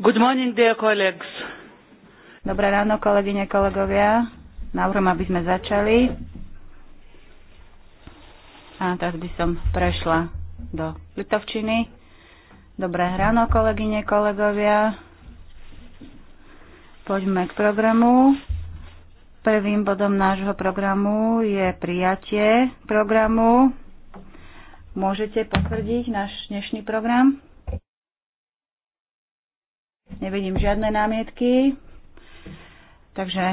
Good morning, dear colleagues. Dobré ráno, kolegyne, kolegovia. Navrhujem, aby sme začali. A teraz by som prešla do Litovčiny. Dobré ráno, kolegyne, kolegovia. Poďme k programu. Prvým bodom nášho programu je prijatie programu. Môžete potvrdiť náš dnešný program? Nevidím žiadne námietky. Takže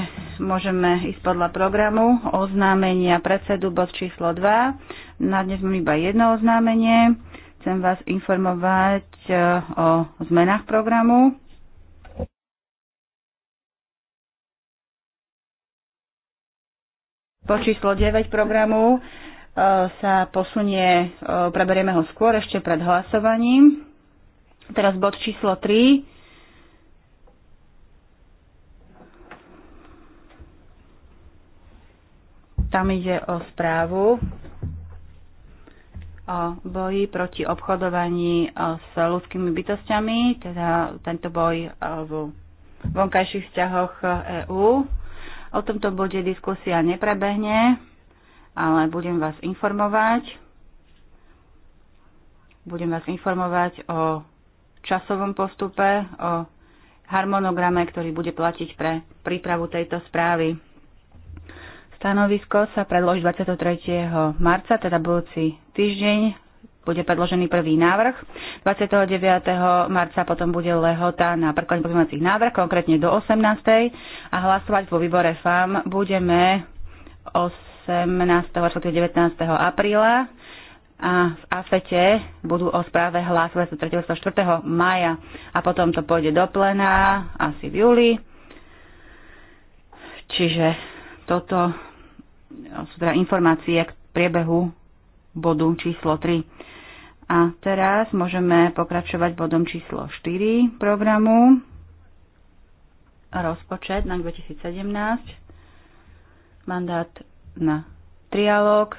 môžeme ísť podľa programu oznámenia predsedu bod číslo 2. Na dnes mám iba jedno oznámenie. Chcem vás informovať e, o zmenách programu. Po číslo 9 programu e, sa posunie, e, preberieme ho skôr ešte pred hlasovaním. Teraz bod číslo 3 Tam ide o správu o boji proti obchodovaní s ľudskými bytostiami, teda tento boj v vonkajších vzťahoch EÚ. O tomto bode diskusia neprebehne, ale budem vás informovať. Budem vás informovať o časovom postupe, o harmonograme, ktorý bude platiť pre prípravu tejto správy. Stanovisko sa predloží 23. marca, teda budúci týždeň. Bude predložený prvý návrh. 29. marca potom bude lehota na preklad pozmeňovacích návrh, konkrétne do 18. A hlasovať vo výbore FAM budeme 18. respektíve 19. apríla a v AFETE budú o správe hlasovať 3. 4. maja a potom to pôjde do plena asi v júli. Čiže toto sú teda informácie k priebehu bodu číslo 3. A teraz môžeme pokračovať bodom číslo 4 programu rozpočet na 2017, mandát na trialog.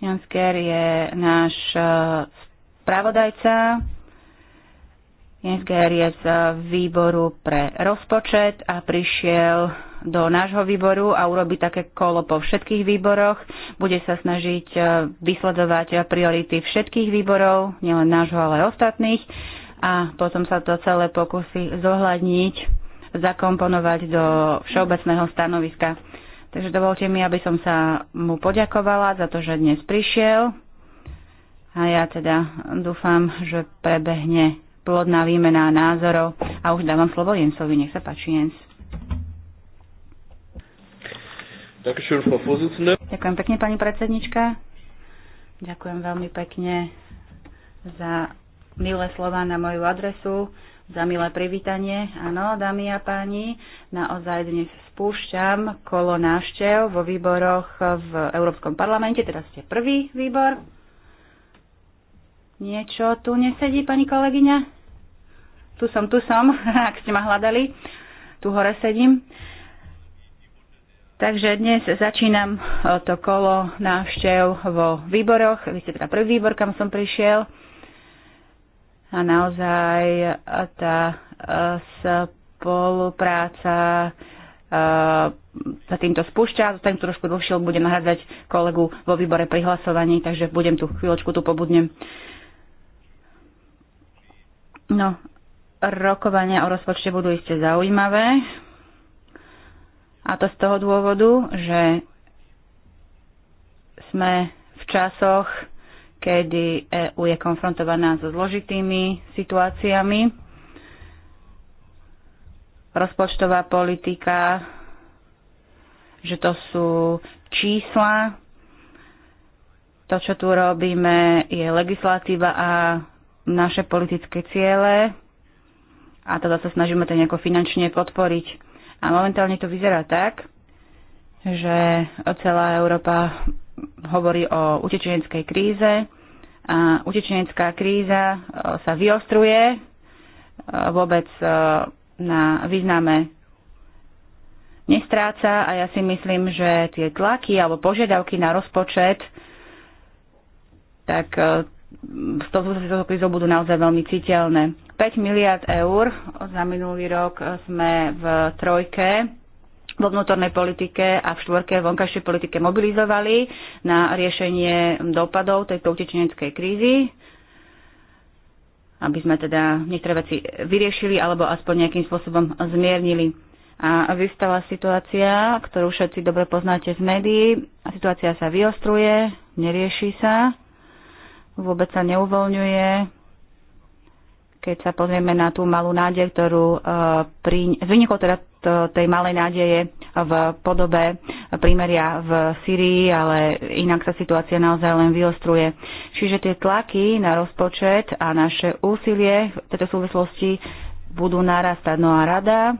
Jansker je náš eh, spravodajca je z výboru pre rozpočet a prišiel do nášho výboru a urobí také kolo po všetkých výboroch. Bude sa snažiť e, vysledovať priority všetkých výborov, nielen nášho, ale aj ostatných. A potom sa to celé pokusí zohľadniť, zakomponovať do všeobecného stanoviska. Takže dovolte mi, aby som sa mu poďakovala za to, že dnes prišiel. A ja teda dúfam, že prebehne plodná výmena názorov. A už dávam slovo Jensovi, nech sa páči Jens. Ďakujem pekne, pani predsednička. Ďakujem veľmi pekne za milé slova na moju adresu, za milé privítanie. Áno, dámy a páni, naozaj dnes spúšťam kolo návštev vo výboroch v Európskom parlamente. Teraz ste prvý výbor. Niečo tu nesedí, pani kolegyňa? Tu som, tu som, ak ste ma hľadali. Tu hore sedím. Takže dnes začínam e, to kolo návštev vo výboroch. Vy ste teda prvý výbor, kam som prišiel. A naozaj e, tá e, spolupráca sa týmto spúšťa. Zostanem tu trošku dlhšie, budem nahradzať kolegu vo výbore pri hlasovaní, takže budem tu chvíľočku tu pobudnem. No Rokovania o rozpočte budú iste zaujímavé. A to z toho dôvodu, že sme v časoch, kedy EU je konfrontovaná so zložitými situáciami. Rozpočtová politika, že to sú čísla, to, čo tu robíme, je legislatíva a naše politické ciele a teda sa snažíme to nejako finančne podporiť. A momentálne to vyzerá tak, že celá Európa hovorí o utečeneckej kríze a utečenecká kríza e, sa vyostruje e, vôbec e, na význame nestráca a ja si myslím, že tie tlaky alebo požiadavky na rozpočet, tak s tou toho krízou budú naozaj veľmi citeľné. 5 miliard eur za minulý rok sme v trojke vo vnútornej politike a v štvorke vonkajšej politike mobilizovali na riešenie dopadov tejto utečeneckej krízy aby sme teda niektoré veci vyriešili alebo aspoň nejakým spôsobom zmiernili. A vystala situácia, ktorú všetci dobre poznáte z médií. Situácia sa vyostruje, nerieši sa vôbec sa neuvoľňuje. Keď sa pozrieme na tú malú nádej, ktorú e, vynikol teda tej malej nádeje v podobe prímeria v Syrii, ale inak sa situácia naozaj len vyostruje. Čiže tie tlaky na rozpočet a naše úsilie v tejto súvislosti budú narastať. No a rada,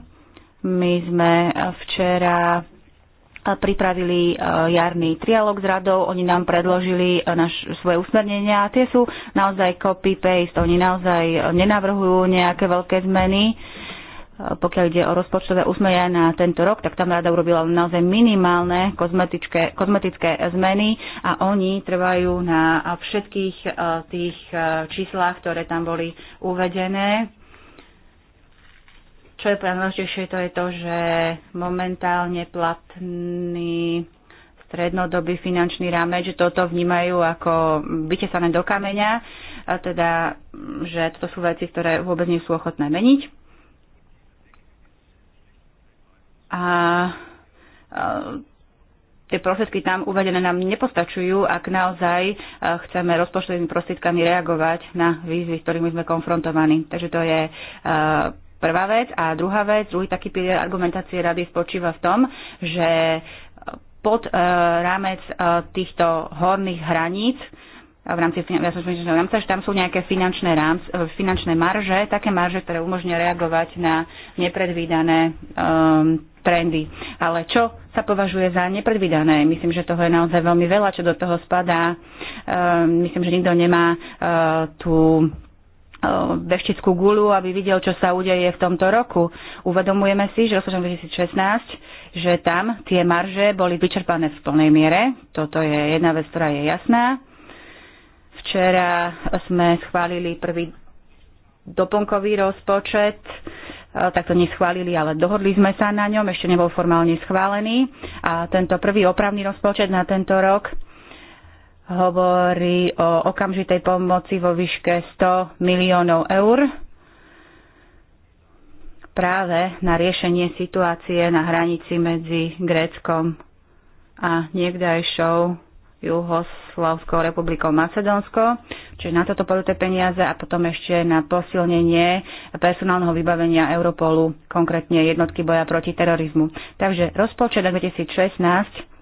my sme včera pripravili e, jarný trialog s radou, oni nám predložili e, naš, svoje usmernenia a tie sú naozaj copy-paste, oni naozaj e, nenavrhujú nejaké veľké zmeny. Pokiaľ ide o rozpočtové usmernenia na tento rok, tak tam rada urobila naozaj minimálne kozmetické, kozmetické zmeny a oni trvajú na všetkých tých číslach, ktoré tam boli uvedené čo je pre najdôležitejšie, to je to, že momentálne platný strednodobý finančný rámec, že toto vnímajú ako vytesané do kameňa, a teda, že toto sú veci, ktoré vôbec nie sú ochotné meniť. A, a tie prostriedky tam uvedené nám nepostačujú, ak naozaj chceme rozpočtovými prostriedkami reagovať na výzvy, s ktorými sme konfrontovaní. Takže to je prvá vec. A druhá vec, druhý taký pilier argumentácie rady spočíva v tom, že pod e, rámec e, týchto horných hraníc v rámci finančného rámca, že tam sú nejaké finančné, rámc, e, finančné marže, také marže, ktoré umožňujú reagovať na nepredvídané um, trendy. Ale čo sa považuje za nepredvídané? Myslím, že toho je naozaj veľmi veľa, čo do toho spadá. Um, myslím, že nikto nemá uh, tú veštickú gulu, aby videl, čo sa udeje v tomto roku. Uvedomujeme si, že rozpočtom 2016, že tam tie marže boli vyčerpané v plnej miere. Toto je jedna vec, ktorá je jasná. Včera sme schválili prvý doplnkový rozpočet, e, tak to neschválili, ale dohodli sme sa na ňom, ešte nebol formálne schválený. A tento prvý opravný rozpočet na tento rok hovorí o okamžitej pomoci vo výške 100 miliónov eur práve na riešenie situácie na hranici medzi Gréckom a niekdajšou Juhoslavskou republikou Macedónsko, čiže na toto pôjdu tie peniaze a potom ešte na posilnenie personálneho vybavenia Europolu, konkrétne jednotky boja proti terorizmu. Takže rozpočet 2016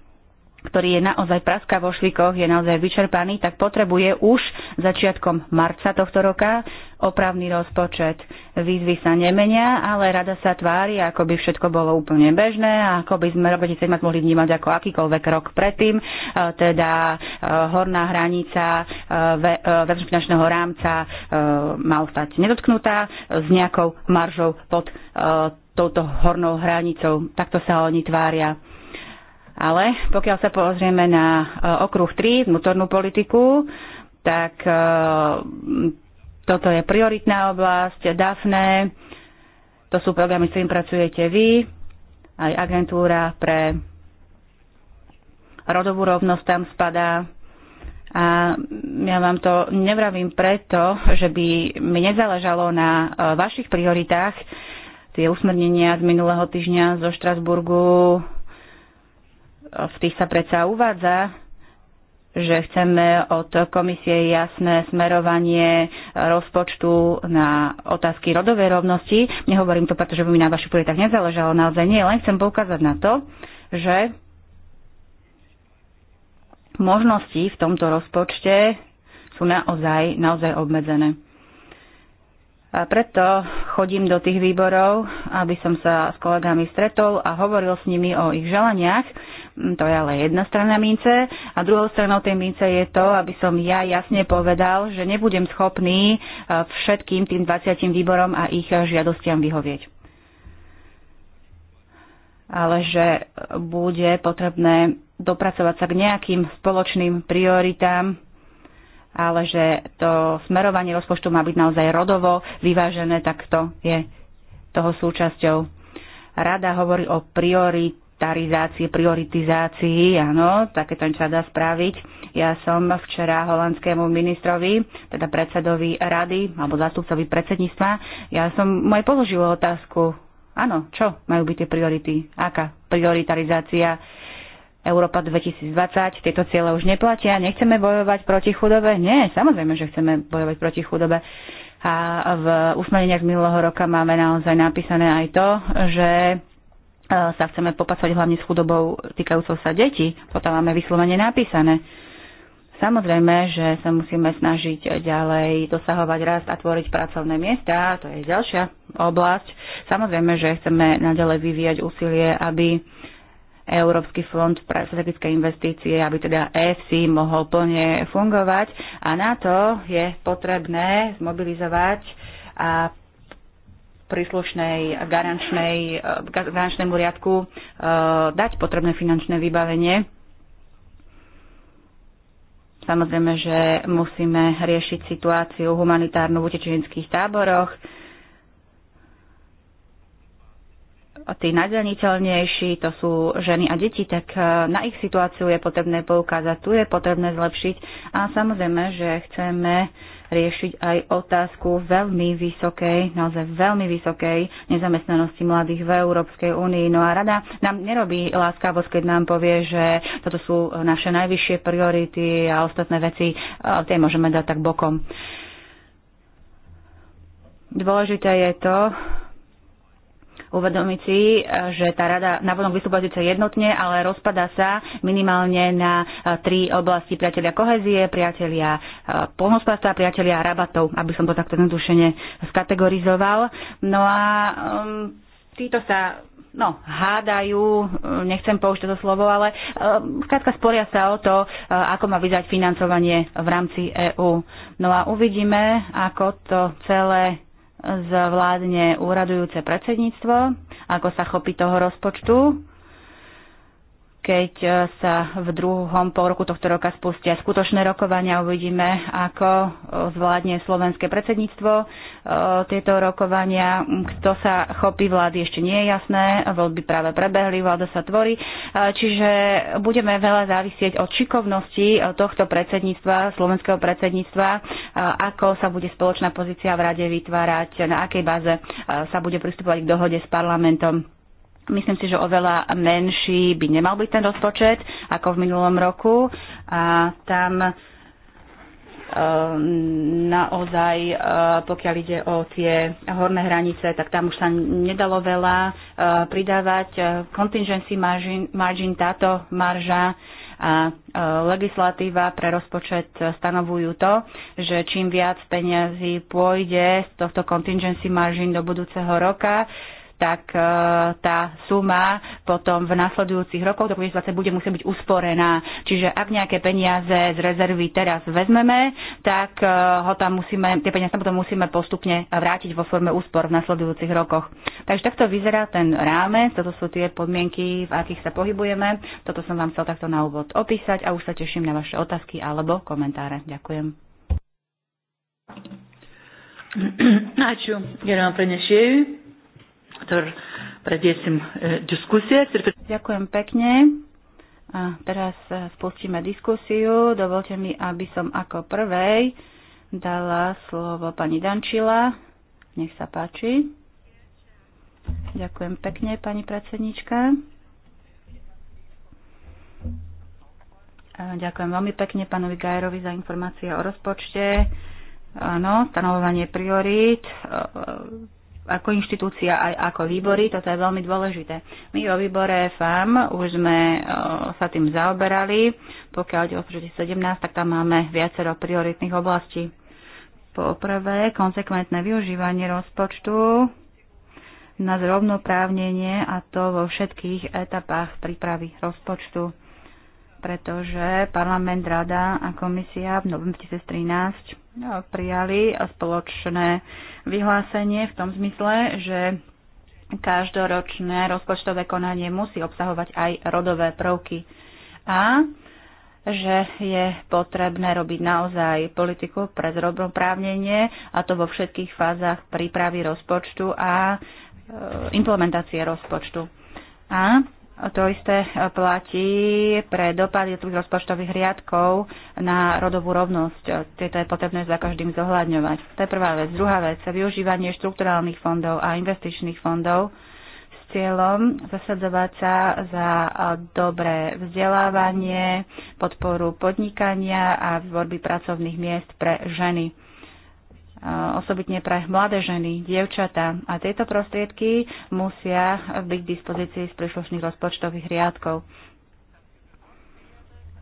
ktorý je naozaj praska vo švikoch, je naozaj vyčerpaný, tak potrebuje už začiatkom marca tohto roka opravný rozpočet. Výzvy sa nemenia, ale rada sa tvári, ako by všetko bolo úplne bežné a ako by sme roboti sa mohli vnímať ako akýkoľvek rok predtým, eh, teda eh, horná hranica eh, finančného rámca mal stať nedotknutá s nejakou maržou pod touto hornou hranicou. Takto sa oni tvária ale pokiaľ sa pozrieme na e, okruh 3, vnútornú politiku, tak e, toto je prioritná oblasť, DAFNE, to sú programy, s ktorým pracujete vy, aj agentúra pre rodovú rovnosť tam spadá. A ja vám to nevravím preto, že by mi nezáležalo na e, vašich prioritách. Tie usmernenia z minulého týždňa zo Štrasburgu v tých sa predsa uvádza, že chceme od komisie jasné smerovanie rozpočtu na otázky rodovej rovnosti. Nehovorím to, pretože by mi na vašich tak nezáležalo, naozaj nie. Len chcem poukázať na to, že možnosti v tomto rozpočte sú naozaj, naozaj obmedzené. A preto chodím do tých výborov, aby som sa s kolegami stretol a hovoril s nimi o ich želaniach Mm, to je ale jedna strana mince. A druhou stranou tej mince je to, aby som ja jasne povedal, že nebudem schopný e, všetkým tým 20 výborom a ich e, žiadostiam vyhovieť ale že bude potrebné dopracovať sa k nejakým spoločným prioritám, ale že to smerovanie rozpočtu má byť naozaj rodovo vyvážené, tak to je toho súčasťou. Rada hovorí o priorit prioritarizácie, prioritizácii, áno, takéto niečo sa dá spraviť. Ja som včera holandskému ministrovi, teda predsedovi rady, alebo zástupcovi predsedníctva, ja som mu aj položil otázku, áno, čo majú byť tie priority, aká prioritarizácia Európa 2020, tieto ciele už neplatia, nechceme bojovať proti chudobe? Nie, samozrejme, že chceme bojovať proti chudobe. A v z minulého roka máme naozaj napísané aj to, že E, sa chceme popasovať hlavne s chudobou týkajúcou sa detí. Toto máme vyslovene napísané. Samozrejme, že sa musíme snažiť ďalej dosahovať rast a tvoriť pracovné miesta, to je ďalšia oblasť. Samozrejme, že chceme naďalej vyvíjať úsilie, aby Európsky fond pre strategické investície, aby teda EFC mohol plne fungovať a na to je potrebné zmobilizovať a príslušnej garančnej, eh, garančnému riadku eh, dať potrebné finančné vybavenie. Samozrejme, že musíme riešiť situáciu humanitárnu v utečenických táboroch. Tí najzraniteľnejší, to sú ženy a deti, tak eh, na ich situáciu je potrebné poukázať, tu je potrebné zlepšiť. A samozrejme, že chceme riešiť aj otázku veľmi vysokej, naozaj veľmi vysokej nezamestnanosti mladých v Európskej únii. No a rada nám nerobí láskavosť, keď nám povie, že toto sú naše najvyššie priority a ostatné veci, tie môžeme dať tak bokom. Dôležité je to, uvedomiť si, e, že tá rada vonok vystúpa síce jednotne, ale rozpada sa minimálne na e, tri oblasti priatelia kohezie, priatelia e, polnospodárstva, priatelia rabatov, aby som to takto jednodušene skategorizoval. No a um, títo sa no, hádajú, nechcem použiť to slovo, ale skrátka sporia sa o to, ako má vyzať financovanie v rámci EÚ. No a uvidíme, ako to celé zvládne úradujúce predsedníctvo, ako sa chopí toho rozpočtu keď e, sa v druhom pol roku tohto roka spustia skutočné rokovania. Uvidíme, ako e, zvládne slovenské predsedníctvo e, tieto rokovania. Kto sa chopí vlády, ešte nie je jasné. Voľby práve prebehli, vláda sa tvorí. Čiže budeme veľa závisieť od šikovnosti tohto predsedníctva, slovenského predsedníctva, ako sa bude spoločná pozícia v rade vytvárať, na akej báze sa bude pristupovať k dohode s parlamentom. Myslím si, že oveľa menší by nemal byť ten rozpočet ako v minulom roku. A tam e, naozaj, e, pokiaľ ide o tie horné hranice, tak tam už sa nedalo veľa e, pridávať. Contingency margin, margin táto marža a legislatíva pre rozpočet stanovujú to, že čím viac peniazy pôjde z tohto contingency margin do budúceho roka, tak e, tá suma potom v nasledujúcich rokoch do 2020 bude musieť byť usporená. Čiže ak nejaké peniaze z rezervy teraz vezmeme, tak e, ho tam musíme, tie peniaze tam potom musíme postupne vrátiť vo forme úspor v nasledujúcich rokoch. Takže takto vyzerá ten rámec, toto sú tie podmienky, v akých sa pohybujeme. Toto som vám chcel takto na úvod opísať a už sa teším na vaše otázky alebo komentáre. Ďakujem. ja vám pranešėjui ktorý prediesím e, diskusie. Ďakujem pekne. A teraz e, spustíme diskusiu. Dovolte mi, aby som ako prvej dala slovo pani Dančila. Nech sa páči. Ďakujem pekne, pani predsednička. A ďakujem veľmi pekne pánovi Gajerovi za informácie o rozpočte. Áno, stanovovanie priorít. E, ako inštitúcia, aj ako výbory, toto je veľmi dôležité. My vo výbore FAM už sme sa tým zaoberali, pokiaľ ide o 2017, tak tam máme viacero prioritných oblastí. Poprvé, konsekventné využívanie rozpočtu na zrovnoprávnenie a to vo všetkých etapách prípravy rozpočtu pretože parlament, rada a komisia v novembri 2013 no, prijali spoločné vyhlásenie v tom zmysle, že každoročné rozpočtové konanie musí obsahovať aj rodové prvky a že je potrebné robiť naozaj politiku pre zrovnoprávnenie a to vo všetkých fázach prípravy rozpočtu a e, implementácie rozpočtu. A to isté platí pre jednotlivých rozpočtových riadkov na rodovú rovnosť. Tieto je potrebné za každým zohľadňovať. To je prvá vec. Druhá vec, využívanie štrukturálnych fondov a investičných fondov s cieľom zasadzovať sa za dobré vzdelávanie, podporu podnikania a tvorby pracovných miest pre ženy. Eh, osobitne pre mladé ženy, dievčatá. A tieto prostriedky musia byť k dispozícii z príslušných rozpočtových riadkov.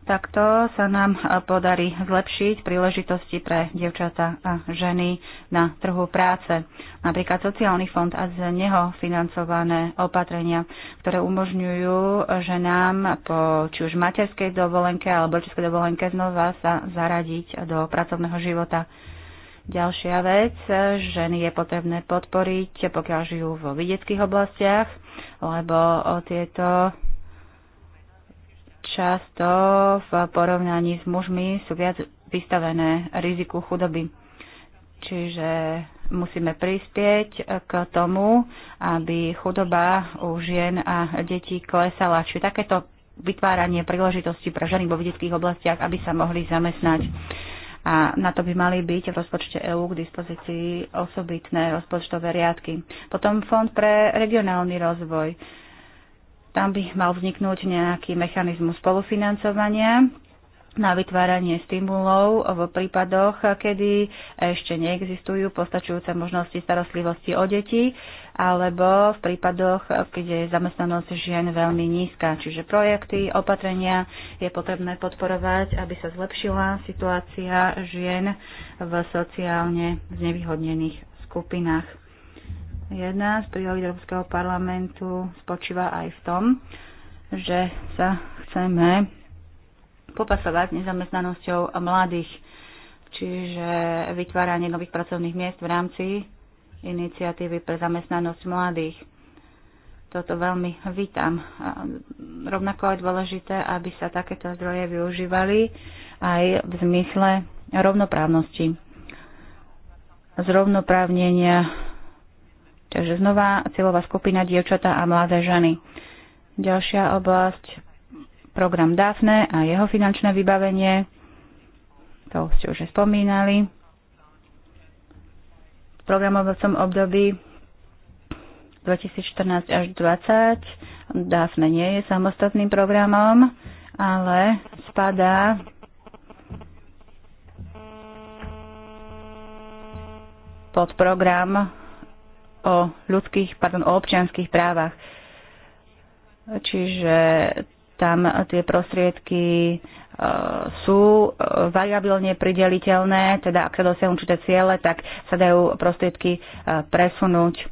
Takto sa nám eh, podarí zlepšiť príležitosti pre dievčatá a ženy na trhu práce. Napríklad sociálny fond a z neho financované opatrenia, ktoré umožňujú ženám po či už materskej dovolenke alebo českej dovolenke znova sa zaradiť do pracovného života. Ďalšia vec, ženy je potrebné podporiť, pokiaľ žijú vo vidieckých oblastiach, lebo o tieto často v porovnaní s mužmi sú viac vystavené riziku chudoby. Čiže musíme prispieť k tomu, aby chudoba u žien a detí klesala. Čiže takéto vytváranie príležitosti pre ženy vo vedeckých oblastiach, aby sa mohli zamestnať a na to by mali byť v rozpočte EÚ k dispozícii osobitné rozpočtové riadky. Potom Fond pre regionálny rozvoj. Tam by mal vzniknúť nejaký mechanizmus spolufinancovania na vytváranie stimulov v prípadoch, kedy ešte neexistujú postačujúce možnosti starostlivosti o deti, alebo v prípadoch, kde je zamestnanosť žien veľmi nízka. Čiže projekty, opatrenia je potrebné podporovať, aby sa zlepšila situácia žien v sociálne znevýhodnených skupinách. Jedna z priorít Európskeho parlamentu spočíva aj v tom, že sa chceme popasovať s nezamestnanosťou mladých. Čiže vytváranie nových pracovných miest v rámci iniciatívy pre zamestnanosť mladých. Toto veľmi vítam. Rovnako je dôležité, aby sa takéto zdroje využívali aj v zmysle rovnoprávnosti, zrovnoprávnenia, takže znova cieľová skupina dievčatá a mladé ženy. Ďalšia oblasť program DAFNE a jeho finančné vybavenie, to ste už spomínali. V programovacom období 2014 až 2020 DAFNE nie je samostatným programom, ale spadá pod program o ľudských, pardon, o občianských právach. Čiže tam tie prostriedky e, sú e, variabilne prideliteľné, teda ak sa dosiahnu určité ciele, tak sa dajú prostriedky e, presunúť.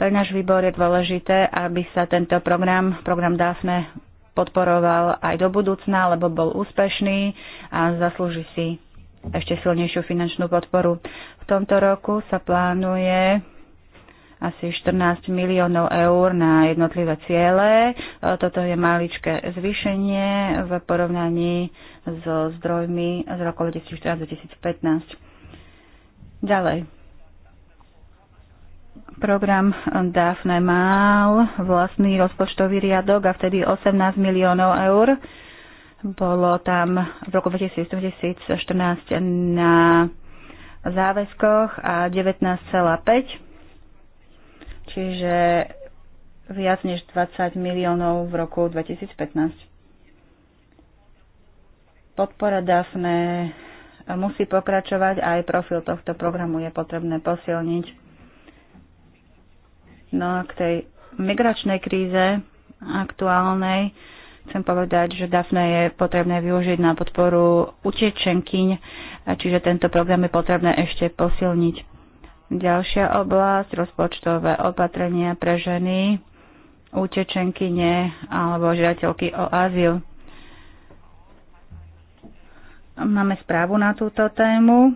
Pre náš výbor je dôležité, aby sa tento program, program DAFNE, podporoval aj do budúcna, lebo bol úspešný a zaslúži si ešte silnejšiu finančnú podporu. V tomto roku sa plánuje asi 14 miliónov eur na jednotlivé ciele. E, toto je maličké zvýšenie v porovnaní so zdrojmi z roku 2014-2015. Ďalej. Program DAFNE mal vlastný rozpočtový riadok a vtedy 18 miliónov eur. Bolo tam v roku 2014 na záväzkoch a 19,5 čiže viac než 20 miliónov v roku 2015. Podpora DAFNE musí pokračovať a aj profil tohto programu je potrebné posilniť. No a k tej migračnej kríze aktuálnej chcem povedať, že DAFNE je potrebné využiť na podporu utečenkyň, čiže tento program je potrebné ešte posilniť. Ďalšia oblasť, rozpočtové opatrenia pre ženy, utečenkyne alebo žiateľky o azyl. Máme správu na túto tému.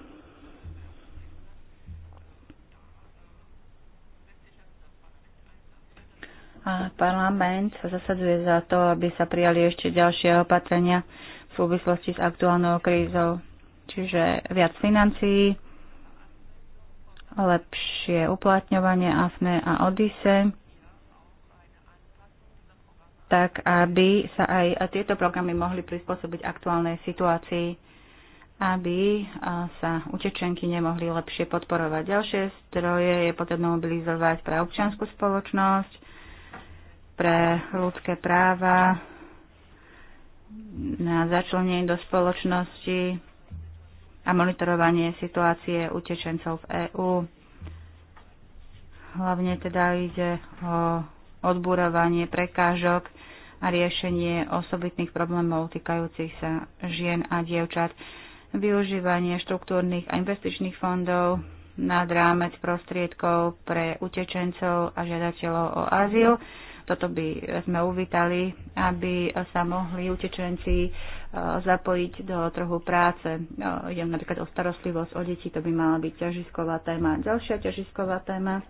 A parlament sa zasadzuje za to, aby sa prijali ešte ďalšie opatrenia v súvislosti s aktuálnou krízou. Čiže viac financií, lepšie uplatňovanie AFME a ODISE, tak aby sa aj tieto programy mohli prispôsobiť aktuálnej situácii, aby sa utečenky nemohli lepšie podporovať. Ďalšie stroje je potrebné mobilizovať pre občianskú spoločnosť, pre ľudské práva, na začlenenie do spoločnosti, a monitorovanie situácie utečencov v EÚ. Hlavne teda ide o odburovanie prekážok a riešenie osobitných problémov týkajúcich sa žien a dievčat, využívanie štruktúrnych a investičných fondov, nad rámec prostriedkov pre utečencov a žiadateľov o azyl toto by sme uvítali, aby sa mohli utečenci e, zapojiť do trhu práce. E, idem napríklad o starostlivosť o deti, to by mala byť ťažisková téma. Ďalšia ťažisková téma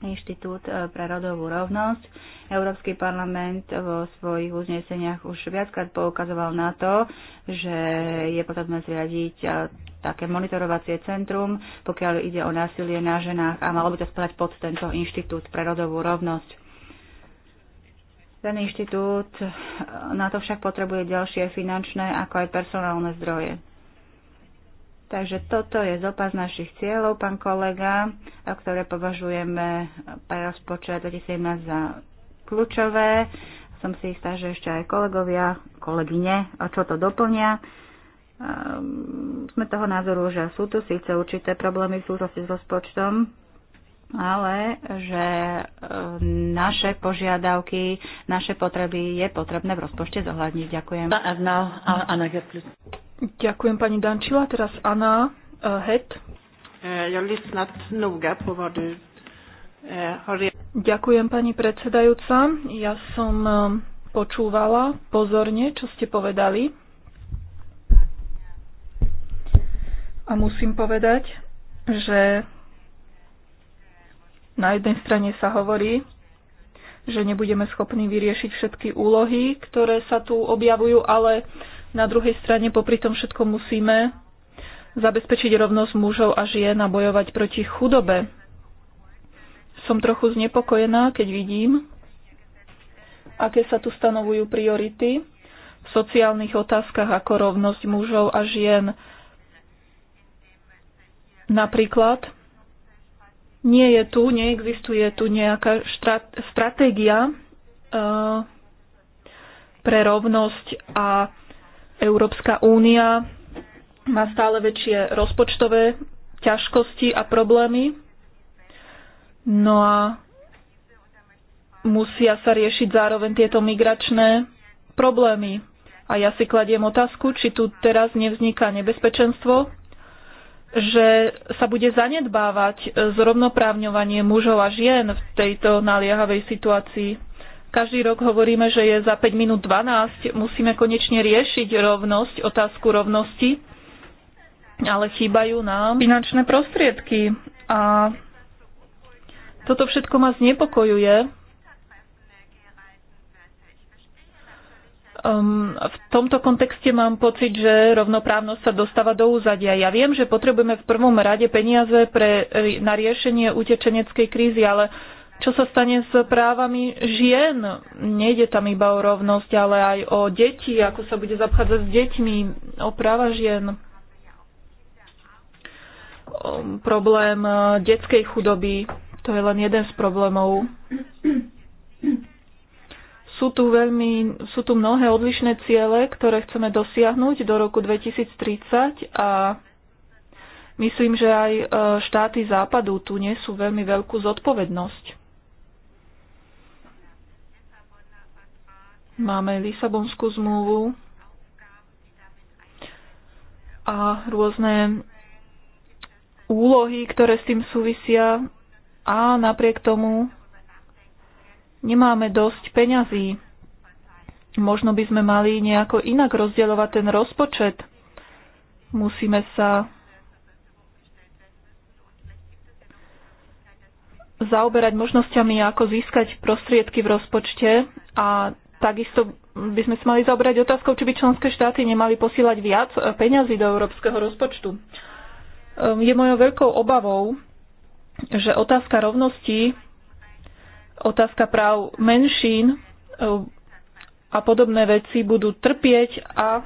Inštitút e, pre rodovú rovnosť. Európsky parlament vo svojich uzneseniach už viackrát poukazoval na to, že je potrebné zriadiť také monitorovacie centrum, pokiaľ ide o násilie na ženách a malo by to spadať pod tento inštitút pre rodovú rovnosť. Ten inštitút e, na to však potrebuje ďalšie finančné ako aj personálne zdroje. Takže toto je zopas našich cieľov, pán kolega, ktoré považujeme pre rozpočet 2017 za kľúčové. Som si istá, že ešte aj kolegovia, kolegyne, čo to doplnia. Ehm, sme toho názoru, že sú tu síce určité problémy v súvislosti s rozpočtom, ale že e, naše požiadavky, naše potreby je potrebné v rozpočte zohľadniť. Ďakujem. Ďakujem pani Dančila. Teraz Anna e, Het. E, Ďakujem pani predsedajúca. Ja som počúvala pozorne, čo ste povedali. A musím povedať, že na jednej strane sa hovorí, že nebudeme schopní vyriešiť všetky úlohy, ktoré sa tu objavujú, ale na druhej strane popri tom všetko musíme zabezpečiť rovnosť mužov a žien a bojovať proti chudobe. Som trochu znepokojená, keď vidím, aké sa tu stanovujú priority v sociálnych otázkach ako rovnosť mužov a žien. Napríklad nie je tu, neexistuje tu nejaká štrat- stratégia uh, pre rovnosť a Európska únia má stále väčšie rozpočtové ťažkosti a problémy. No a musia sa riešiť zároveň tieto migračné problémy. A ja si kladiem otázku, či tu teraz nevzniká nebezpečenstvo, že sa bude zanedbávať zrovnoprávňovanie mužov a žien v tejto naliehavej situácii. Každý rok hovoríme, že je za 5 minút 12, musíme konečne riešiť rovnosť, otázku rovnosti, ale chýbajú nám finančné prostriedky a toto všetko ma znepokojuje, Um, v tomto kontexte mám pocit, že rovnoprávnosť sa dostáva do úzadia. Ja viem, že potrebujeme v prvom rade peniaze pre, e, na riešenie utečeneckej krízy, ale čo sa stane s právami žien? Nejde tam iba o rovnosť, ale aj o deti, ako sa bude zapchádzať s deťmi, o práva žien. Um, problém e, detskej chudoby, to je len jeden z problémov sú tu, veľmi, sú tu mnohé odlišné ciele, ktoré chceme dosiahnuť do roku 2030 a myslím, že aj e, štáty západu tu nesú veľmi veľkú zodpovednosť. Máme Lisabonskú zmluvu a rôzne úlohy, ktoré s tým súvisia a napriek tomu nemáme dosť peňazí. Možno by sme mali nejako inak rozdielovať ten rozpočet. Musíme sa zaoberať možnosťami, ako získať prostriedky v rozpočte a takisto by sme sa mali zaoberať otázkou, či by členské štáty nemali posílať viac peňazí do európskeho rozpočtu. Ehm, je mojou veľkou obavou, že otázka rovnosti otázka práv menšín e, a podobné veci budú trpieť a e,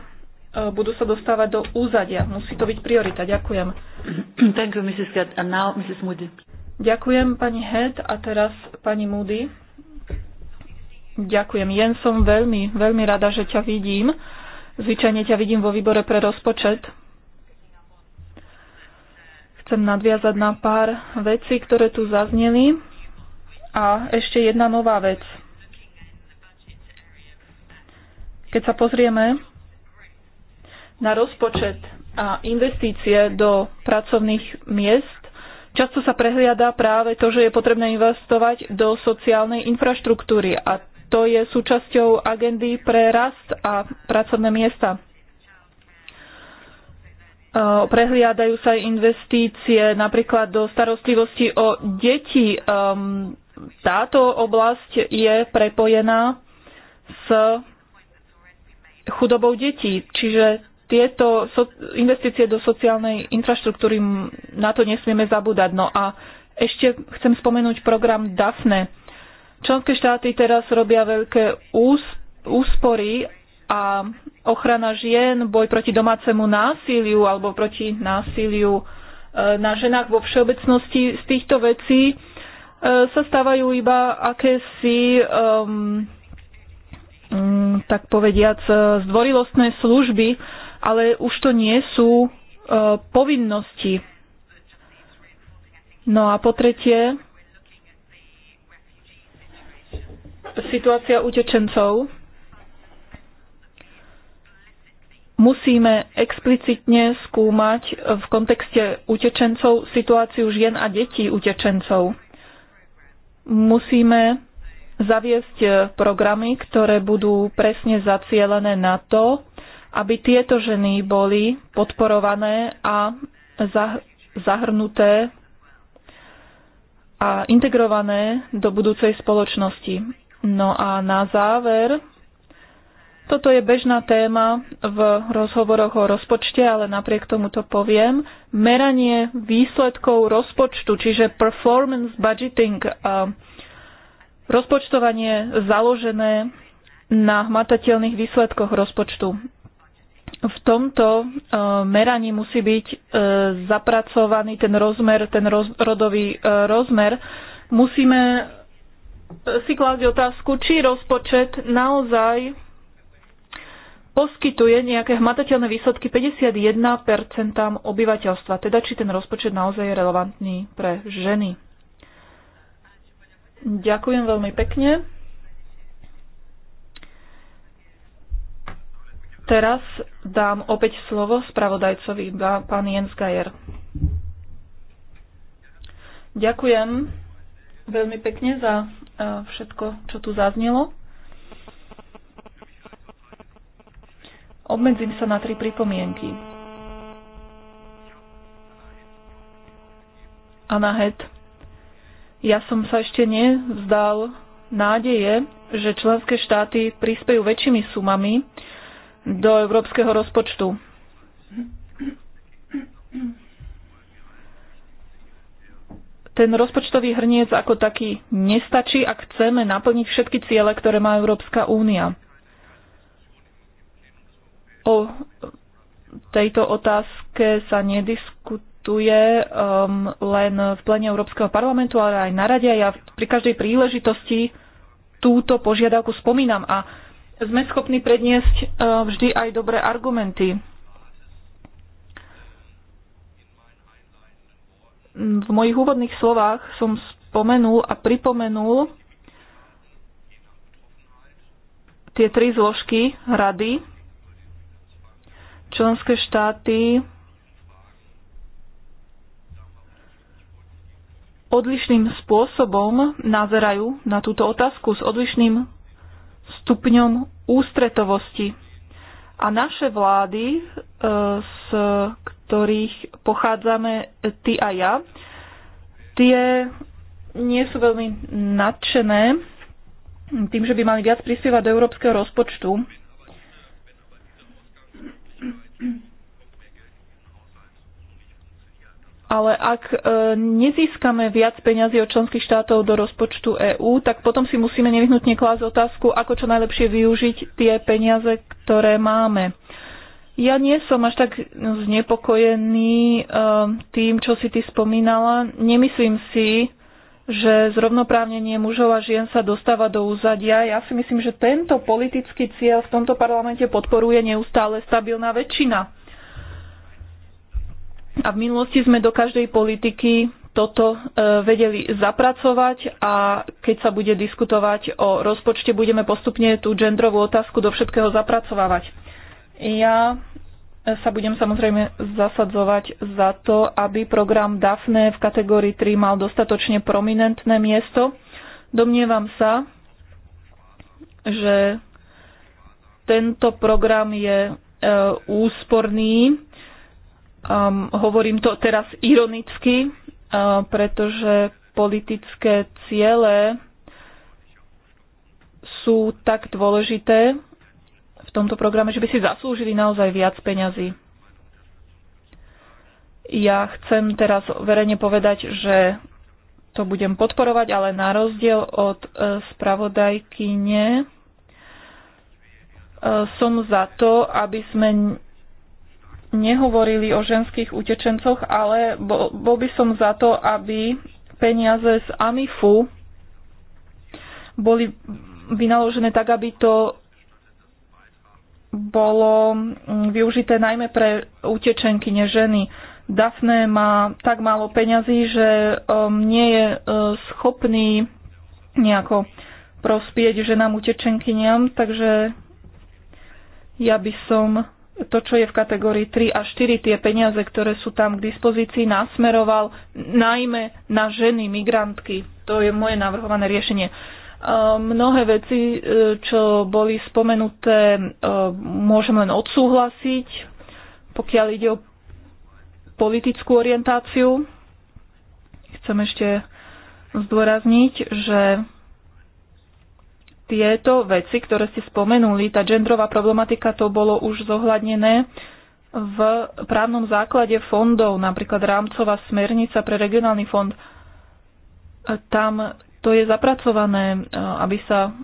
budú sa dostávať do úzadia. Musí to byť priorita. Ďakujem. Thank you, Mrs. Head. And now Mrs. Moody. Ďakujem, pani Head. A teraz pani Moody. Ďakujem. Jen som veľmi, veľmi rada, že ťa vidím. Zvyčajne ťa vidím vo výbore pre rozpočet. Chcem nadviazať na pár vecí, ktoré tu zazneli. A ešte jedna nová vec. Keď sa pozrieme na rozpočet a investície do pracovných miest, často sa prehliada práve to, že je potrebné investovať do sociálnej infraštruktúry a to je súčasťou agendy pre rast a pracovné miesta. E, prehliadajú sa aj investície napríklad do starostlivosti o deti, um, táto oblasť je prepojená s chudobou detí. Čiže tieto investície do sociálnej infraštruktúry, na to nesmieme zabúdať. No a ešte chcem spomenúť program DAFNE. Členské štáty teraz robia veľké úspory a ochrana žien, boj proti domácemu násiliu alebo proti násiliu e, na ženách vo všeobecnosti z týchto vecí E, sa stávajú iba akési um, um, tak povediac e, zdvorilostné služby, ale už to nie sú uh, povinnosti. No a po tretie, situácia utečencov. Musíme explicitne skúmať v kontexte utečencov situáciu žien a detí utečencov. Musíme zaviesť e, programy, ktoré budú presne zacielené na to, aby tieto ženy boli podporované a zahrnuté a integrované do budúcej spoločnosti. No a na záver toto je bežná téma v rozhovoroch o rozpočte, ale napriek tomu to poviem. Meranie výsledkov rozpočtu, čiže performance budgeting, a rozpočtovanie založené na hmatateľných výsledkoch rozpočtu. V tomto e, meraní musí byť e, zapracovaný ten rozmer, ten roz, rodový e, rozmer. Musíme si klásť otázku, či rozpočet naozaj poskytuje nejaké hmatateľné výsledky 51% obyvateľstva, teda či ten rozpočet naozaj je relevantný pre ženy. Ďakujem veľmi pekne. Teraz dám opäť slovo spravodajcovi, pán Jens Gajer. Ďakujem veľmi pekne za eh, všetko, čo tu zaznelo. Obmedzím sa na tri pripomienky. Anahet, ja som sa ešte nevzdal nádeje, že členské štáty prispejú väčšími sumami do európskeho rozpočtu. Ten rozpočtový hrniec ako taký nestačí, ak chceme naplniť všetky ciele, ktoré má Európska únia. O tejto otázke sa nediskutuje um, len v plene Európskeho parlamentu, ale aj na rade. Ja pri každej príležitosti túto požiadavku spomínam a sme schopní predniesť uh, vždy aj dobré argumenty. V mojich úvodných slovách som spomenul a pripomenul tie tri zložky rady, Členské štáty odlišným spôsobom nazerajú na túto otázku s odlišným stupňom ústretovosti. A naše vlády, e, z ktorých pochádzame ty a ja, tie nie sú veľmi nadšené tým, že by mali viac prispievať do európskeho rozpočtu ale ak e, nezískame viac peňazí od členských štátov do rozpočtu EÚ, tak potom si musíme nevyhnutne klásť otázku, ako čo najlepšie využiť tie peniaze, ktoré máme. Ja nie som až tak znepokojený e, tým, čo si ty spomínala. Nemyslím si, že zrovnoprávnenie mužov a žien sa dostáva do úzadia. Ja si myslím, že tento politický cieľ v tomto parlamente podporuje neustále stabilná väčšina. A v minulosti sme do každej politiky toto e, vedeli zapracovať a keď sa bude diskutovať o rozpočte, budeme postupne tú genderovú otázku do všetkého zapracovávať. Ja sa budem samozrejme zasadzovať za to, aby program DAFNE v kategórii 3 mal dostatočne prominentné miesto. Domnievam sa, že tento program je e, úsporný. Um, hovorím to teraz ironicky, uh, pretože politické ciele sú tak dôležité, tomto programe, že by si zaslúžili naozaj viac peňazí. Ja chcem teraz verejne povedať, že to budem podporovať, ale na rozdiel od e, spravodajkyne e, som za to, aby sme nehovorili o ženských utečencoch, ale bol, bol by som za to, aby peniaze z AMIFu boli vynaložené tak, aby to bolo mm, využité najmä pre utečenkyne ženy. Dafne má tak málo peňazí, že um, nie je uh, schopný nejako prospieť ženám utečenkyniam, takže ja by som to, čo je v kategórii 3 a 4, tie peniaze, ktoré sú tam k dispozícii, nasmeroval najmä na ženy migrantky. To je moje navrhované riešenie. Ehm, mnohé veci, e, čo boli spomenuté, e, môžem len odsúhlasiť, pokiaľ ide o politickú orientáciu. Chcem ešte zdôrazniť, že tieto veci, ktoré ste spomenuli, tá genderová problematika, to bolo už zohľadnené v právnom základe fondov, napríklad rámcová smernica pre regionálny fond. E, tam to je zapracované, e, aby sa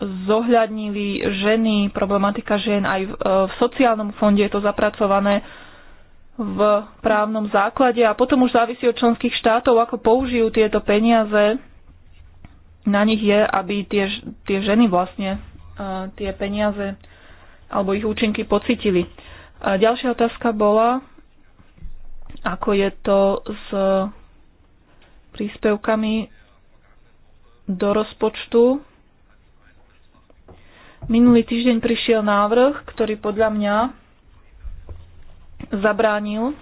zohľadnili ženy, problematika žien aj e, v sociálnom fonde je to zapracované v právnom základe a potom už závisí od členských štátov, ako použijú tieto peniaze. Na nich je, aby tie, tie ženy vlastne e, tie peniaze alebo ich účinky pocitili. A ďalšia otázka bola, ako je to s príspevkami do rozpočtu. Minulý týždeň prišiel návrh, ktorý podľa mňa zabránil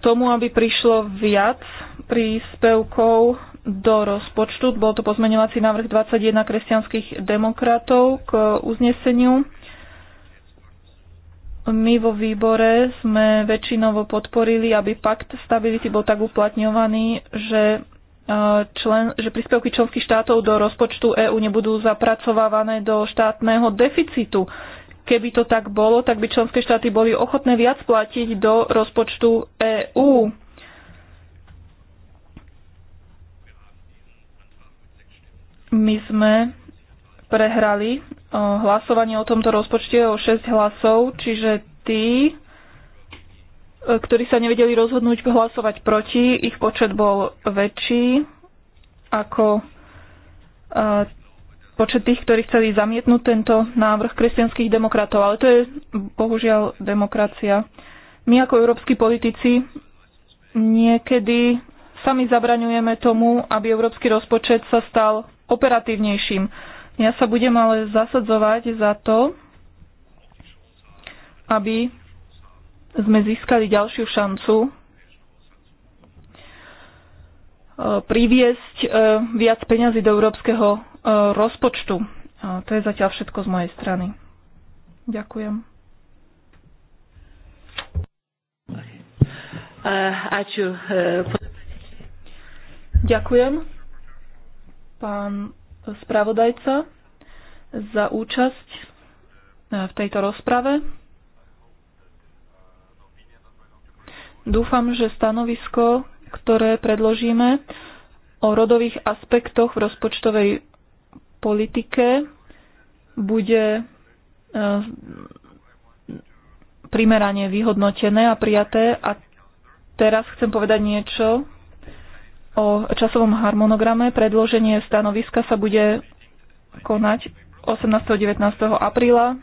tomu, aby prišlo viac príspevkov do rozpočtu. Bol to pozmeňovací návrh 21 kresťanských demokratov k uzneseniu my vo výbore sme väčšinovo podporili, aby pakt stability bol tak uplatňovaný, že, e, člen, že príspevky členských štátov do rozpočtu EÚ nebudú zapracovávané do štátneho deficitu. Keby to tak bolo, tak by členské štáty boli ochotné viac platiť do rozpočtu EÚ. My sme prehrali hlasovanie o tomto rozpočte o 6 hlasov, čiže tí, e, ktorí sa nevedeli rozhodnúť hlasovať proti, ich počet bol väčší ako e, počet tých, ktorí chceli zamietnúť tento návrh kresťanských demokratov. Ale to je bohužiaľ demokracia. My ako európsky politici niekedy sami zabraňujeme tomu, aby európsky rozpočet sa stal operatívnejším ja sa budem ale zasadzovať za to, aby sme získali ďalšiu šancu e, priviesť e, viac peňazí do európskeho e, rozpočtu. To je zatiaľ všetko z mojej strany. Ďakujem. Uh, uh, Ďakujem. Pán spravodajca za účasť e, v tejto rozprave. Dúfam, že stanovisko, ktoré predložíme o rodových aspektoch v rozpočtovej politike, bude e, primerane vyhodnotené a prijaté. A teraz chcem povedať niečo o časovom harmonograme. Predloženie stanoviska sa bude konať 18. 19. apríla.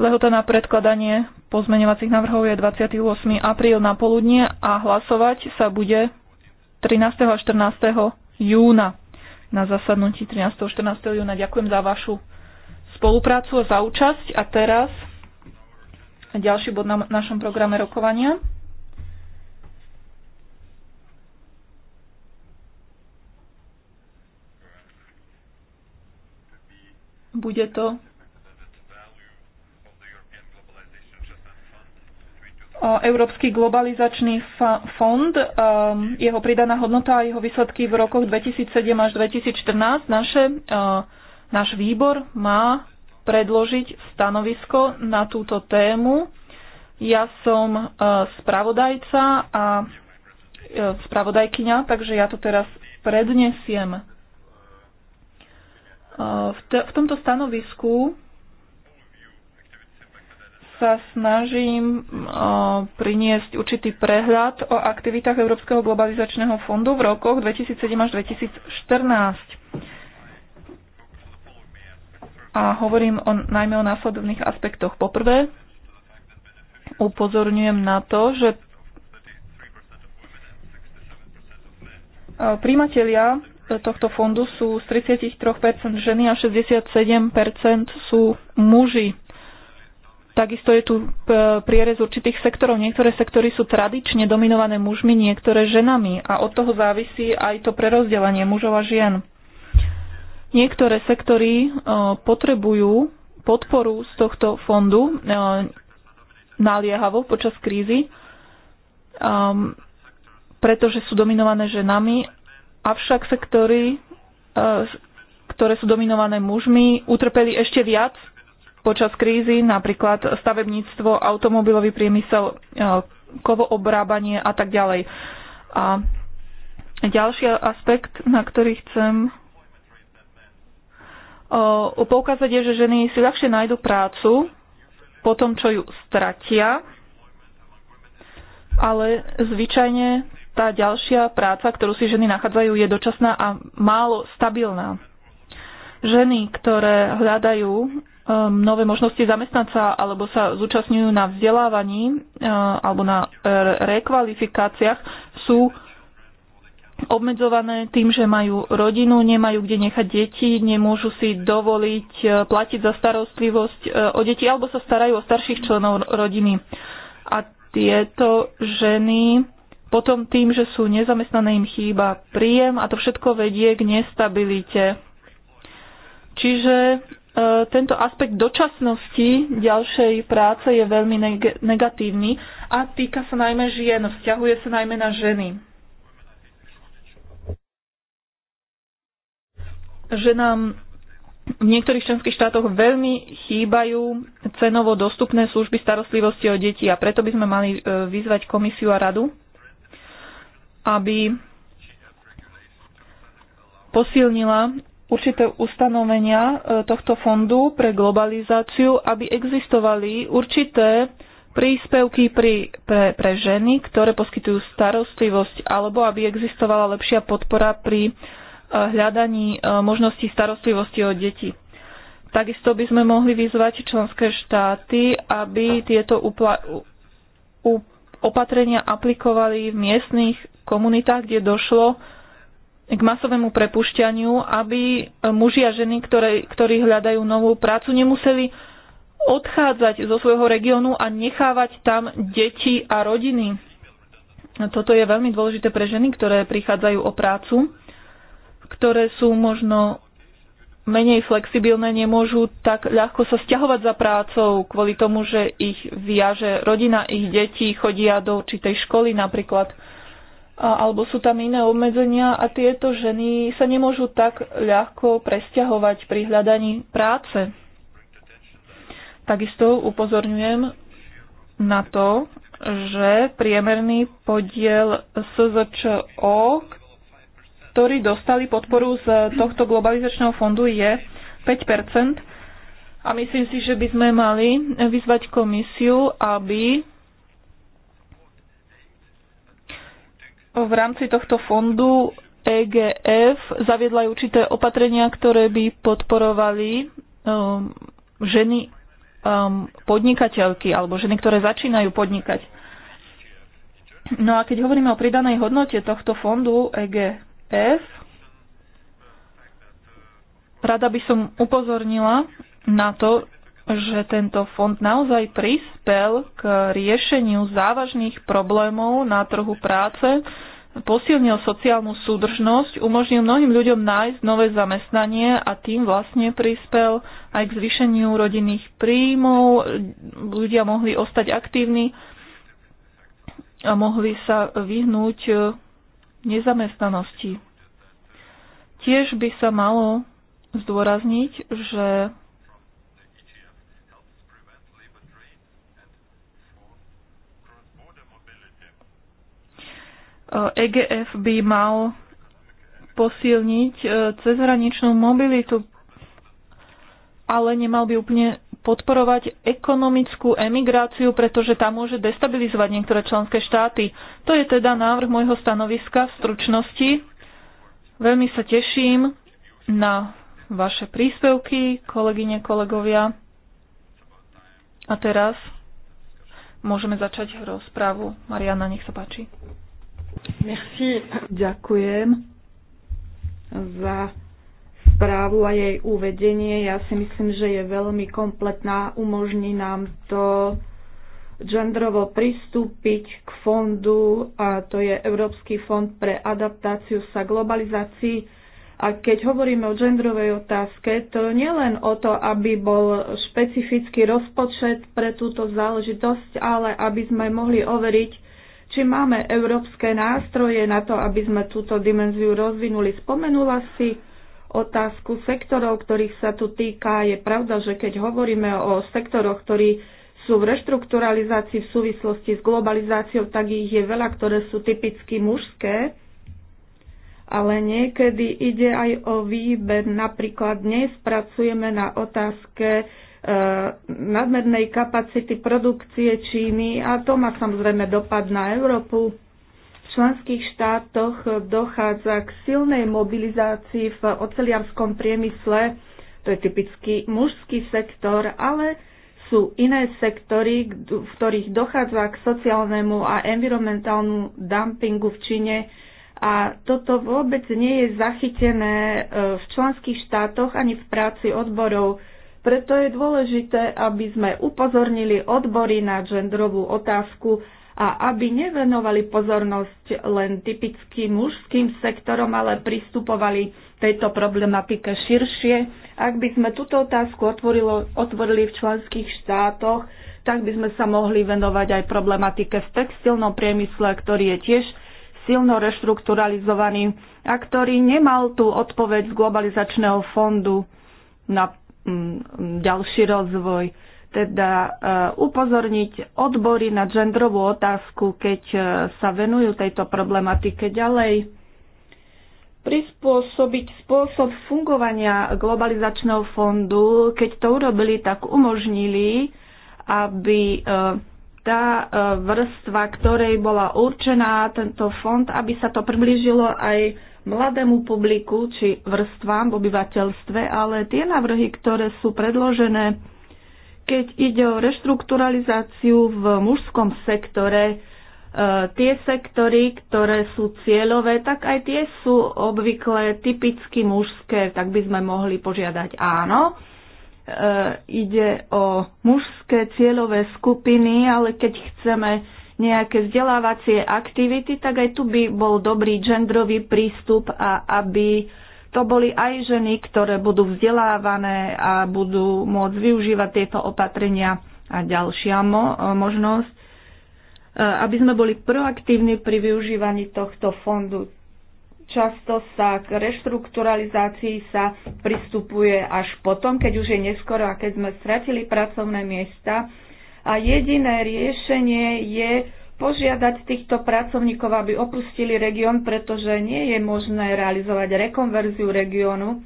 Lehota na predkladanie pozmeňovacích návrhov je 28. apríl na poludnie a hlasovať sa bude 13. a 14. júna na zasadnutí 13. a 14. júna. Ďakujem za vašu spoluprácu a za účasť. A teraz ďalší bod na našom programe rokovania. Bude to Európsky globalizačný fond, ehm, jeho pridaná hodnota a jeho výsledky v rokoch 2007 až 2014. Naše, ehm, náš výbor má predložiť stanovisko na túto tému. Ja som ehm, spravodajca a spravodajkyňa, takže ja to teraz prednesiem. Eh, v, v tomto stanovisku sa snažím eh, priniesť určitý prehľad o aktivitách Európskeho globalizačného fondu v rokoch 2007 až 2014. A hovorím o, najmä o následovných aspektoch. Poprvé, upozorňujem na to, že eh, príjmatelia tohto fondu sú z 33% ženy a 67% sú muži. Takisto je tu e, prierez určitých sektorov. Niektoré sektory sú tradične dominované mužmi, niektoré ženami a od toho závisí aj to prerozdelenie mužov a žien. Niektoré sektory e, potrebujú podporu z tohto fondu e, naliehavo počas krízy, pretože sú dominované ženami Avšak sektory, e, ktoré sú dominované mužmi, utrpeli ešte viac počas krízy, napríklad stavebníctvo, automobilový priemysel, e, kovoobrábanie a tak ďalej. A ďalší aspekt, na ktorý chcem e, poukázať je, že ženy si ľahšie nájdu prácu po tom, čo ju stratia, ale zvyčajne tá ďalšia práca, ktorú si ženy nachádzajú, je dočasná a málo stabilná. Ženy, ktoré hľadajú um, nové možnosti sa alebo sa zúčastňujú na vzdelávaní uh, alebo na e, rekvalifikáciách, sú obmedzované tým, že majú rodinu, nemajú kde nechať deti, nemôžu si dovoliť e, platiť za starostlivosť e, o deti alebo sa starajú o starších členov rodiny. A tieto ženy potom tým, že sú nezamestnané, im chýba príjem a to všetko vedie k nestabilite. Čiže e, tento aspekt dočasnosti ďalšej práce je veľmi neg- negatívny a týka sa najmä žien, vzťahuje sa najmä na ženy. Ženám v niektorých členských štátoch veľmi chýbajú cenovo dostupné služby starostlivosti o deti a preto by sme mali e, vyzvať komisiu a radu, aby posilnila určité ustanovenia e, tohto fondu pre globalizáciu, aby existovali určité príspevky pri, pre, pre ženy, ktoré poskytujú starostlivosť, alebo aby existovala lepšia podpora pri e, hľadaní e, možností starostlivosti o deti. Takisto by sme mohli vyzvať členské štáty, aby tieto upla- u- opatrenia aplikovali v miestnych komunitách, kde došlo k masovému prepušťaniu, aby muži a ženy, ktoré, ktorí hľadajú novú prácu, nemuseli odchádzať zo svojho regiónu a nechávať tam deti a rodiny. Toto je veľmi dôležité pre ženy, ktoré prichádzajú o prácu, ktoré sú možno menej flexibilné, nemôžu tak ľahko sa stiahovať za prácou kvôli tomu, že ich viaže rodina, ich deti chodia do určitej školy napríklad alebo sú tam iné obmedzenia a tieto ženy sa nemôžu tak ľahko presťahovať pri hľadaní práce. Takisto upozorňujem na to, že priemerný podiel SZČO, ktorí dostali podporu z tohto globalizačného fondu, je 5 a myslím si, že by sme mali vyzvať komisiu, aby v rámci tohto fondu EGF zaviedla aj určité opatrenia, ktoré by podporovali um, ženy um, podnikateľky alebo ženy, ktoré začínajú podnikať. No a keď hovoríme o pridanej hodnote tohto fondu EGF, rada by som upozornila na to, že tento fond naozaj prispel k riešeniu závažných problémov na trhu práce, posilnil sociálnu súdržnosť, umožnil mnohým ľuďom nájsť nové zamestnanie a tým vlastne prispel aj k zvýšeniu rodinných príjmov. Ľudia mohli ostať aktívni a mohli sa vyhnúť e, nezamestnanosti. Tiež by sa malo zdôrazniť, že EGF by mal posilniť e, cezhraničnú mobilitu, ale nemal by úplne podporovať ekonomickú emigráciu, pretože tá môže destabilizovať niektoré členské štáty. To je teda návrh môjho stanoviska v stručnosti. Veľmi sa teším na vaše príspevky, kolegyne, kolegovia. A teraz môžeme začať rozprávu. Mariana, nech sa páči. Merci. Ďakujem za správu a jej uvedenie. Ja si myslím, že je veľmi kompletná. Umožní nám to genderovo pristúpiť k fondu, a to je Európsky fond pre adaptáciu sa globalizácii. A keď hovoríme o gendrovej otázke, to nie len o to, aby bol špecifický rozpočet pre túto záležitosť, ale aby sme mohli overiť, či máme európske nástroje na to, aby sme túto dimenziu rozvinuli. Spomenula si otázku sektorov, ktorých sa tu týka. Je pravda, že keď hovoríme o sektoroch, ktorí sú v reštrukturalizácii v súvislosti s globalizáciou, tak ich je veľa, ktoré sú typicky mužské, ale niekedy ide aj o výber. Napríklad dnes pracujeme na otázke Eh, nadmernej kapacity produkcie Číny a to má samozrejme dopad na Európu. V členských štátoch dochádza k silnej mobilizácii v oceliarskom priemysle, to je typický mužský sektor, ale sú iné sektory, v ktorých dochádza k sociálnemu a environmentálnu dumpingu v Číne a toto vôbec nie je zachytené eh, v členských štátoch ani v práci odborov. Preto je dôležité, aby sme upozornili odbory na genderovú otázku a aby nevenovali pozornosť len typickým mužským sektorom, ale pristupovali tejto problematike širšie. Ak by sme túto otázku otvorilo, otvorili v členských štátoch, tak by sme sa mohli venovať aj problematike v textilnom priemysle, ktorý je tiež silno reštrukturalizovaný a ktorý nemal tú odpoveď z globalizačného fondu na Mm, ďalší rozvoj. Teda eh, upozorniť odbory na genderovú otázku, keď eh, sa venujú tejto problematike ďalej prispôsobiť spôsob fungovania globalizačného fondu, keď to urobili, tak umožnili, aby eh, tá vrstva, ktorej bola určená tento fond, aby sa to priblížilo aj mladému publiku či vrstvám v obyvateľstve, ale tie návrhy, ktoré sú predložené, keď ide o reštrukturalizáciu v mužskom sektore, e, tie sektory, ktoré sú cieľové, tak aj tie sú obvykle typicky mužské, tak by sme mohli požiadať áno. E, ide o mužské cieľové skupiny, ale keď chceme nejaké vzdelávacie aktivity, tak aj tu by bol dobrý genderový prístup a aby to boli aj ženy, ktoré budú vzdelávané a budú môcť využívať tieto opatrenia. A ďalšia mo- možnosť, e, aby sme boli proaktívni pri využívaní tohto fondu. Často sa k reštrukturalizácii sa pristupuje až potom, keď už je neskoro a keď sme stratili pracovné miesta, a jediné riešenie je požiadať týchto pracovníkov, aby opustili región, pretože nie je možné realizovať rekonverziu regiónu,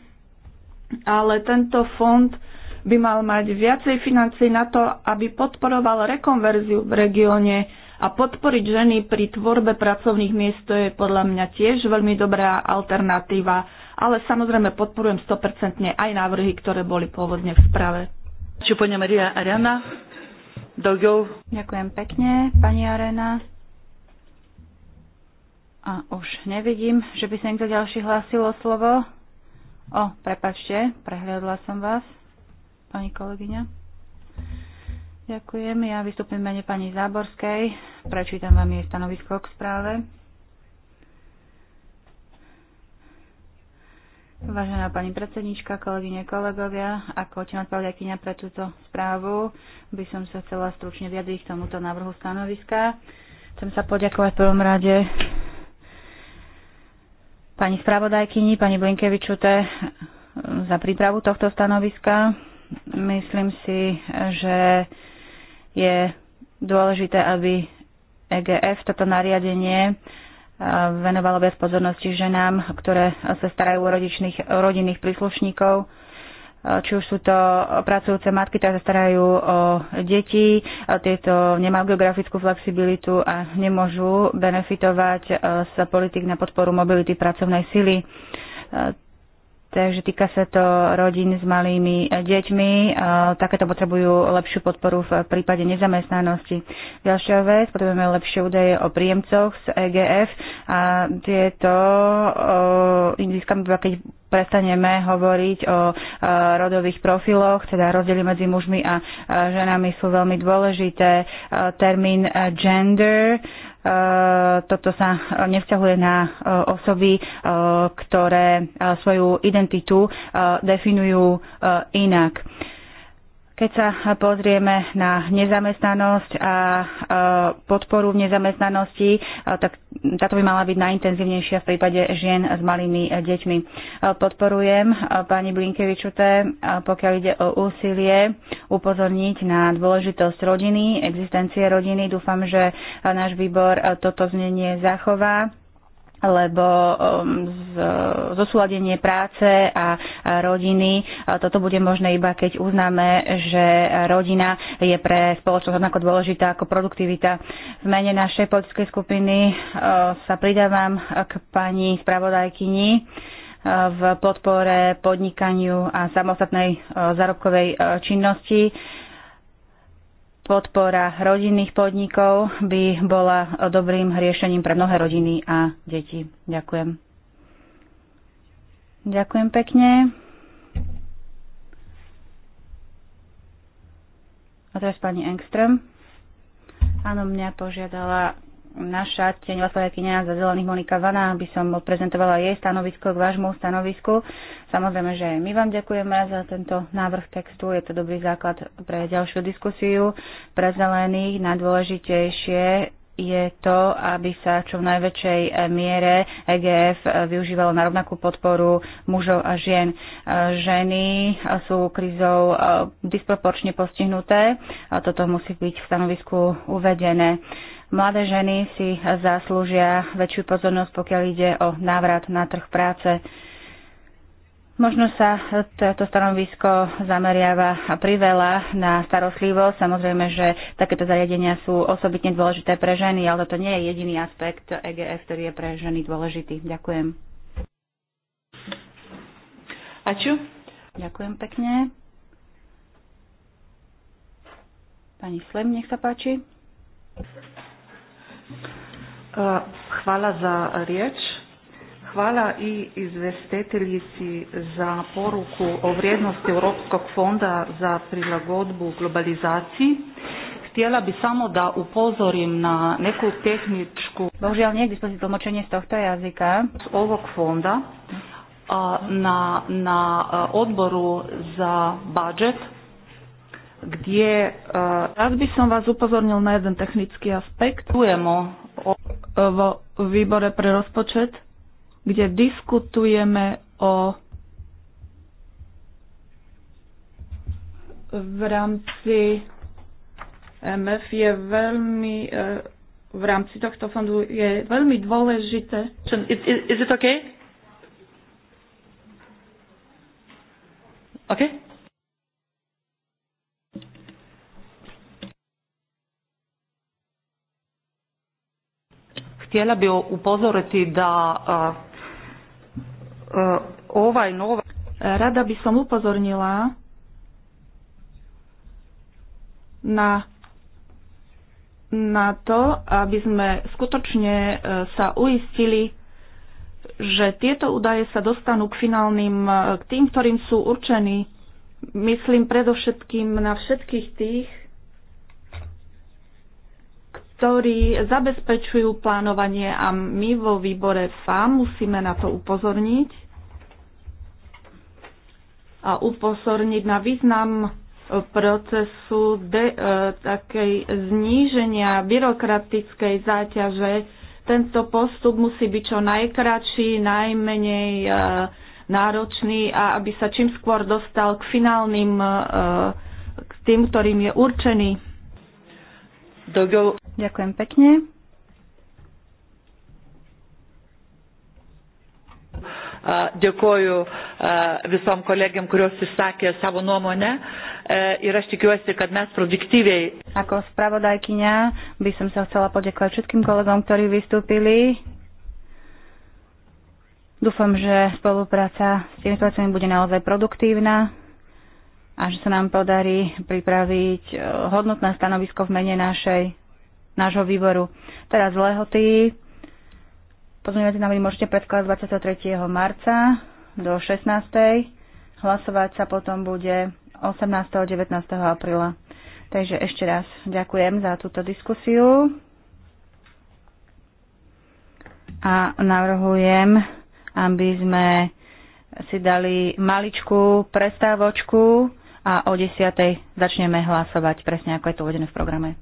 ale tento fond by mal mať viacej financí na to, aby podporoval rekonverziu v regióne a podporiť ženy pri tvorbe pracovných miest to je podľa mňa tiež veľmi dobrá alternatíva, ale samozrejme podporujem 100% aj návrhy, ktoré boli pôvodne v sprave. Čupoňa Maria Ariana. Daugiau. Ďakujem pekne, pani Arena. A už nevidím, že by sa niekto ďalší hlásil o slovo. O, prepačte, prehliadla som vás, pani kolegyňa. Ďakujem, ja vystúpim mene pani Záborskej, prečítam vám jej stanovisko k správe. Vážená pani predsednička, kolegyne, kolegovia, ako tým odpravdakyňa pre túto správu by som sa chcela stručne vyjadriť k tomuto návrhu stanoviska. Chcem sa poďakovať v prvom rade pani spravodajkyni, pani Blinkevičute za prípravu tohto stanoviska. Myslím si, že je dôležité, aby EGF, toto nariadenie, venovalo viac pozornosti ženám, ktoré sa starajú o rodičných, rodinných príslušníkov či už sú to pracujúce matky, ktoré sa starajú o deti, tieto nemajú geografickú flexibilitu a nemôžu benefitovať e, z politik na podporu mobility pracovnej sily. Takže týka sa to rodín s malými e, deťmi. E, takéto potrebujú lepšiu podporu v prípade nezamestnanosti. Ďalšia vec, potrebujeme lepšie údaje o príjemcoch z EGF a tieto e, získame keď prestaneme hovoriť o rodových profiloch, teda rozdiely medzi mužmi a ženami sú veľmi dôležité. Termín gender E, toto sa nevzťahuje na e, osoby, e, ktoré svoju identitu definujú inak. Keď sa pozrieme na nezamestnanosť a e, podporu v nezamestnanosti, e, tak táto by mala byť najintenzívnejšia v prípade žien s malými e, deťmi. Podporujem pani Blinkevičute, pokiaľ ide o úsilie upozorniť na dôležitosť rodiny, existencie rodiny. Dúfam, že náš výbor toto znenie zachová lebo um, zosúladenie práce a rodiny, toto bude možné iba keď uznáme, že rodina je pre spoločnosť rovnako dôležitá ako produktivita. V mene našej politickej skupiny uh, sa pridávam k pani spravodajkyni uh, v podpore podnikaniu a samostatnej uh, zárobkovej činnosti podpora rodinných podnikov by bola dobrým riešením pre mnohé rodiny a deti. Ďakujem. Ďakujem pekne. A teraz pani Engström. Áno, mňa požiadala naša tieňová spravodajkynia za zelených Monika Vana, aby som odprezentovala jej stanovisko k vášmu stanovisku. Samozrejme, že my vám ďakujeme za tento návrh textu. Je to dobrý základ pre ďalšiu diskusiu. Pre zelených najdôležitejšie je to, aby sa čo v najväčšej miere EGF využívalo na rovnakú podporu mužov a žien. Ženy sú krizou e, disproporčne postihnuté a toto musí byť v stanovisku uvedené. Mladé ženy si zaslúžia väčšiu pozornosť, pokiaľ ide o návrat na trh práce. Možno sa toto stanovisko zameriava priveľa na starostlivosť. Samozrejme, že takéto zariadenia sú osobitne dôležité pre ženy, ale to nie je jediný aspekt EGF, ktorý je pre ženy dôležitý. Ďakujem. Aču? Ďakujem pekne. Pani Slem, nech sa páči. Eh, hvala za riječ. Hvala i izvestiteljici za poruku o vrijednosti Europskog fonda za prilagodbu globalizaciji. Htjela bi samo da upozorim na neku tehničku... Bohužiaľ, nie je k dispozícii tohto jazyka. Z ovog fonda na, na eh, odboru za budžet kde... uh, Rád by som vás upozornil na jeden technický aspekt. o e, vo výbore pre rozpočet, kde diskutujeme o v rámci MF je veľmi e, v rámci tohto fondu je veľmi dôležité. Is, is, is it okay? Okay? htjela bi upozoriti da ovaj novac... Rada by som upozornila na, na to, aby sme skutočne e, sa uistili, že tieto údaje sa dostanú k finálnym, e, k tým, ktorým sú určení. Myslím predovšetkým na všetkých tých, ktorí zabezpečujú plánovanie a my vo výbore FAM musíme na to upozorniť a upozorniť na význam procesu de, e, takej zníženia byrokratickej záťaže. Tento postup musí byť čo najkračší, najmenej e, náročný a aby sa čím skôr dostal k finálnym, e, k tým, ktorým je určený daugiau. Ďakujem pekne. Dėkuoju visom kolegiam, kurios išsakė savo nuomonę e, ir aš tikiuosi, kad mes produktyviai. Ako spravodajkyňa by som sa chcela podiekovať všetkým kolegom, ktorí vystúpili. Dúfam, že spolupráca s tými situáciami bude naozaj produktívna a že sa nám podarí pripraviť e, hodnotné stanovisko v mene našej, nášho výboru. Teraz lehoty. nám návrhy môžete predkladať 23. marca do 16. Hlasovať sa potom bude 18. a 19. apríla. Takže ešte raz ďakujem za túto diskusiu a navrhujem, aby sme si dali maličkú prestávočku a o 10.00 začneme hlasovať presne ako je to uvedené v programe.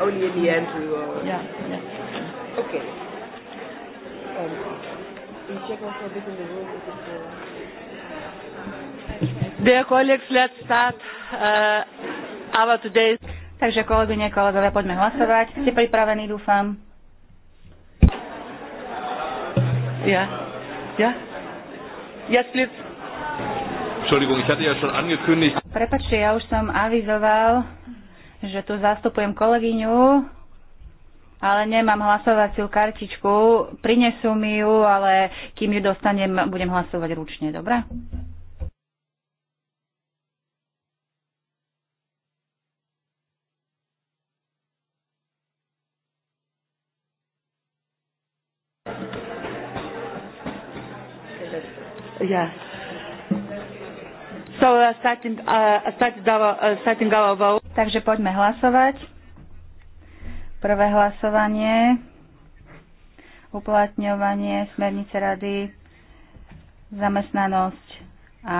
Only in the end we will. Yeah. yeah. Okay. Um, we check also a bit in the room if it's. Uh... Dear colleagues, let's start uh, our today's. Takže kolegyne, kolegovia, poďme hlasovať. Ste pripravení, dúfam. Ja. Ja. Ja, yes, Entschuldigung, ich hatte ja schon angekündigt. Prepačte, ja už som avizoval, že tu zastupujem kolegyňu, ale nemám hlasovaciu kartičku. Prinesú mi ju, ale kým ju dostanem, budem hlasovať ručne, dobre? Yes. Takže poďme hlasovať. Prvé hlasovanie. Uplatňovanie smernice rady zamestnanosť a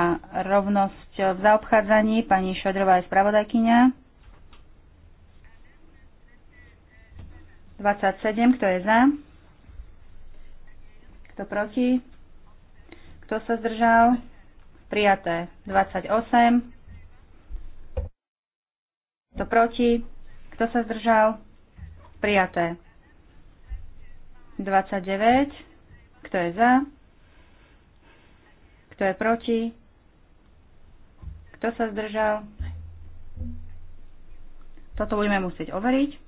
rovnosť v zaobchádzaní. Pani Šodrová je spravodajkyňa. 27, kto je za? Kto proti? Kto sa zdržal? prijaté 28. Kto proti? Kto sa zdržal? Prijaté 29. Kto je za? Kto je proti? Kto sa zdržal? Toto budeme musieť overiť.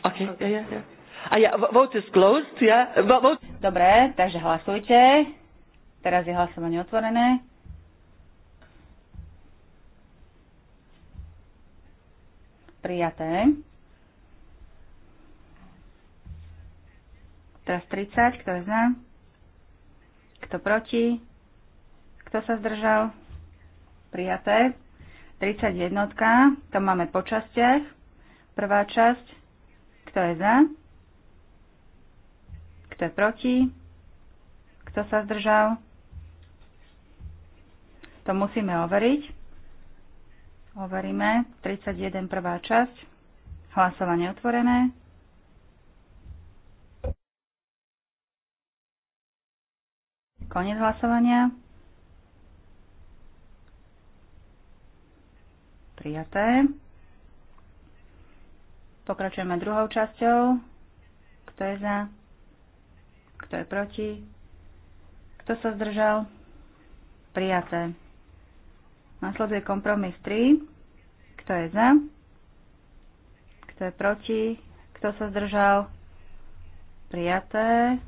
Okay, okay. Yeah, yeah, yeah. A ja, vote is closed, yeah. Vote. Dobre, takže hlasujte. Teraz je hlasovanie otvorené. Prijaté. Teraz 30, kto je za? Kto proti? Kto sa zdržal? Prijaté. 31, to máme po častiach. Prvá časť, kto je za? Kto je proti? Kto sa zdržal? To musíme overiť. Overíme. 31. prvá časť. Hlasovanie otvorené. Konec hlasovania. Prijaté. Pokračujeme druhou časťou. Kto je za? Kto je proti? Kto sa zdržal? Prijaté. Nasleduje kompromis 3. Kto je za? Kto je proti? Kto sa zdržal? Prijaté.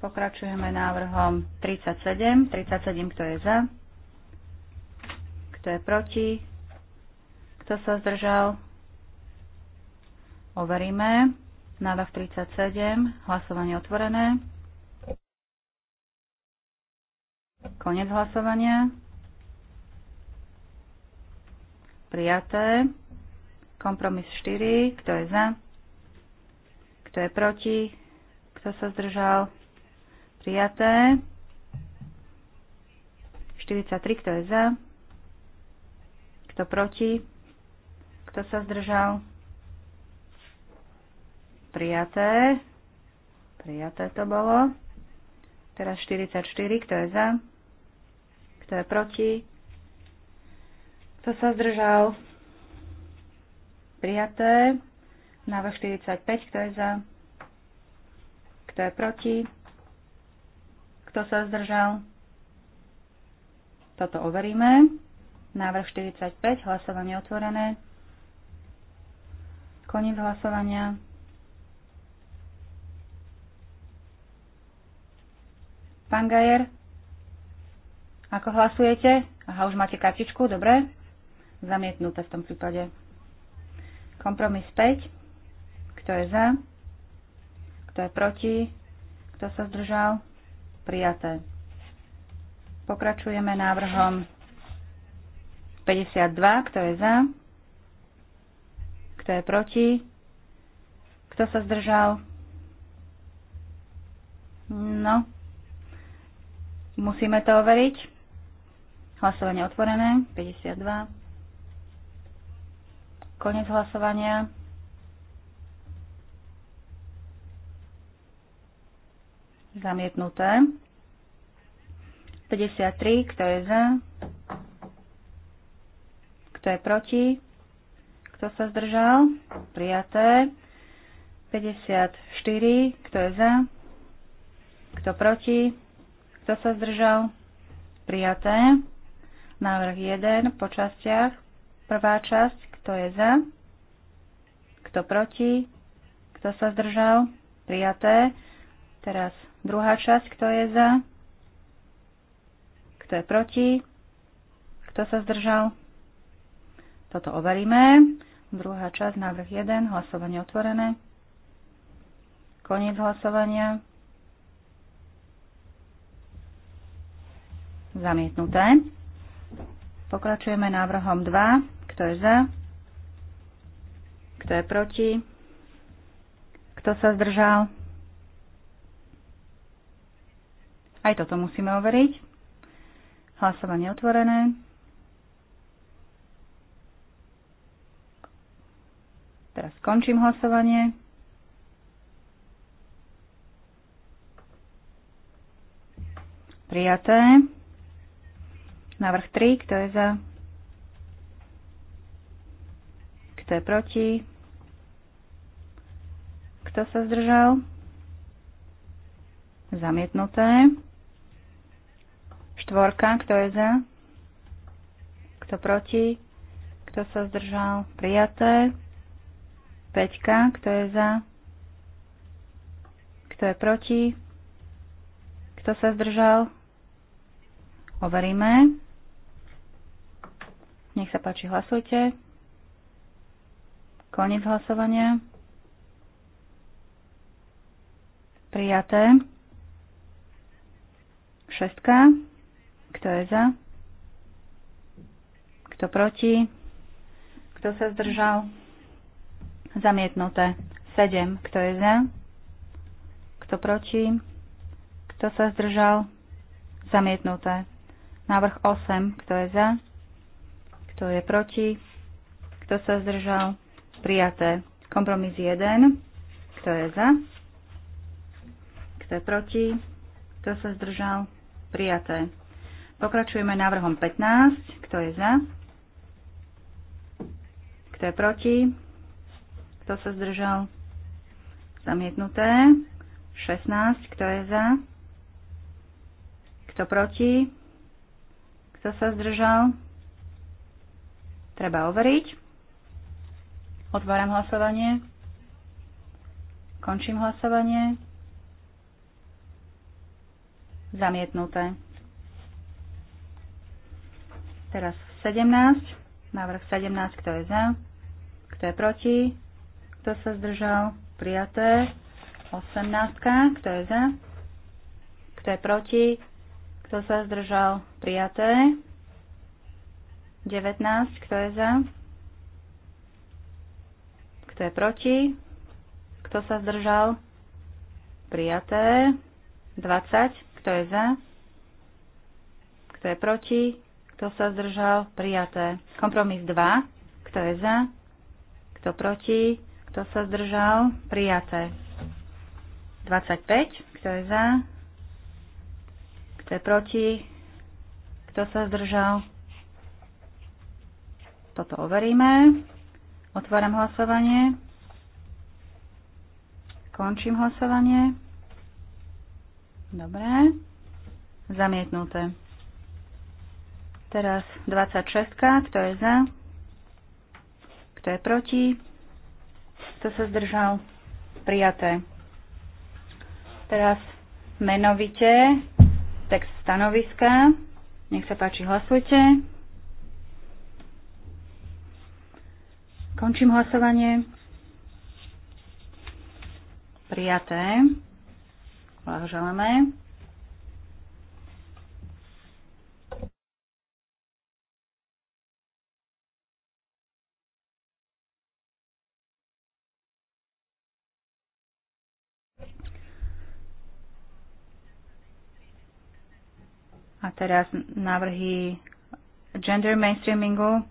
Pokračujeme návrhom 37. 37, kto je za? Kto je proti? Kto sa zdržal? Overíme. Návrh 37. Hlasovanie otvorené. Konec hlasovania. Prijaté. Kompromis 4. Kto je za? Kto je proti? Kto sa zdržal? Prijaté. 43. Kto je za? Kto proti? Kto sa zdržal? prijaté. Prijaté to bolo. Teraz 44, kto je za? Kto je proti? Kto sa zdržal? Prijaté. Návrh 45, kto je za? Kto je proti? Kto sa zdržal? Toto overíme. Návrh 45, hlasovanie otvorené. Koniec hlasovania. Pán Gajer, ako hlasujete? Aha, už máte kartičku, dobre. Zamietnuté v tom prípade. Kompromis 5. Kto je za? Kto je proti? Kto sa zdržal? Prijaté. Pokračujeme návrhom 52. Kto je za? Kto je proti? Kto sa zdržal? No, Musíme to overiť. Hlasovanie otvorené. 52. Konec hlasovania. Zamietnuté. 53. Kto je za? Kto je proti? Kto sa zdržal? Prijaté. 54. Kto je za? Kto proti? Kto sa zdržal? Prijaté. Návrh 1 po častiach. Prvá časť. Kto je za? Kto proti? Kto sa zdržal? Prijaté. Teraz druhá časť. Kto je za? Kto je proti? Kto sa zdržal? Toto overíme. Druhá časť, návrh 1, hlasovanie otvorené. Koniec hlasovania. Zamietnuté. Pokračujeme návrhom 2. Kto je za? Kto je proti? Kto sa zdržal? Aj toto musíme overiť. Hlasovanie otvorené. Teraz skončím hlasovanie. Prijaté. Návrh 3, kto je za? Kto je proti? Kto sa zdržal? Zamietnuté. Štvorka, kto je za? Kto proti? Kto sa zdržal? Prijaté. Peťka, kto je za? Kto je proti? Kto sa zdržal? Overíme. Nech sa páči, hlasujte. Koniec hlasovania. Prijaté. Šestka. Kto je za? Kto proti? Kto sa zdržal? Zamietnuté. Sedem. Kto je za? Kto proti? Kto sa zdržal? Zamietnuté. Návrh 8. Kto je za? Kto je proti? Kto sa zdržal? Prijaté. Kompromis 1. Kto je za? Kto je proti? Kto sa zdržal? Prijaté. Pokračujeme návrhom 15. Kto je za? Kto je proti? Kto sa zdržal? Zamietnuté. 16. Kto je za? Kto proti? Kto sa zdržal? Treba overiť. Otváram hlasovanie. Končím hlasovanie. Zamietnuté. Teraz 17. Návrh 17. Kto je za? Kto je proti? Kto sa zdržal? Prijaté. 18. Kto je za? Kto je proti? Kto sa zdržal? Prijaté. 19, kto je za? Kto je proti? Kto sa zdržal? Prijaté. 20, kto je za? Kto je proti? Kto sa zdržal? Prijaté. Kompromis 2, kto je za? Kto proti? Kto sa zdržal? Prijaté. 25, kto je za? Kto je proti? Kto sa zdržal? Toto overíme. Otváram hlasovanie. Končím hlasovanie. Dobre. Zamietnuté. Teraz 26. Kto je za? Kto je proti? Kto sa zdržal? Prijaté. Teraz menovite text stanoviska. Nech sa páči, hlasujte. Končím hlasovanie. Prijaté. Blahoželáme. A teraz návrhy gender mainstreamingu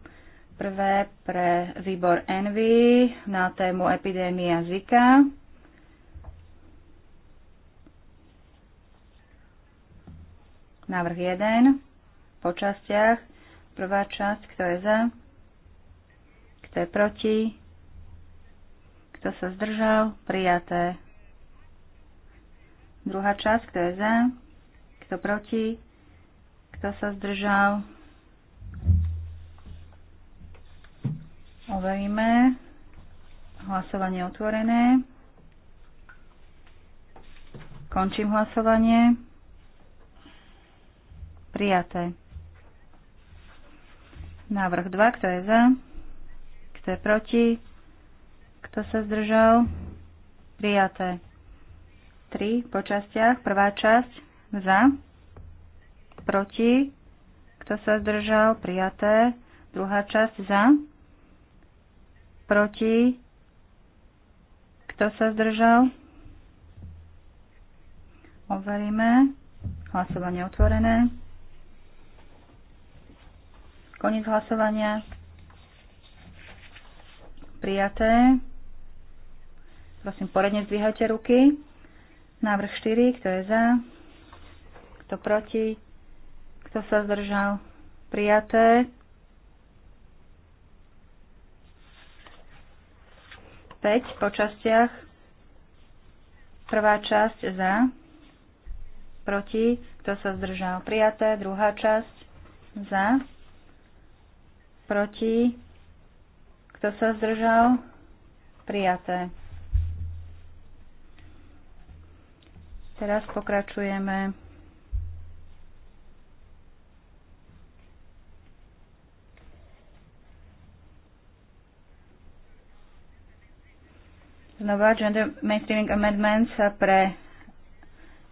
prvé pre výbor Envy na tému epidémia Zika. Návrh 1 po častiach. Prvá časť, kto je za, kto je proti, kto sa zdržal, prijaté. Druhá časť, kto je za, kto proti, kto sa zdržal, Overíme. Hlasovanie otvorené. Končím hlasovanie. Prijaté. Návrh 2. Kto je za? Kto je proti? Kto sa zdržal? Prijaté. 3. Po častiach. Prvá časť. Za. Proti. Kto sa zdržal? Prijaté. Druhá časť. Za Proti? Kto sa zdržal? Overíme. Hlasovanie otvorené. Koniec hlasovania. Prijaté. Prosím, poradne zdvíhajte ruky. Návrh 4, kto je za? Kto proti? Kto sa zdržal? Prijaté. 5 po častiach. Prvá časť za, proti, kto sa zdržal prijaté, druhá časť za, proti, kto sa zdržal prijaté. Teraz pokračujeme Znova Gender Mainstreaming Amendments pre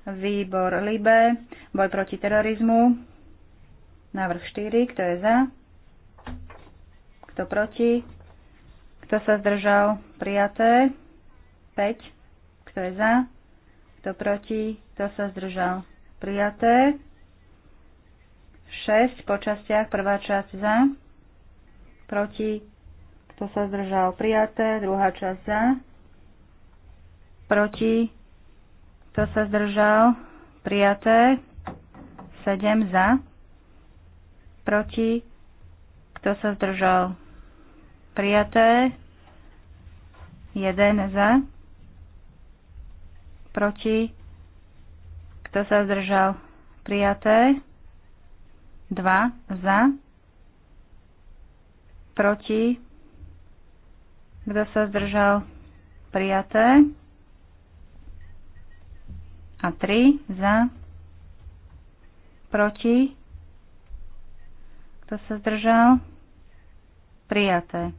výbor LIBE, boj proti terorizmu, návrh 4, kto je za, kto proti, kto sa zdržal, prijaté, 5, kto je za, kto proti, kto sa zdržal, prijaté, 6 po častiach, prvá časť za, proti, kto sa zdržal, prijaté, druhá časť za, proti, kto sa zdržal, prijaté, 7 za, proti, kto sa zdržal, prijaté, 1 za, proti, kto sa zdržal, prijaté, 2 za, proti, kto sa zdržal, prijaté, a 3 za, proti, kto sa zdržal, prijaté.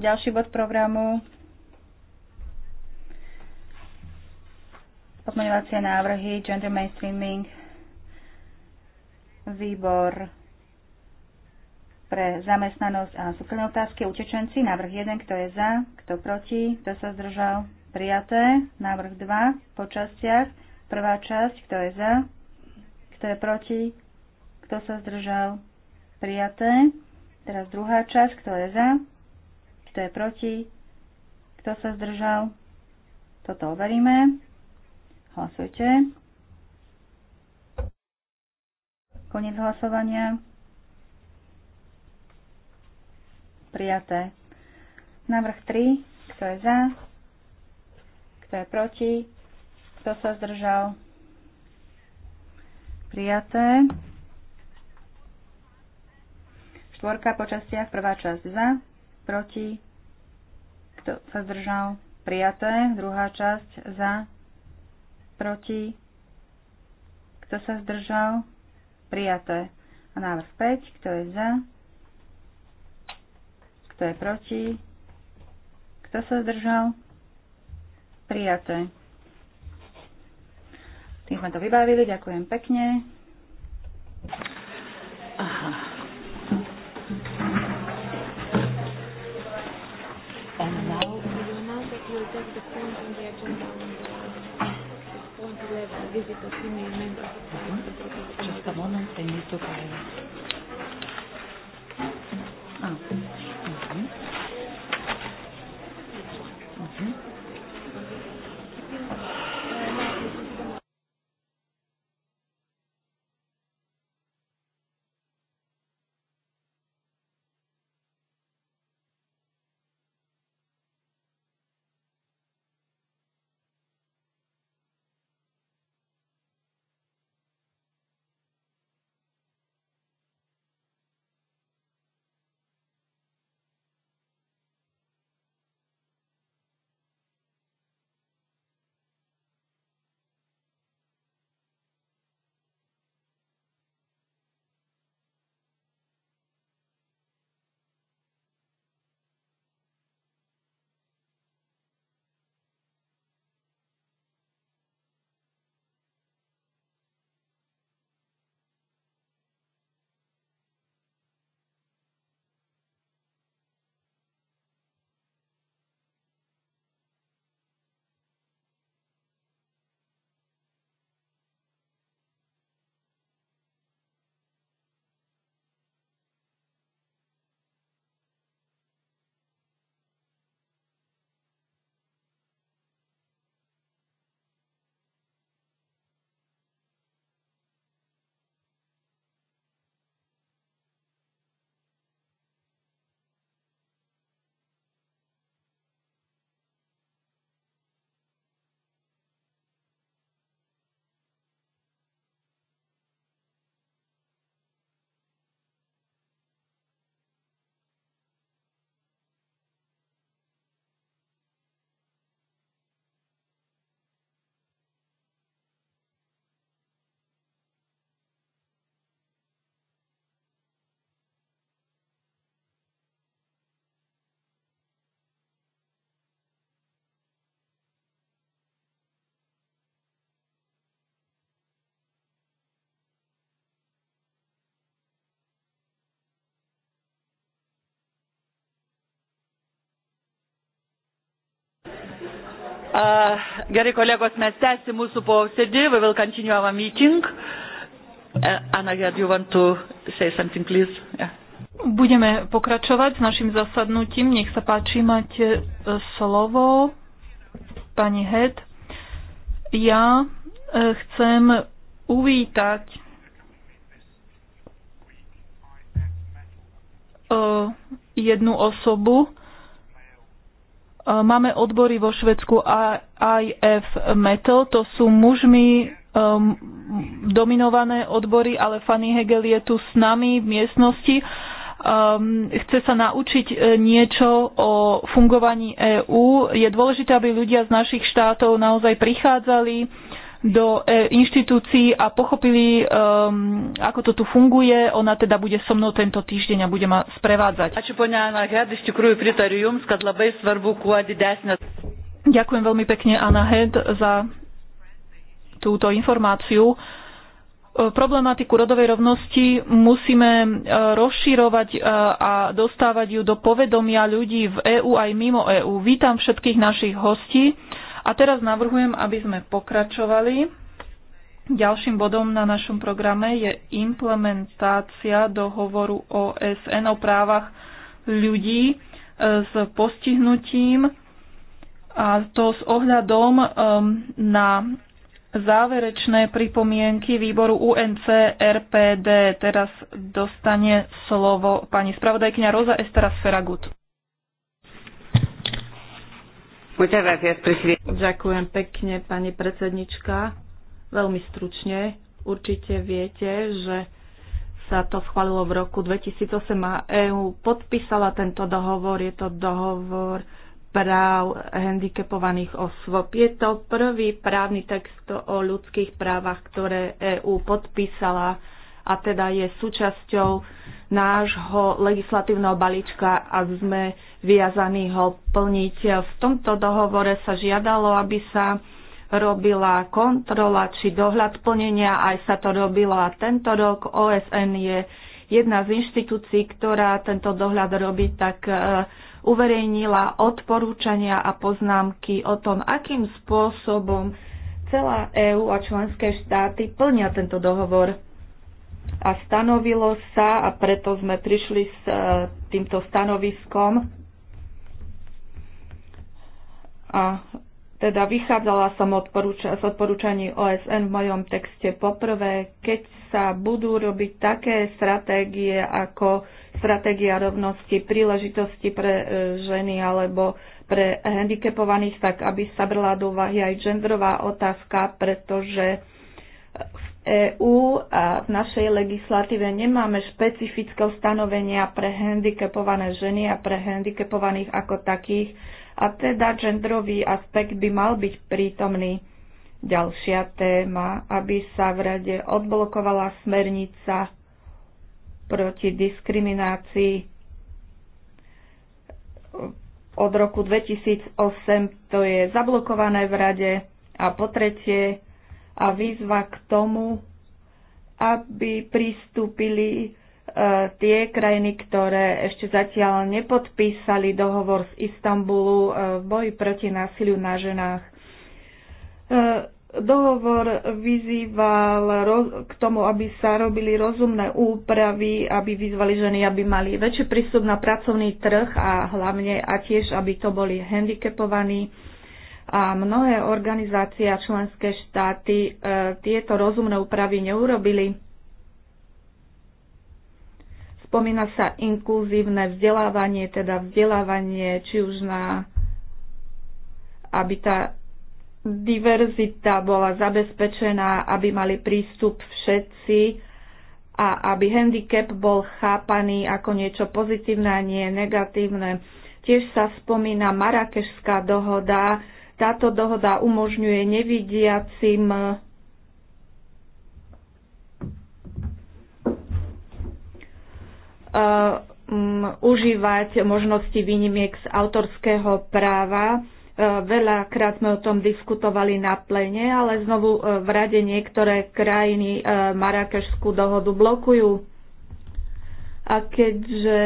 Ďalší bod programu pozmeňovacie návrhy, gender mainstreaming, výbor pre zamestnanosť a súkromné otázky utečenci. Návrh 1, kto je za, kto proti, kto sa zdržal, prijaté. Návrh 2, po častiach. Prvá časť, kto je za, kto je proti, kto sa zdržal, prijaté. Teraz druhá časť, kto je za, kto je proti, kto sa zdržal. Toto overíme. Hlasujte. Koniec hlasovania. prijaté. Návrh 3, kto je za, kto je proti, kto sa zdržal, prijaté. Štvorka po častiach, prvá časť za, proti, kto sa zdržal, prijaté, druhá časť za, proti, kto sa zdržal, prijaté. A návrh 5, kto je za, kto je proti? Kto sa zdržal? Prijaté. Tým sme to vybavili. Ďakujem pekne. Aha. Mhm. Just a moment, I need to Uh, gerai, kolegos, mes tęsim mūsų posėdį. We will continue our meeting. Uh, Anna, you want to say something, please? Yeah. Budeme pokračovať s našim zasadnutím. Nech sa páči, máte uh, slovo, pani Head. Ja uh, chcem uvítať uh, jednu osobu, Máme odbory vo Švedsku IF Metal, to sú mužmi um, dominované odbory, ale Fanny Hegel je tu s nami v miestnosti. Um, chce sa naučiť e, niečo o fungovaní EÚ. Je dôležité, aby ľudia z našich štátov naozaj prichádzali do e, inštitúcií a pochopili, e, ako to tu funguje. Ona teda bude so mnou tento týždeň a bude ma sprevádzať. Ďakujem veľmi pekne, Anna Head, za túto informáciu. E, problematiku rodovej rovnosti musíme e, rozširovať a dostávať ju do povedomia ľudí v EÚ aj mimo EÚ. Vítam všetkých našich hostí. A teraz navrhujem, aby sme pokračovali. Ďalším bodom na našom programe je implementácia dohovoru OSN o právach ľudí e, s postihnutím a to s ohľadom e, na záverečné pripomienky výboru UNCRPD. Teraz dostane slovo pani spravodajkňa Roza Estera Sferagut. Ďakujem pekne, pani predsednička. Veľmi stručne. Určite viete, že sa to schválilo v roku 2008 a EÚ podpísala tento dohovor. Je to dohovor práv handicapovaných osôb. Je to prvý právny text o ľudských právach, ktoré EÚ podpísala a teda je súčasťou nášho legislatívneho balíčka a sme viazaní ho plniť. V tomto dohovore sa žiadalo, aby sa robila kontrola či dohľad plnenia, aj sa to robilo a tento rok OSN je jedna z inštitúcií, ktorá tento dohľad robí, tak e, uverejnila odporúčania a poznámky o tom, akým spôsobom celá EÚ a členské štáty plnia tento dohovor. A stanovilo sa, a preto sme prišli s e, týmto stanoviskom, a teda vychádzala som z odporúčaní OSN v mojom texte poprvé, keď sa budú robiť také stratégie ako stratégia rovnosti príležitosti pre e, ženy alebo pre handicapovaných, tak aby sa brala do úvahy aj genderová otázka, pretože v EÚ a v našej legislatíve nemáme špecifické ustanovenia pre handicapované ženy a pre handicapovaných ako takých a teda genderový aspekt by mal byť prítomný. Ďalšia téma, aby sa v rade odblokovala smernica proti diskriminácii od roku 2008, to je zablokované v rade. A po tretie, a výzva k tomu, aby pristúpili E, tie krajiny, ktoré ešte zatiaľ nepodpísali dohovor z Istanbulu e, v boji proti násiliu na ženách. E, dohovor vyzýval k tomu, aby sa robili rozumné úpravy, aby vyzvali ženy, aby mali väčší prístup na pracovný trh a hlavne a tiež, aby to boli handicapovaní. A mnohé organizácie a členské štáty tieto rozumné úpravy neurobili Spomína sa inkluzívne vzdelávanie, teda vzdelávanie či už na aby tá diverzita bola zabezpečená, aby mali prístup všetci a aby handicap bol chápaný ako niečo pozitívne a nie negatívne. Tiež sa spomína Marakešská dohoda. Táto dohoda umožňuje nevidiacim um, užívať možnosti výnimiek z autorského práva. Eh, veľakrát sme o tom diskutovali na plene, ale znovu eh, v rade niektoré krajiny Marrakešskú dohodu blokujú. A keďže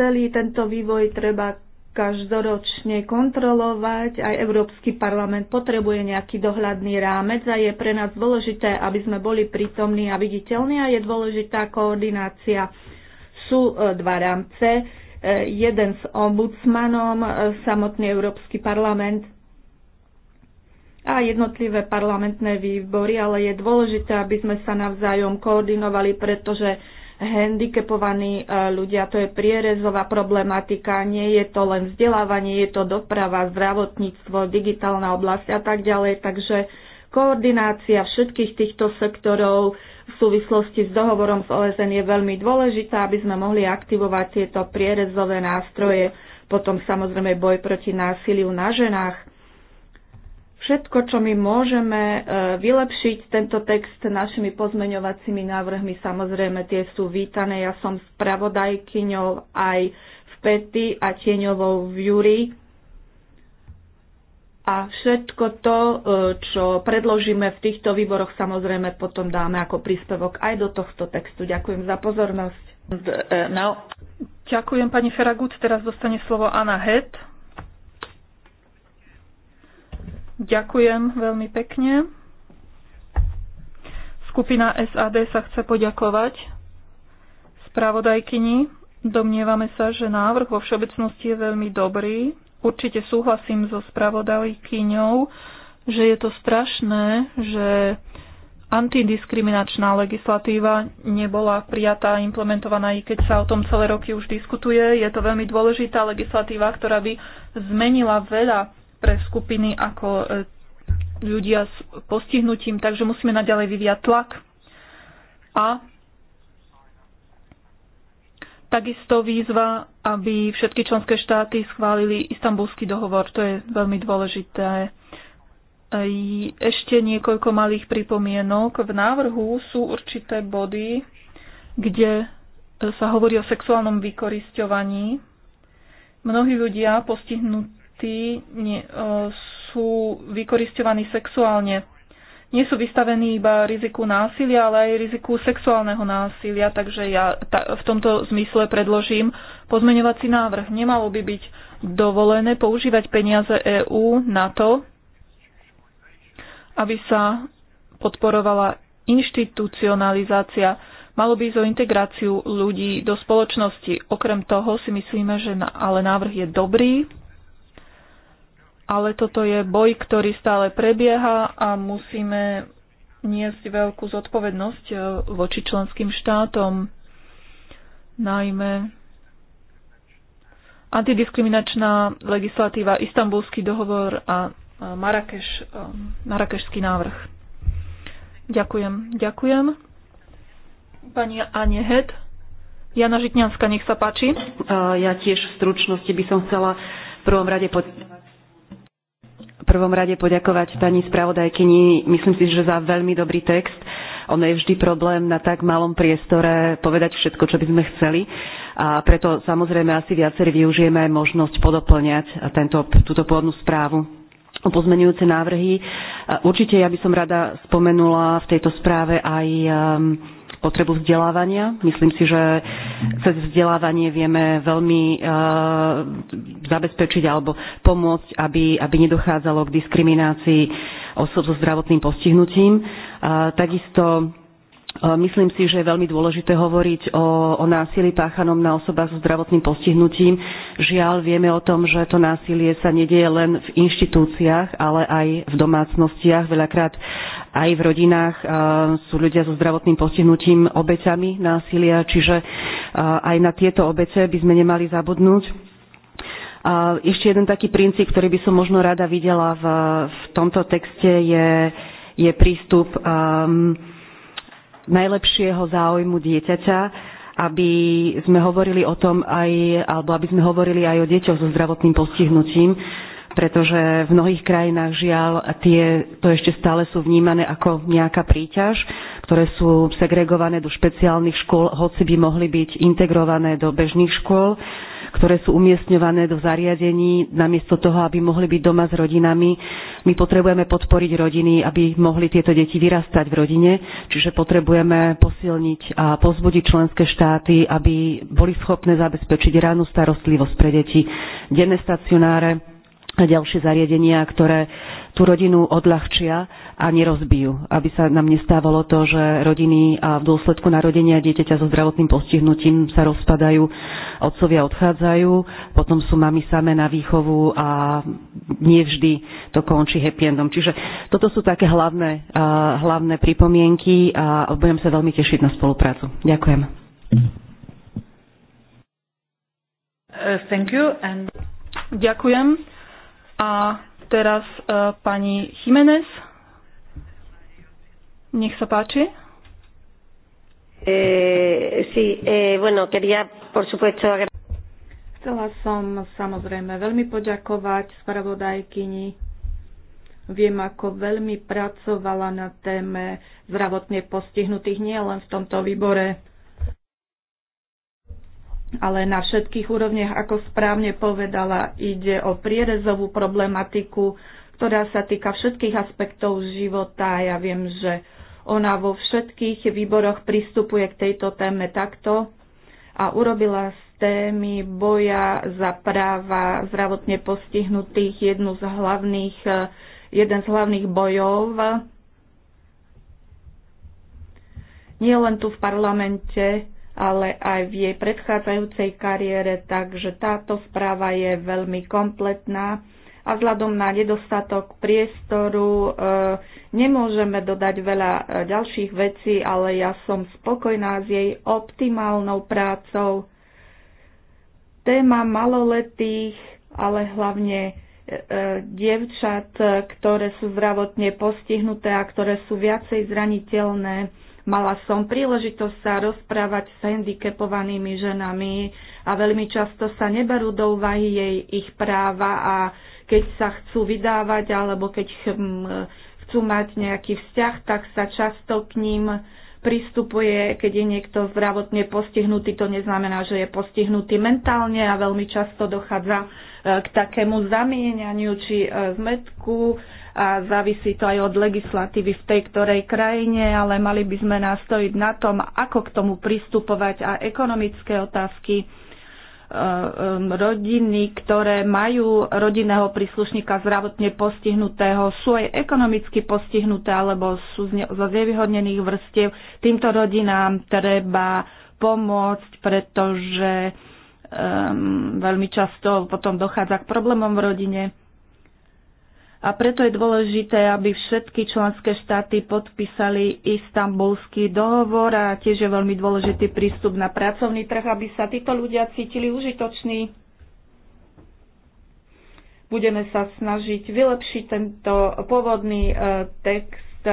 celý tento vývoj treba každoročne kontrolovať, aj Európsky parlament potrebuje nejaký dohľadný rámec a je pre nás dôležité, aby sme boli prítomní a viditeľní a je dôležitá koordinácia sú e, dva rámce. E, jeden s ombudsmanom, e, samotný Európsky parlament a jednotlivé parlamentné výbory, ale je dôležité, aby sme sa navzájom koordinovali, pretože handicapovaní ľudia, to je prierezová problematika, nie je to len vzdelávanie, je to doprava, zdravotníctvo, digitálna oblasť a tak ďalej. Takže koordinácia všetkých týchto sektorov súvislosti s dohovorom s OSN je veľmi dôležitá, aby sme mohli aktivovať tieto prierezové nástroje, potom samozrejme boj proti násiliu na ženách. Všetko, čo my môžeme e, vylepšiť tento text našimi pozmeňovacími návrhmi, samozrejme tie sú vítané. Ja som spravodajkyňou aj v Pety a tieňovou v Júrii a všetko to, e, čo predložíme v týchto výboroch, samozrejme potom dáme ako príspevok aj do tohto textu. Ďakujem za pozornosť. No. Ďakujem pani Feragut. Teraz dostane slovo Anna Het. Ďakujem veľmi pekne. Skupina SAD sa chce poďakovať spravodajkyni. Domnievame sa, že návrh vo všeobecnosti je veľmi dobrý Určite súhlasím so spravodajkyňou, že je to strašné, že antidiskriminačná legislatíva nebola prijatá a implementovaná, i keď sa o tom celé roky už diskutuje. Je to veľmi dôležitá legislatíva, ktorá by zmenila veľa pre skupiny ako e, ľudia s postihnutím, takže musíme naďalej vyviať tlak a Takisto výzva, aby všetky členské štáty schválili istambulský dohovor. To je veľmi dôležité. Ešte niekoľko malých pripomienok. V návrhu sú určité body, kde sa hovorí o sexuálnom vykoristovaní. Mnohí ľudia postihnutí e, sú vykoristovaní sexuálne nie sú vystavení iba riziku násilia, ale aj riziku sexuálneho násilia, takže ja ta, v tomto zmysle predložím pozmeňovací návrh. Nemalo by byť dovolené používať peniaze EÚ na to, aby sa podporovala inštitucionalizácia. Malo by ísť o integráciu ľudí do spoločnosti. Okrem toho si myslíme, že na, ale návrh je dobrý, ale toto je boj, ktorý stále prebieha a musíme niesť veľkú zodpovednosť e, voči členským štátom, najmä antidiskriminačná legislatíva, istambulský dohovor a Marakeš, e, marakešský návrh. Ďakujem, ďakujem. Pani Anie Het, Jana Žitňanská, nech sa páči. E, ja tiež v stručnosti by som chcela v prvom rade poďakovať prvom rade poďakovať pani spravodajkyni. Myslím si, že za veľmi dobrý text. Ono je vždy problém na tak malom priestore povedať všetko, čo by sme chceli. A preto samozrejme asi viacerí využijeme aj možnosť podoplňať tento, túto pôvodnú správu o pozmenujúce návrhy. Určite ja by som rada spomenula v tejto správe aj ehm, potrebu vzdelávania. Myslím si, že cez vzdelávanie vieme veľmi uh, zabezpečiť alebo pomôcť, aby, aby nedochádzalo k diskriminácii osob so zdravotným postihnutím. Uh, takisto eh, Myslím si, že je veľmi dôležité hovoriť o, o násilí páchanom na osobách so zdravotným postihnutím. Žiaľ, vieme o tom, že to násilie sa nedieje len v inštitúciách, ale aj v domácnostiach. Veľakrát aj v rodinách sú ľudia so zdravotným postihnutím obeťami násilia, čiže aj na tieto obete by sme nemali zabudnúť. ešte jeden taký princíp, ktorý by som možno rada videla v, v tomto texte, je, je prístup um, najlepšieho záujmu dieťaťa, aby sme hovorili o tom aj, alebo aby sme hovorili aj o deťoch so zdravotným postihnutím, pretože v mnohých krajinách žiaľ tie, to ešte stále sú vnímané ako nejaká príťaž, ktoré sú segregované do špeciálnych škôl, hoci by mohli byť integrované do bežných škôl, ktoré sú umiestňované do zariadení namiesto toho, aby mohli byť doma s rodinami. My potrebujeme podporiť rodiny, aby mohli tieto deti vyrastať v rodine, čiže potrebujeme posilniť a pozbudiť členské štáty, aby boli schopné zabezpečiť ránu starostlivosť pre deti, denné stacionáre, ďalšie zariadenia, ktoré tú rodinu odľahčia a nerozbijú. Aby sa nám nestávalo to, že rodiny a v dôsledku narodenia dieťaťa so zdravotným postihnutím sa rozpadajú, otcovia odchádzajú, potom sú mami samé na výchovu a nevždy to končí happy endom. Čiže toto sú také hlavné, hlavné pripomienky a budem sa veľmi tešiť na spoluprácu. Ďakujem. Uh, thank you and... Ďakujem. A teraz uh, pani Jiménez. Nech sa páči. Eh, sí, eh, bueno, quería, por supuesto, Chcela som samozrejme veľmi poďakovať spravodajkyni. Viem, ako veľmi pracovala na téme zdravotne postihnutých nielen v tomto výbore, ale na všetkých úrovniach, ako správne povedala, ide o prierezovú problematiku, ktorá sa týka všetkých aspektov života. Ja viem, že ona vo všetkých výboroch pristupuje k tejto téme takto a urobila z témy boja za práva zdravotne postihnutých jednu z hlavných, jeden z hlavných bojov. Nie len tu v parlamente, ale aj v jej predchádzajúcej kariére, takže táto správa je veľmi kompletná a vzhľadom na nedostatok priestoru e, nemôžeme dodať veľa eh, ďalších vecí, ale ja som spokojná s jej optimálnou prácou. Téma maloletých, ale hlavne eh, dievčat, ktoré sú zdravotne postihnuté a ktoré sú viacej zraniteľné. Mala som príležitosť sa rozprávať s handicapovanými ženami a veľmi často sa neberú do úvahy jej ich práva a keď sa chcú vydávať alebo keď chcú mať nejaký vzťah, tak sa často k ním pristupuje, keď je niekto zdravotne postihnutý, to neznamená, že je postihnutý mentálne a veľmi často dochádza e, k takému zamieňaniu či e, zmetku a závisí to aj od legislatívy v tej ktorej krajine, ale mali by sme nastojiť na tom, ako k tomu pristupovať a ekonomické otázky e, e, rodiny, ktoré majú rodinného príslušníka zdravotne postihnutého, sú aj ekonomicky postihnuté alebo sú zo znevýhodnených vrstiev. Týmto rodinám treba pomôcť, pretože um, veľmi často potom dochádza k problémom v rodine. A preto je dôležité, aby všetky členské štáty podpísali istambulský dohovor a tiež je veľmi dôležitý prístup na pracovný trh, aby sa títo ľudia cítili užitoční. Budeme sa snažiť vylepšiť tento pôvodný e, text,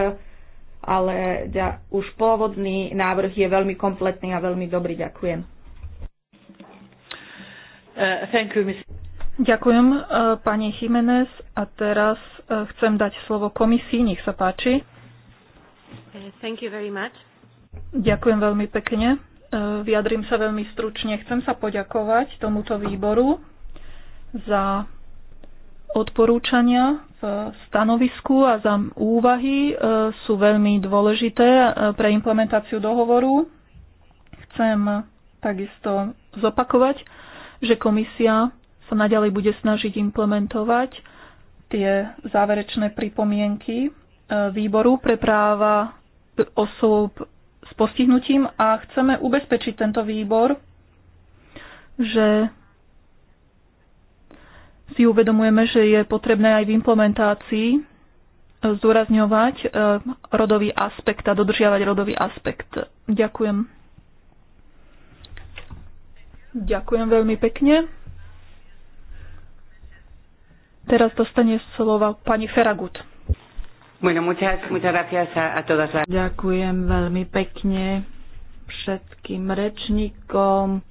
ale už pôvodný návrh je veľmi kompletný a veľmi dobrý. Ďakujem. Uh, thank you, Ms. Ďakujem e, pani Jiménez a teraz e, chcem dať slovo komisii, nech sa páči. Uh, thank you very much. Ďakujem veľmi pekne. E, vyjadrím sa veľmi stručne. Chcem sa poďakovať tomuto výboru za odporúčania v stanovisku a za úvahy sú veľmi dôležité pre implementáciu dohovoru. Chcem takisto zopakovať, že komisia sa naďalej bude snažiť implementovať tie záverečné pripomienky e, výboru pre práva osôb s postihnutím a chceme ubezpečiť tento výbor, že si uvedomujeme, že je potrebné aj v implementácii e, zdôrazňovať e, rodový aspekt a dodržiavať rodový aspekt. Ďakujem. Ďakujem veľmi pekne. Teraz dostane slova pani Feragut. Bueno, muchas, muchas gracias a, a todas las... Ďakujem veľmi pekne všetkým rečníkom,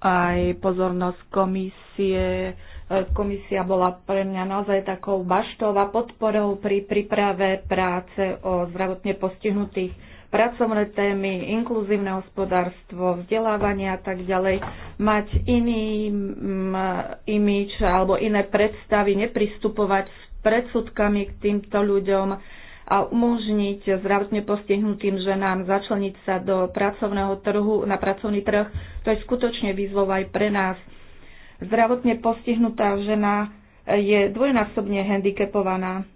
aj pozornosť komisie. Komisia bola pre mňa naozaj takou baštou a podporou pri príprave práce o zdravotne postihnutých pracovné témy, inkluzívne hospodárstvo, vzdelávanie a tak ďalej, mať iný mm, imič alebo iné predstavy, nepristupovať s predsudkami k týmto ľuďom a umožniť zdravotne postihnutým ženám začleniť sa do pracovného trhu, na pracovný trh. To je skutočne výzvou aj pre nás. Zdravotne postihnutá žena je dvojnásobne handicapovaná,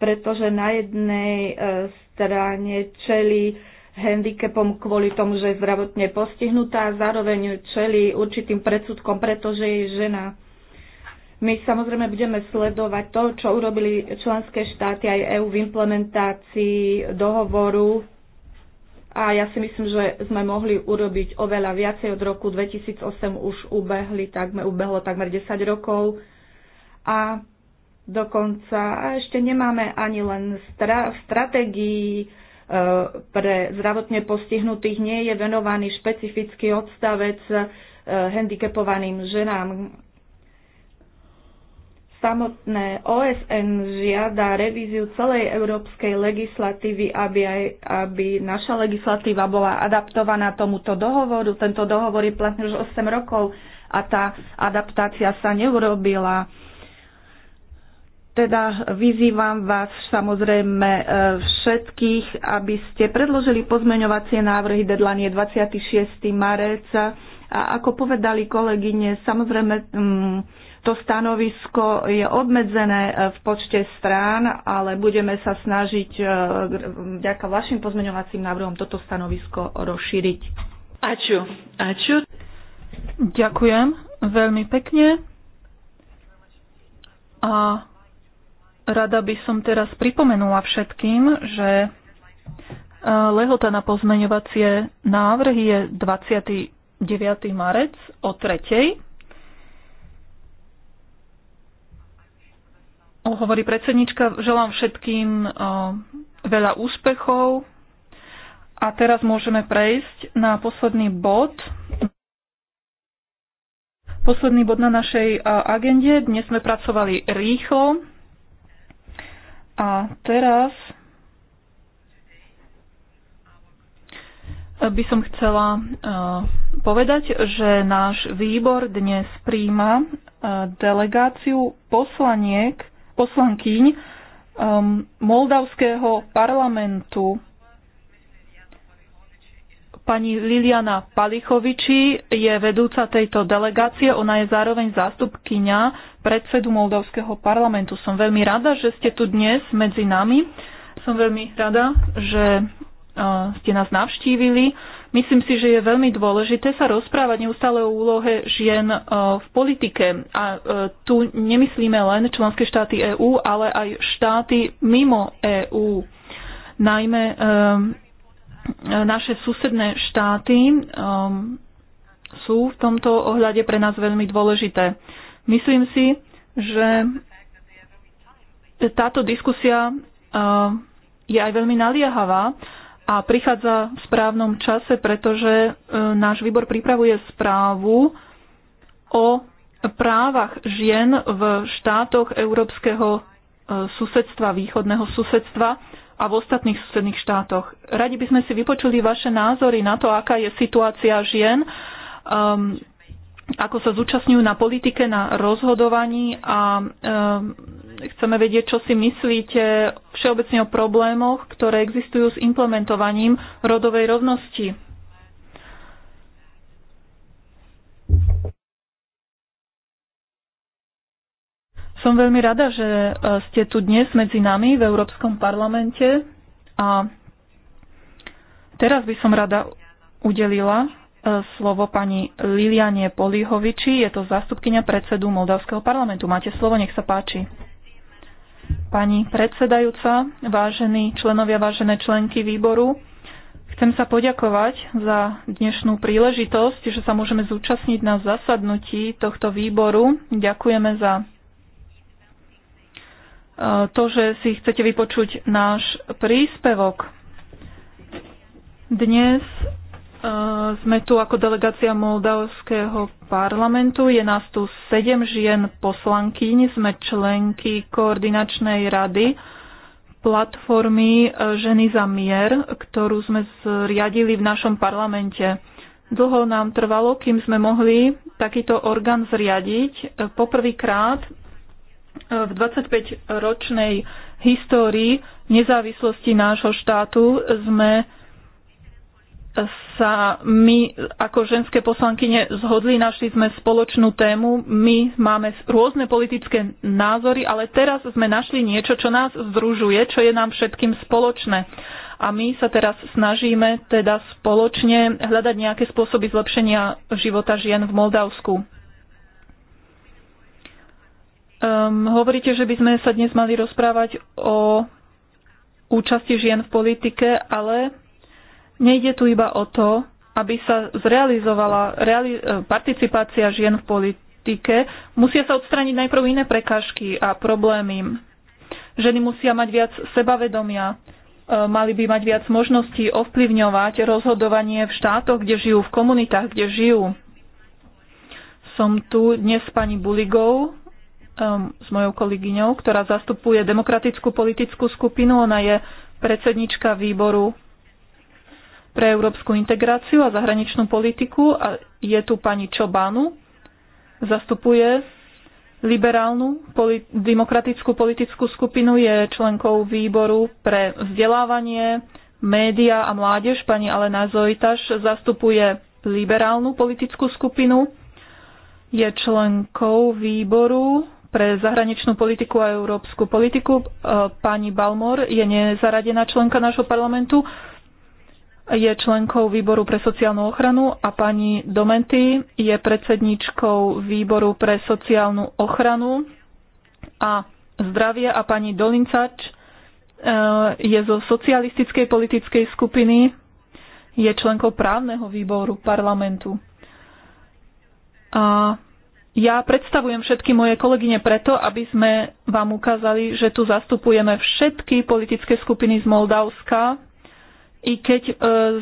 pretože na jednej e, teda čeli handicapom kvôli tomu, že je zdravotne postihnutá, zároveň čeli určitým predsudkom, pretože je žena. My samozrejme budeme sledovať to, čo urobili členské štáty aj EÚ v implementácii dohovoru a ja si myslím, že sme mohli urobiť oveľa viacej od roku 2008 už ubehli, takmer, ubehlo takmer 10 rokov a dokonca a ešte nemáme ani len stra- v e, pre zdravotne postihnutých nie je venovaný špecifický odstavec e, handicapovaným ženám. Samotné OSN žiada revíziu celej európskej legislatívy, aby, aj, aby naša legislatíva bola adaptovaná tomuto dohovoru. Tento dohovor je platný už 8 rokov a tá adaptácia sa neurobila teda vyzývam vás samozrejme e, všetkých, aby ste predložili pozmeňovacie návrhy. Deadline je 26. marec. A ako povedali kolegyne, samozrejme mm, to stanovisko je obmedzené e, v počte strán, ale budeme sa snažiť e, vďaka vašim pozmeňovacím návrhom toto stanovisko rozšíriť. Aču, aču. Ďakujem veľmi pekne. A Rada by som teraz pripomenula všetkým, že e, lehota na pozmeňovacie návrhy je 29. marec o 3. Hovorí predsednička, želám všetkým e, veľa úspechov a teraz môžeme prejsť na posledný bod. Posledný bod na našej e, agende. Dnes sme pracovali rýchlo. A teraz by som chcela e, povedať, že náš výbor dnes príjma e, delegáciu poslaniek, poslankyň e, Moldavského parlamentu Pani Liliana Palichoviči je vedúca tejto delegácie, ona je zároveň zástupkyňa predsedu Moldavského parlamentu. Som veľmi rada, že ste tu dnes medzi nami. Som veľmi rada, že e, ste nás navštívili. Myslím si, že je veľmi dôležité sa rozprávať neustále o úlohe žien e, v politike. A e, tu nemyslíme len členské štáty EÚ, ale aj štáty mimo EÚ. Najmä naše susedné štáty um, sú v tomto ohľade pre nás veľmi dôležité. Myslím si, že táto diskusia uh, je aj veľmi naliehavá a prichádza v správnom čase, pretože uh, náš výbor pripravuje správu o právach žien v štátoch európskeho uh, susedstva, východného susedstva a v ostatných susedných štátoch. Radi by sme si vypočuli vaše názory na to, aká je situácia žien, um, ako sa zúčastňujú na politike, na rozhodovaní a um, chceme vedieť, čo si myslíte všeobecne o problémoch, ktoré existujú s implementovaním rodovej rovnosti. Som veľmi rada, že e, ste tu dnes medzi nami v Európskom parlamente a teraz by som rada udelila e, slovo pani Liliane Polihoviči, je to zástupkynia predsedu Moldavského parlamentu. Máte slovo, nech sa páči. Pani predsedajúca, vážení členovia, vážené členky výboru, chcem sa poďakovať za dnešnú príležitosť, že sa môžeme zúčastniť na zasadnutí tohto výboru. Ďakujeme za to, že si chcete vypočuť náš príspevok. Dnes eh, sme tu ako delegácia Moldavského parlamentu. Je nás tu sedem žien poslankyň. Sme členky koordinačnej rady platformy eh, Ženy za mier, ktorú sme zriadili v našom parlamente. Dlho nám trvalo, kým sme mohli takýto orgán zriadiť. Eh, poprvýkrát v 25-ročnej histórii nezávislosti nášho štátu sme sa my ako ženské poslankyne zhodli, našli sme spoločnú tému, my máme rôzne politické názory, ale teraz sme našli niečo, čo nás združuje, čo je nám všetkým spoločné. A my sa teraz snažíme teda spoločne hľadať nejaké spôsoby zlepšenia života žien v Moldavsku. Um, hovoríte, že by sme sa dnes mali rozprávať o účasti žien v politike, ale nejde tu iba o to, aby sa zrealizovala reali- e, participácia žien v politike. Musia sa odstraniť najprv iné prekážky a problémy. Ženy musia mať viac sebavedomia, e, mali by mať viac možností ovplyvňovať rozhodovanie v štátoch, kde žijú, v komunitách, kde žijú. Som tu dnes s pani Buligou, um, s mojou kolegyňou, ktorá zastupuje demokratickú politickú skupinu. Ona je predsednička výboru pre európsku integráciu a zahraničnú politiku a je tu pani Čobanu, zastupuje liberálnu poli- demokratickú politickú skupinu, je členkou výboru pre vzdelávanie, média a mládež. Pani Alena Zojtaš zastupuje liberálnu politickú skupinu, je členkou výboru pre zahraničnú politiku a európsku politiku. E, pani Balmor je nezaradená členka nášho parlamentu, je členkou výboru pre sociálnu ochranu a pani Domenty je predsedničkou výboru pre sociálnu ochranu a zdravie a pani Dolincač e, je zo socialistickej politickej skupiny, je členkou právneho výboru parlamentu. A ja predstavujem všetky moje kolegyne preto, aby sme vám ukázali, že tu zastupujeme všetky politické skupiny z Moldavska. I keď e,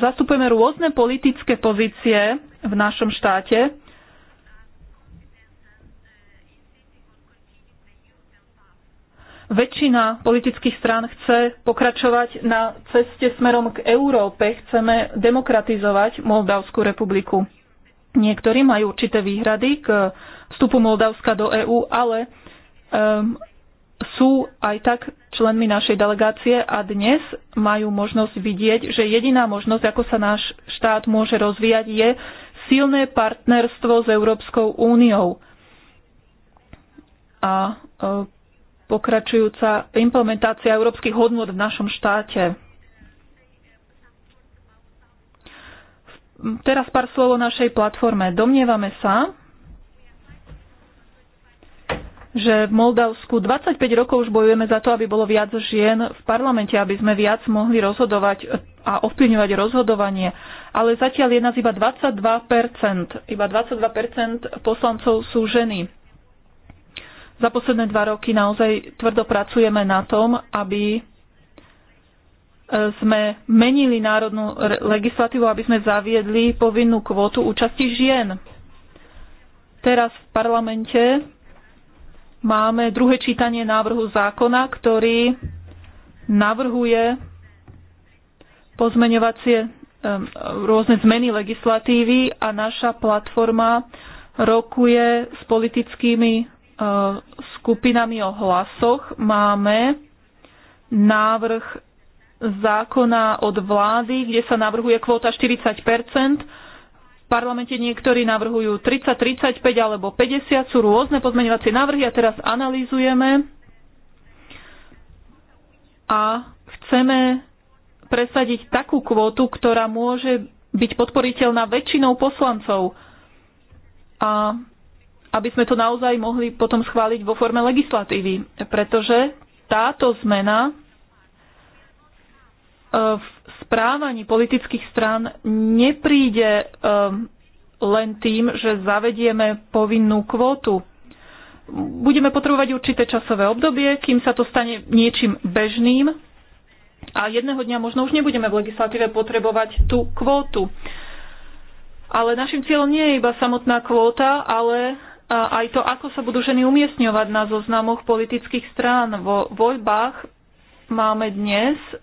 zastupujeme rôzne politické pozície v našom štáte, väčšina politických strán chce pokračovať na ceste smerom k Európe. Chceme demokratizovať Moldavskú republiku. Niektorí majú určité výhrady k vstupu Moldavska do EÚ, ale um, sú aj tak členmi našej delegácie a dnes majú možnosť vidieť, že jediná možnosť, ako sa náš štát môže rozvíjať, je silné partnerstvo s Európskou úniou. A e, pokračujúca implementácia európskych hodnot v našom štáte. Teraz pár slov o našej platforme. Domnievame sa, že v Moldavsku 25 rokov už bojujeme za to, aby bolo viac žien v parlamente, aby sme viac mohli rozhodovať a ovplyvňovať rozhodovanie. Ale zatiaľ je nás iba 22%. Iba 22% poslancov sú ženy. Za posledné dva roky naozaj tvrdo pracujeme na tom, aby e, sme menili národnú legislatívu, aby sme zaviedli povinnú kvotu účasti žien. Teraz v parlamente máme druhé čítanie návrhu zákona, ktorý navrhuje pozmeňovacie rôzne zmeny legislatívy a naša platforma rokuje s politickými e, skupinami o hlasoch. Máme návrh zákona od vlády, kde sa navrhuje kvóta 40 parlamente niektorí navrhujú 30, 35 alebo 50, sú rôzne pozmeňovacie návrhy a teraz analýzujeme a chceme presadiť takú kvótu, ktorá môže byť podporiteľná väčšinou poslancov. A aby sme to naozaj mohli potom schváliť vo forme legislatívy, pretože táto zmena e, v správaní politických strán nepríde ehm, len tým, že zavedieme povinnú kvótu. Budeme potrebovať určité časové obdobie, kým sa to stane niečím bežným a jedného dňa možno už nebudeme v legislatíve potrebovať tú kvótu. Ale našim cieľom nie je iba samotná kvóta, ale aj to, ako sa budú ženy umiestňovať na zoznamoch politických strán vo voľbách máme dnes e,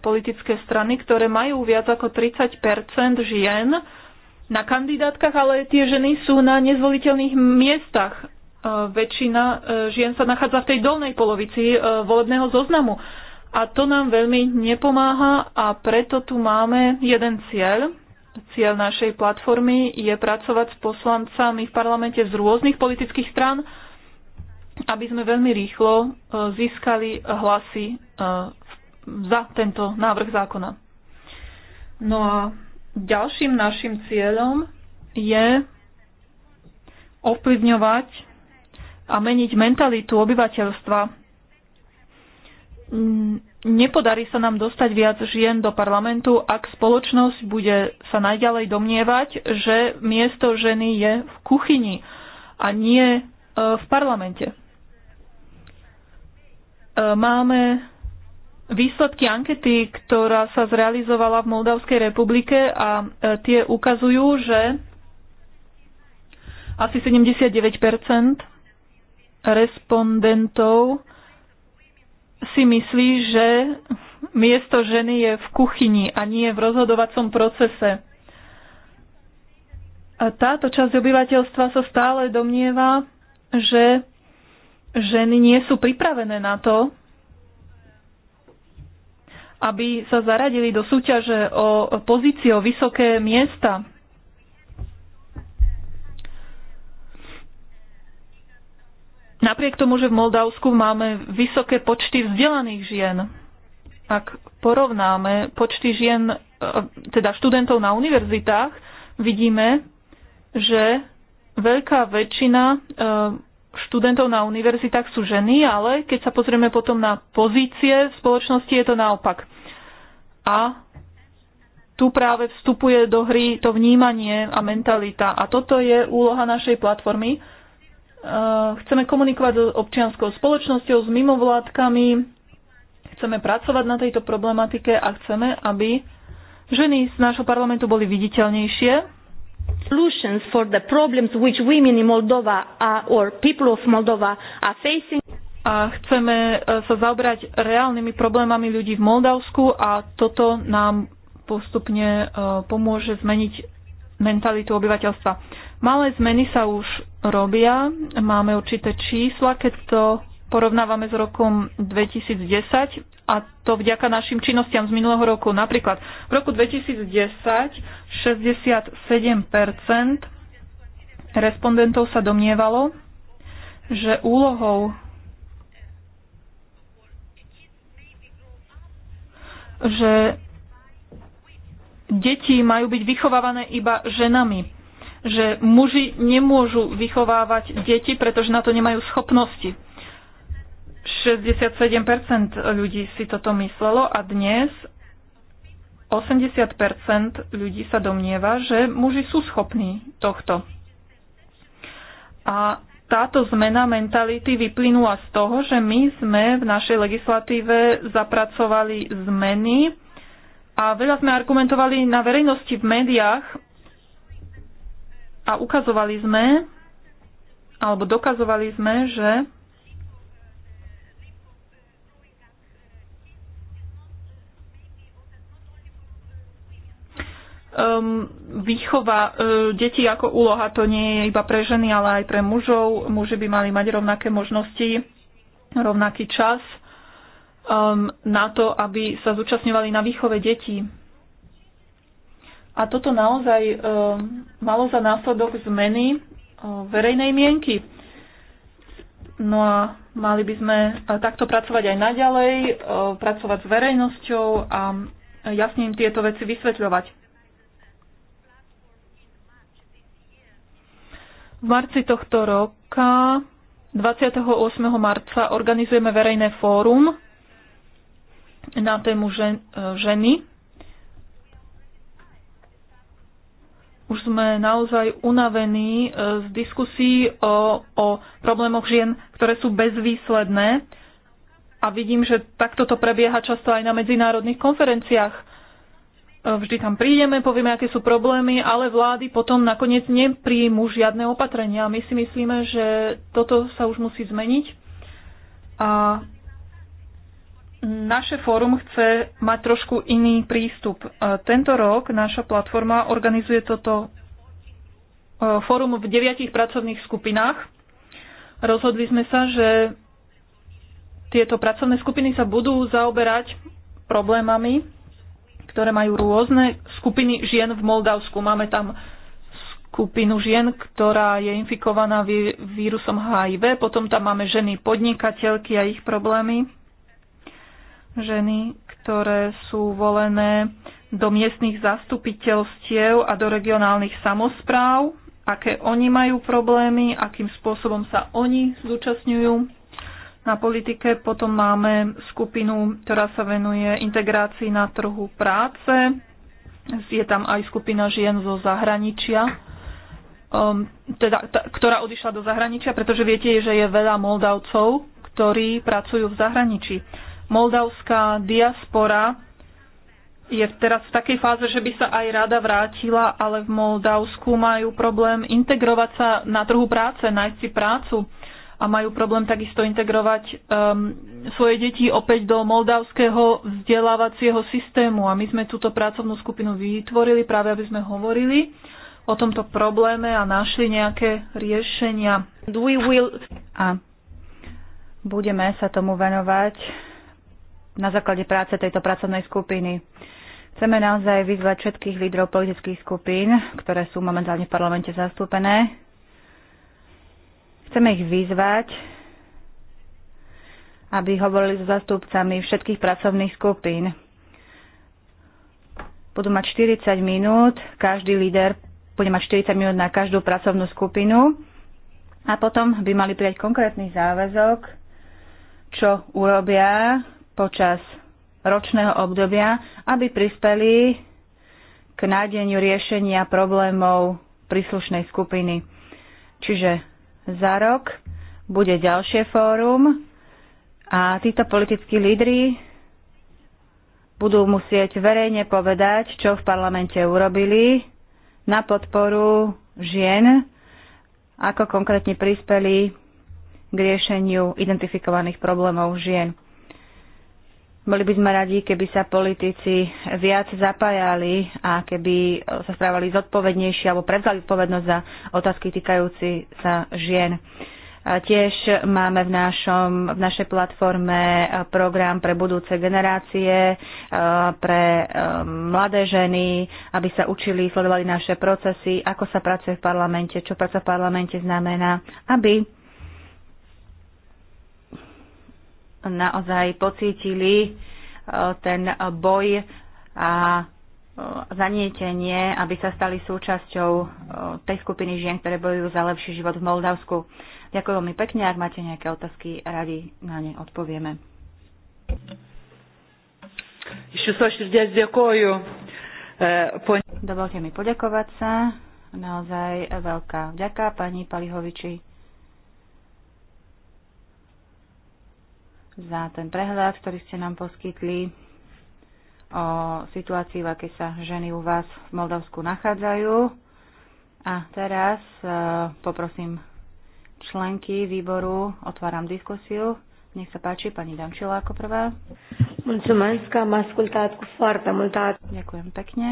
politické strany, ktoré majú viac ako 30 žien na kandidátkach, ale tie ženy sú na nezvoliteľných miestach. E, väčšina e, žien sa nachádza v tej dolnej polovici e, volebného zoznamu. A to nám veľmi nepomáha a preto tu máme jeden cieľ. Cieľ našej platformy je pracovať s poslancami v parlamente z rôznych politických strán, aby sme veľmi rýchlo e, získali hlasy e, za tento návrh zákona. No a ďalším našim cieľom je ovplyvňovať a meniť mentalitu obyvateľstva. Nepodarí sa nám dostať viac žien do parlamentu, ak spoločnosť bude sa najďalej domnievať, že miesto ženy je v kuchyni a nie e, v parlamente. E, máme výsledky ankety, ktorá sa zrealizovala v Moldavskej republike a e, tie ukazujú, že asi 79 respondentov si myslí, že miesto ženy je v kuchyni a nie v rozhodovacom procese. A táto časť obyvateľstva sa stále domnieva, že ženy nie sú pripravené na to, aby sa zaradili do súťaže o pozície, o vysoké miesta. Napriek tomu, že v Moldavsku máme vysoké počty vzdelaných žien, ak porovnáme počty žien, e, teda študentov na univerzitách, vidíme, že veľká väčšina e, študentov na univerzitách sú ženy, ale keď sa pozrieme potom na pozície v spoločnosti, je to naopak. A tu práve vstupuje do hry to vnímanie a mentalita. A toto je úloha našej platformy. E, chceme komunikovať s občianskou spoločnosťou, s mimovládkami, chceme pracovať na tejto problematike a chceme, aby ženy z nášho parlamentu boli viditeľnejšie solutions for the problems which women in Moldova are, or people of Moldova are facing. A chceme e, sa zaobrať reálnymi problémami ľudí v Moldavsku a toto nám postupne e, pomôže zmeniť mentalitu obyvateľstva. Malé zmeny sa už robia, máme určité čísla, keď to porovnávame s rokom 2010 a to vďaka našim činnostiam z minulého roku. Napríklad v roku 2010 67 respondentov sa domnievalo, že úlohou že deti majú byť vychovávané iba ženami. Že muži nemôžu vychovávať deti, pretože na to nemajú schopnosti. 67% ľudí si toto myslelo a dnes 80% ľudí sa domnieva, že muži sú schopní tohto. A táto zmena mentality vyplynula z toho, že my sme v našej legislatíve zapracovali zmeny a veľa sme argumentovali na verejnosti v médiách a ukazovali sme, alebo dokazovali sme, že um, výchova uh, detí ako úloha to nie je iba pre ženy, ale aj pre mužov. Muži by mali mať rovnaké možnosti, rovnaký čas um, na to, aby sa zúčastňovali na výchove detí. A toto naozaj um, malo za následok zmeny um, verejnej mienky. No a mali by sme e, takto pracovať aj naďalej, pracovať s verejnosťou a jasne im tieto veci vysvetľovať. V marci tohto roka, 28. marca, organizujeme verejné fórum na tému žen, e, ženy. Už sme naozaj unavení e, z diskusí o, o problémoch žien, ktoré sú bezvýsledné. A vidím, že takto to prebieha často aj na medzinárodných konferenciách vždy tam prídeme, povieme, aké sú problémy, ale vlády potom nakoniec nepríjmu žiadne opatrenia. My si myslíme, že toto sa už musí zmeniť a naše fórum chce mať trošku iný prístup. E, tento rok naša platforma organizuje toto e, fórum v deviatich pracovných skupinách. Rozhodli sme sa, že tieto pracovné skupiny sa budú zaoberať problémami ktoré majú rôzne skupiny žien v Moldavsku. Máme tam skupinu žien, ktorá je infikovaná vírusom HIV, potom tam máme ženy podnikateľky a ich problémy, ženy, ktoré sú volené do miestnych zastupiteľstiev a do regionálnych samozpráv, aké oni majú problémy, akým spôsobom sa oni zúčastňujú na politike. Potom máme skupinu, ktorá sa venuje integrácii na trhu práce. Je tam aj skupina žien zo zahraničia, um, teda, t- ktorá odišla do zahraničia, pretože viete, že je veľa Moldavcov, ktorí pracujú v zahraničí. Moldavská diaspora je teraz v takej fáze, že by sa aj rada vrátila, ale v Moldavsku majú problém integrovať sa na trhu práce, nájsť si prácu a majú problém takisto integrovať um, svoje deti opäť do moldavského vzdelávacieho systému. A my sme túto pracovnú skupinu vytvorili práve, aby sme hovorili o tomto probléme a našli nejaké riešenia. We will... A budeme sa tomu venovať na základe práce tejto pracovnej skupiny. Chceme naozaj vyzvať všetkých lídrov politických skupín, ktoré sú momentálne v parlamente zastúpené, Chceme ich vyzvať, aby hovorili so zastupcami všetkých pracovných skupín. Budú mať 40 minút, každý líder bude mať 40 minút na každú pracovnú skupinu a potom by mali prijať konkrétny záväzok, čo urobia počas ročného obdobia, aby prispeli k nájdeniu riešenia problémov príslušnej skupiny. Čiže za rok bude ďalšie fórum a títo politickí lídry budú musieť verejne povedať, čo v parlamente urobili na podporu žien, ako konkrétne prispeli k riešeniu identifikovaných problémov žien. Boli by sme radi, keby sa politici viac zapájali a keby e, sa správali zodpovednejšie alebo prevzali zodpovednosť za otázky týkajúci sa žien. Tiež máme v, našom, v našej platforme e, program pre budúce generácie, e, pre mladé ženy, aby sa učili, sledovali naše procesy, ako sa pracuje v parlamente, čo práca v parlamente znamená, aby naozaj pocítili e, ten boj a e, zanietenie, aby sa stali súčasťou e, tej skupiny žien, ktoré bojujú za lepší život v Moldavsku. Ďakujem veľmi pekne, ak máte nejaké otázky, radi na ne odpovieme. Dovolte mi poďakovať sa. Naozaj veľká vďaka pani Palihoviči. za ten prehľad, ktorý ste nám poskytli o situácii, v akej sa ženy u vás v Moldavsku nachádzajú. A teraz e, poprosím členky výboru, otváram diskusiu. Nech sa páči, pani Damčila ako prvá. Ďakujem pekne.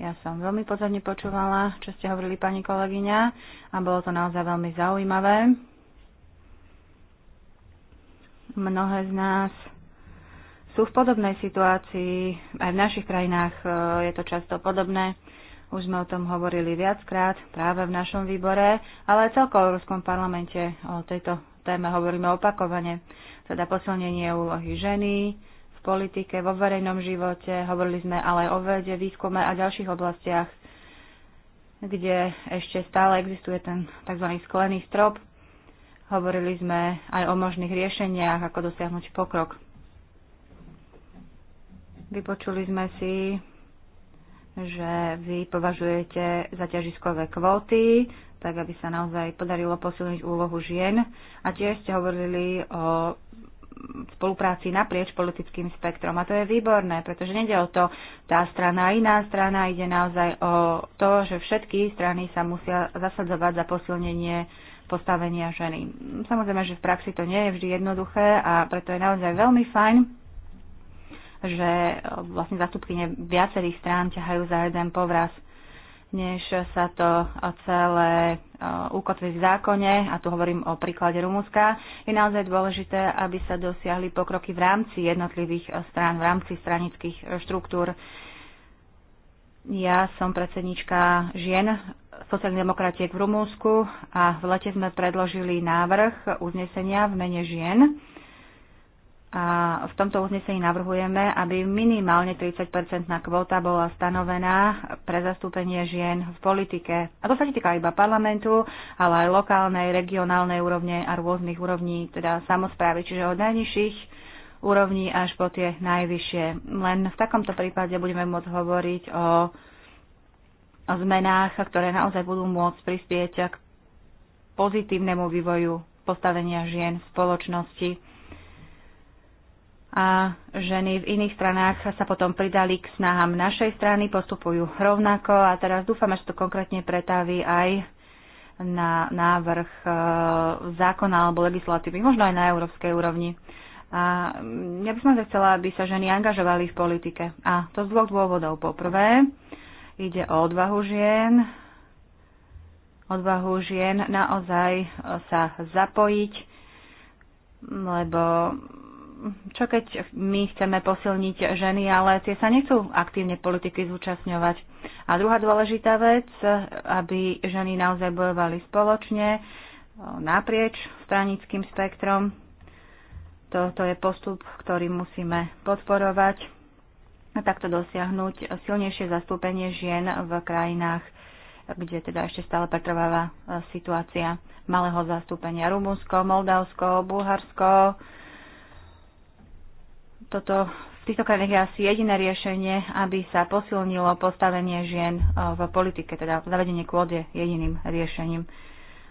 Ja som veľmi pozorne počúvala, čo ste hovorili, pani kolegyňa, a bolo to naozaj veľmi zaujímavé. Mnohé z nás sú v podobnej situácii, aj v našich krajinách e, je to často podobné. Už sme o tom hovorili viackrát práve v našom výbore, ale aj celkovo v Európskom parlamente o tejto téme hovoríme opakovane. Teda posilnenie úlohy ženy v politike, vo verejnom živote, hovorili sme ale aj o vede, výskume a ďalších oblastiach, kde ešte stále existuje ten tzv. sklený strop. Hovorili sme aj o možných riešeniach, ako dosiahnuť pokrok. Vypočuli sme si, že vy považujete za ťažiskové kvóty, tak aby sa naozaj podarilo posilniť úlohu žien. A tiež ste hovorili o spolupráci naprieč politickým spektrom. A to je výborné, pretože nede o to tá strana, iná strana, ide naozaj o to, že všetky strany sa musia zasadzovať za posilnenie postavenia ženy. Samozrejme, že v praxi to nie je vždy jednoduché a preto je naozaj veľmi fajn, že vlastne zastupkyne viacerých strán ťahajú za jeden povraz než sa to celé eh, ukotví v zákone, a tu hovorím o príklade Rumúnska, je naozaj dôležité, aby sa dosiahli pokroky v rámci jednotlivých strán, v rámci stranických eh, štruktúr. Ja som predsednička žien sociálnych demokratiek v Rumúnsku a v lete sme predložili návrh uznesenia v mene žien. A v tomto uznesení navrhujeme, aby minimálne 30-percentná kvóta bola stanovená pre zastúpenie žien v politike. A to sa týka iba parlamentu, ale aj lokálnej, regionálnej úrovne a rôznych úrovní, teda samozprávy, čiže od najnižších úrovni až po tie najvyššie. Len v takomto prípade budeme môcť hovoriť o, o zmenách, ktoré naozaj budú môcť prispieť k pozitívnemu vývoju postavenia žien v spoločnosti. A ženy v iných stranách sa potom pridali k snahám našej strany, postupujú rovnako a teraz dúfame, že to konkrétne pretaví aj na návrh e, zákona alebo legislatívy, možno aj na európskej úrovni. A mm, ja by som sa teda chcela, aby sa ženy angažovali v politike. A to z dvoch dôvodov. poprvé, ide o odvahu žien, odvahu žien naozaj sa zapojiť, lebo čo keď my chceme posilniť ženy, ale tie sa nechcú aktívne politiky zúčastňovať. A druhá dôležitá vec, aby ženy naozaj bojovali spoločne, naprieč stranickým spektrom, toto je postup, ktorý musíme podporovať a takto dosiahnuť silnejšie zastúpenie žien v krajinách, kde teda ešte stále pretrváva e, situácia malého zastúpenia. Rumunsko, Moldavsko, Bulharsko. Toto v týchto krajinách je asi jediné riešenie, aby sa posilnilo postavenie žien e, v politike, teda zavedenie kvôd je jediným riešením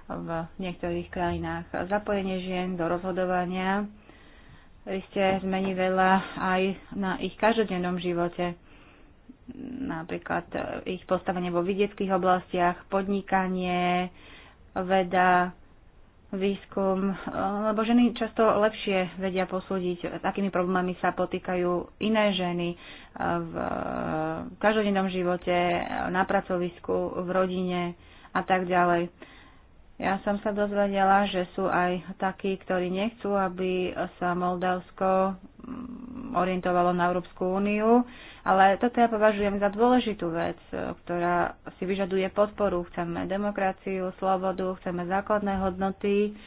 v niektorých krajinách. Zapojenie žien do rozhodovania iste zmení veľa aj na ich každodennom živote. Napríklad eh, ich postavenie vo vidieckých oblastiach, podnikanie, veda, výskum, eh, lebo ženy často lepšie vedia posúdiť, eh, akými problémami sa potýkajú iné ženy v každodennom živote, na pracovisku, v rodine a tak ďalej. Ja som sa dozvedela, že sú aj takí, ktorí nechcú, aby sa Moldavsko mm, orientovalo na Európsku úniu, ale toto ja považujem za dôležitú vec, e, ktorá si vyžaduje podporu. Chceme demokraciu, slobodu, chceme základné hodnoty,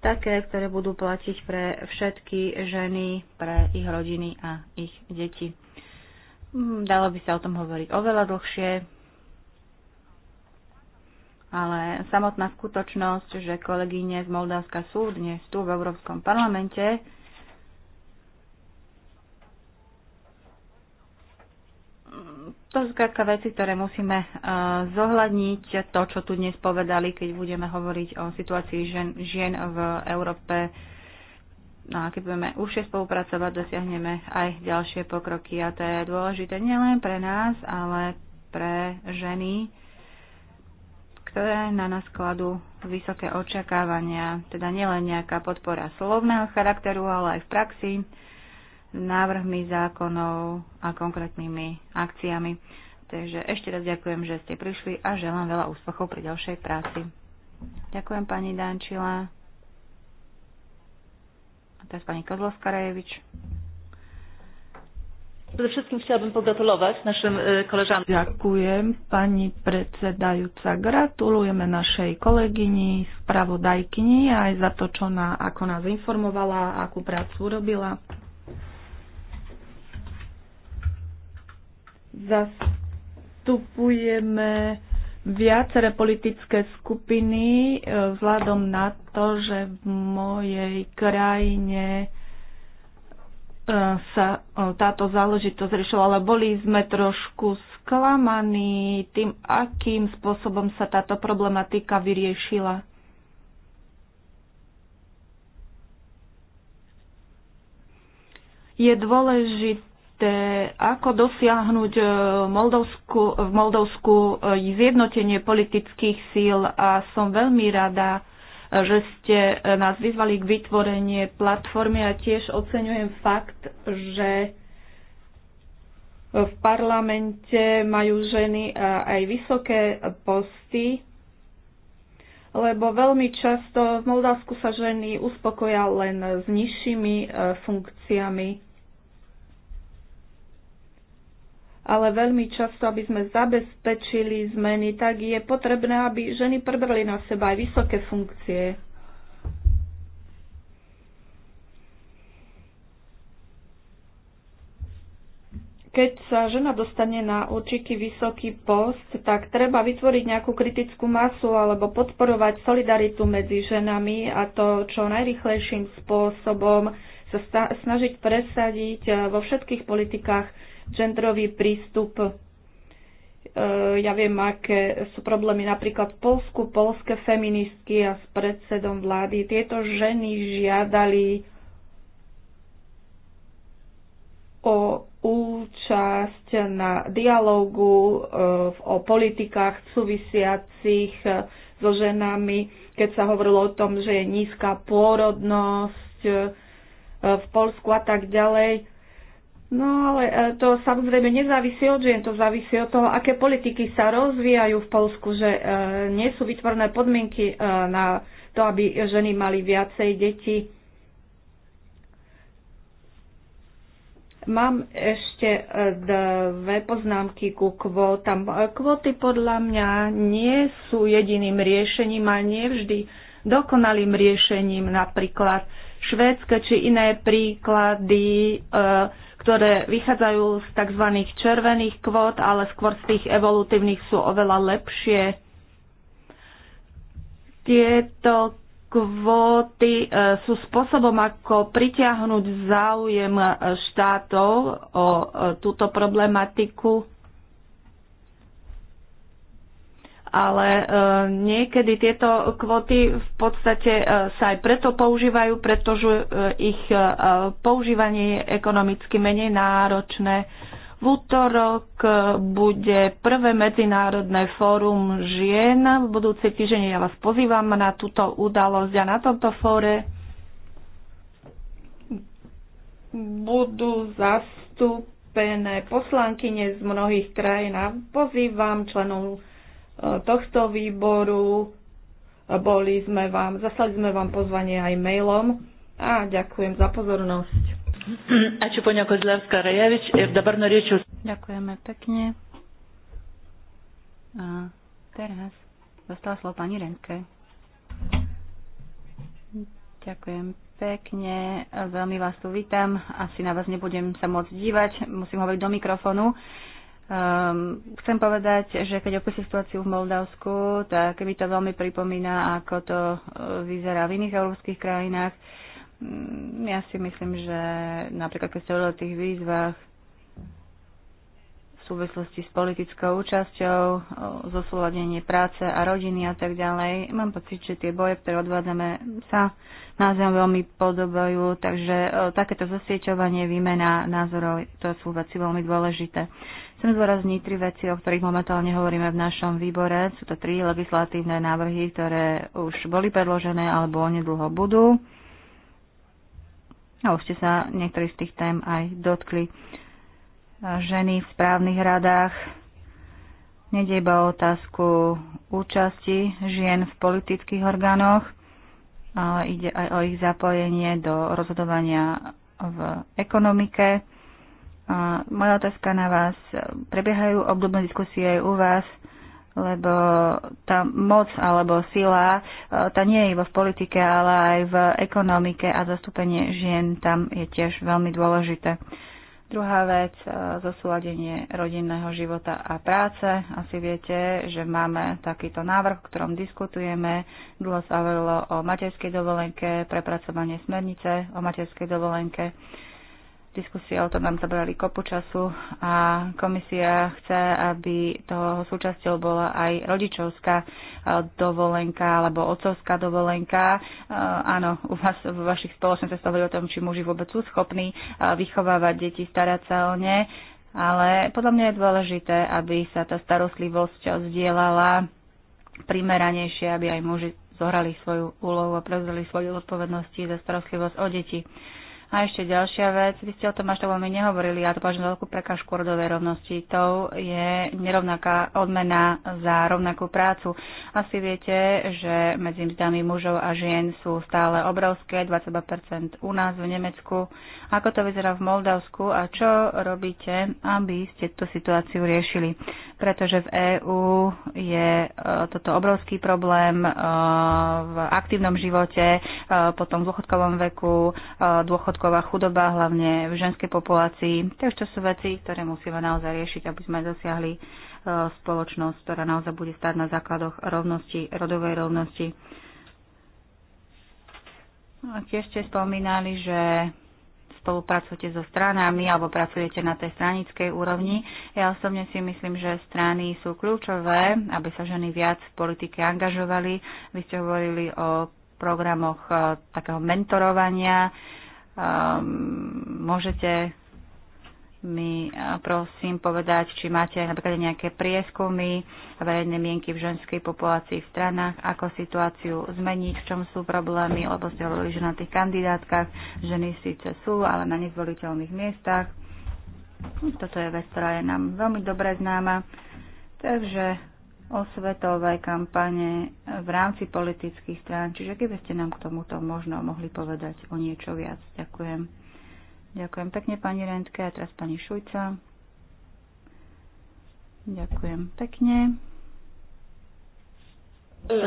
také, ktoré budú platiť pre všetky ženy, pre ich rodiny a ich deti. Mm, dalo by sa o tom hovoriť oveľa dlhšie, ale samotná skutočnosť, že kolegyne z Moldavska sú dnes tu v Európskom parlamente, to sú krátka veci, ktoré musíme eh, zohľadniť. To, čo tu dnes povedali, keď budeme hovoriť o situácii žen, žien v Európe, No a keď budeme užšie spolupracovať, dosiahneme aj ďalšie pokroky a to je dôležité nielen pre nás, ale pre ženy, ktoré na nás kladú vysoké očakávania, teda nielen nejaká podpora slovného charakteru, ale aj v praxi, návrhmi zákonov a konkrétnymi akciami. Takže ešte raz ďakujem, že ste prišli a želám veľa úspechov pri ďalšej práci. Ďakujem pani Dančila. A teraz pani Kozlovská rajevič Przede wszystkim chciałabym pogratulować naszym e, koleżankom. Ďakujem, pani predsedajúca. Gratulujeme našej kolegyni, spravodajkyni aj za to, čo na, ako nás informovala, akú prácu robila. Zastupujeme viaceré politické skupiny e, vzhľadom na to, že v mojej krajine E, sa e, táto záležitosť riešila, ale boli sme trošku sklamaní tým, akým spôsobom sa táto problematika vyriešila. Je dôležité, ako dosiahnuť e, Moldovsku, v Moldovsku zjednotenie politických síl a som veľmi rada, že ste e, nás vyzvali k vytvorenie platformy a tiež oceňujem fakt, že v parlamente majú ženy e, aj vysoké posty, lebo veľmi často v Moldavsku sa ženy uspokoja len s nižšími e, funkciami. ale veľmi často, aby sme zabezpečili zmeny, tak je potrebné, aby ženy prebrali na seba aj vysoké funkcie. Keď sa žena dostane na určitý vysoký post, tak treba vytvoriť nejakú kritickú masu alebo podporovať solidaritu medzi ženami a to čo najrychlejším spôsobom sa snažiť presadiť eh, vo všetkých politikách genderový prístup. E, ja viem, aké sú problémy napríklad v Polsku, polské feministky a s predsedom vlády. Tieto ženy žiadali o účasť na dialógu e, o politikách súvisiacich e, so ženami, keď sa hovorilo o tom, že je nízka pôrodnosť v Polsku a tak ďalej. No ale e, to samozrejme nezávisí od žien, to závisí od toho, aké politiky sa rozvíjajú v Polsku, že e, nie sú vytvorné podmienky e, na to, aby ženy mali viacej detí. Mám ešte e, dve poznámky ku kvótam. E, kvóty podľa mňa nie sú jediným riešením a nie vždy dokonalým riešením. Napríklad švédske či iné príklady e, ktoré vychádzajú z tzv. červených kvót, ale skôr z tých evolutívnych sú oveľa lepšie. Tieto kvóty e, sú spôsobom, ako pritiahnuť záujem štátov o e, túto problematiku ale e, niekedy tieto kvoty v podstate e, sa aj preto používajú, pretože e, ich používanie je ekonomicky menej náročné. V útorok bude prvé medzinárodné fórum žien. V budúci týždeň ja vás pozývam na túto udalosť a na tomto fóre budú zastúpené poslankyne z mnohých krajín a pozývam členov E, tohto výboru. Boli sme vám, zaslali sme vám pozvanie aj mailom a ďakujem za pozornosť. Ačiū ponia Kozlevská Rajevič ir e, dabar norėčiau. Ďakujeme pekne. A teraz dostala slovo pani Renke. Ďakujem pekne, veľmi vás tu vítam. Asi na vás nebudem sa môcť dívať, musím hovoriť do mikrofonu. Um, chcem povedať, že keď opíšu situáciu v Moldavsku, tak mi to veľmi pripomína, ako to eh, vyzerá v iných európskych krajinách. Um, ja si myslím, že napríklad keď ste o tých výzvach v súvislosti s politickou účasťou, eh, zosúladenie práce a rodiny a tak ďalej, mám pocit, že tie boje, ktoré odvádzame, sa naozaj veľmi podobajú, takže o, eh, takéto zasieťovanie, výmena názorov, to sú veci veľmi dôležité. Chcem zdôrazniť tri veci, o ktorých momentálne hovoríme v našom výbore. Sú to tri legislatívne návrhy, ktoré už boli predložené alebo onedlho budú. A už ste sa niektorých z tých tém aj dotkli. Ženy v správnych radách. Nede iba o otázku účasti žien v politických orgánoch, ide aj o ich zapojenie do rozhodovania v ekonomike a moja otázka na vás. Prebiehajú obdobné diskusie aj u vás, lebo tá moc alebo sila, e, tá nie je iba v politike, ale aj v ekonomike a zastúpenie žien tam je tiež veľmi dôležité. Druhá vec, e, zosúladenie rodinného života a práce. Asi viete, že máme takýto návrh, o ktorom diskutujeme. Dlho sa hovorilo o materskej dovolenke, prepracovanie smernice o materskej dovolenke Diskusie o tom nám zabrali kopu času a komisia chce, aby toho súčasťou bola aj rodičovská e, dovolenka alebo otcovská dovolenka. E, áno, u vás v vašich spoločnosti sa hovorí o tom, či muži vôbec sú schopní e, vychovávať deti, starať sa o ne. Ale podľa mňa je dôležité, aby sa tá starostlivosť vzdielala primeranejšie, aby aj muži zohrali svoju úlohu a prevzali svoju odpovednosti za starostlivosť o deti. A ešte ďalšia vec, vy ste o tom až to veľmi nehovorili, ja to považujem za veľkú prekážku rodovej rovnosti, to je nerovnaká odmena za rovnakú prácu. Asi viete, že medzi mzdami mužov a žien sú stále obrovské, 22% u nás v Nemecku. Ako to vyzerá v Moldavsku a čo robíte, aby ste tú situáciu riešili? Pretože v EÚ je e, toto obrovský problém e, v aktívnom živote, e, potom v dôchodkovom veku, dôchod dôchodková chudoba, hlavne v ženskej populácii. Takže to sú veci, ktoré musíme naozaj riešiť, aby sme dosiahli e, spoločnosť, ktorá naozaj bude stáť na základoch rovnosti, rodovej rovnosti. A tiež ste spomínali, že spolupracujete so stranami alebo pracujete na tej stranickej úrovni. Ja osobne si myslím, že strany sú kľúčové, aby sa ženy viac v politike angažovali. Vy ste hovorili o programoch e, takého mentorovania, Ehm, môžete mi prosím povedať, či máte napríklad nejaké prieskumy verejnej mienky v ženskej populácii v stranách, ako situáciu zmeniť, v čom sú problémy, lebo ste hovorili, že na tých kandidátkach ženy síce sú, ale na nezvoliteľných miestach. Toto je vec, ktorá je nám veľmi dobre známa. Takže osvetové kampane v rámci politických strán. Čiže keby ste nám k tomuto možno mohli povedať o niečo viac. Ďakujem. Ďakujem pekne pani Rentke a teraz pani Šujca. Ďakujem pekne. Ehm,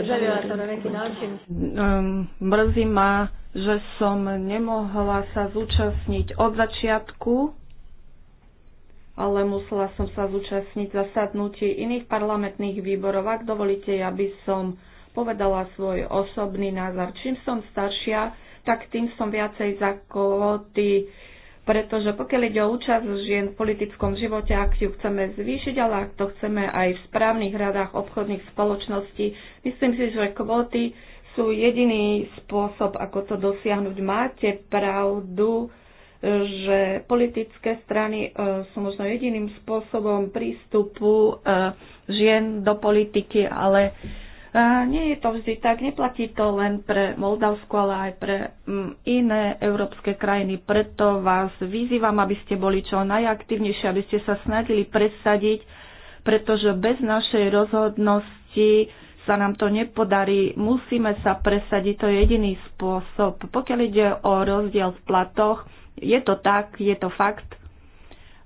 mrzí ma, že som nemohla sa zúčastniť od začiatku ale musela som sa zúčastniť zasadnutí iných parlamentných výborov. Ak dovolíte, ja by som povedala svoj osobný názor. Čím som staršia, tak tým som viacej za kvóty, pretože pokiaľ ide o účasť žien v politickom živote, ak ju chceme zvýšiť, ale ak to chceme aj v správnych radách obchodných spoločností, myslím si, že kvóty sú jediný spôsob, ako to dosiahnuť. Máte pravdu, že politické strany e, sú možno jediným spôsobom prístupu e, žien do politiky, ale e, nie je to vždy tak. Neplatí to len pre Moldavsku, ale aj pre iné európske krajiny. Preto vás vyzývam, aby ste boli čo najaktívnejšie, aby ste sa snažili presadiť, pretože bez našej rozhodnosti sa nám to nepodarí, musíme sa presadiť, to je jediný spôsob. Pokiaľ ide o rozdiel v platoch, je to tak, je to fakt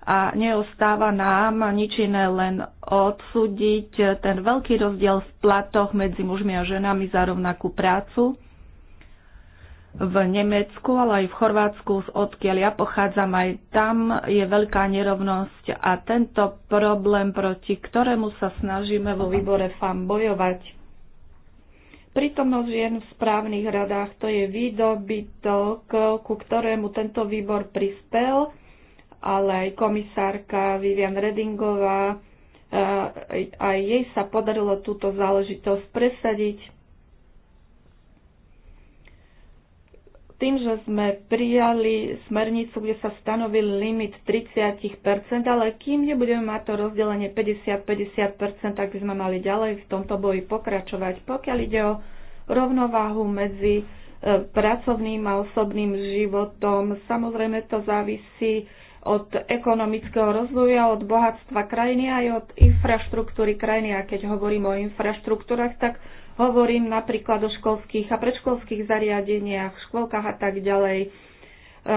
a neostáva nám nič iné, len odsúdiť ten veľký rozdiel v platoch medzi mužmi a ženami za rovnakú prácu v Nemecku, ale aj v Chorvátsku, odkiaľ ja pochádzam, aj tam je veľká nerovnosť a tento problém, proti ktorému sa snažíme vo výbore FAM bojovať, Prítomnosť žien v správnych radách to je výdobytok, ku ktorému tento výbor prispel, ale aj komisárka Vivian Redingová, e, aj jej sa podarilo túto záležitosť presadiť. tým, že sme prijali smernicu, kde sa stanovil limit 30%, ale kým nebudeme mať to rozdelenie 50-50%, tak by sme mali ďalej v tomto boji pokračovať. Pokiaľ ide o rovnováhu medzi e, pracovným a osobným životom, samozrejme to závisí od ekonomického rozvoja, od bohatstva krajiny aj od infraštruktúry krajiny. A keď hovorím o infraštruktúrach, tak Hovorím napríklad o školských a predškolských zariadeniach, škôlkach a tak ďalej. E, e,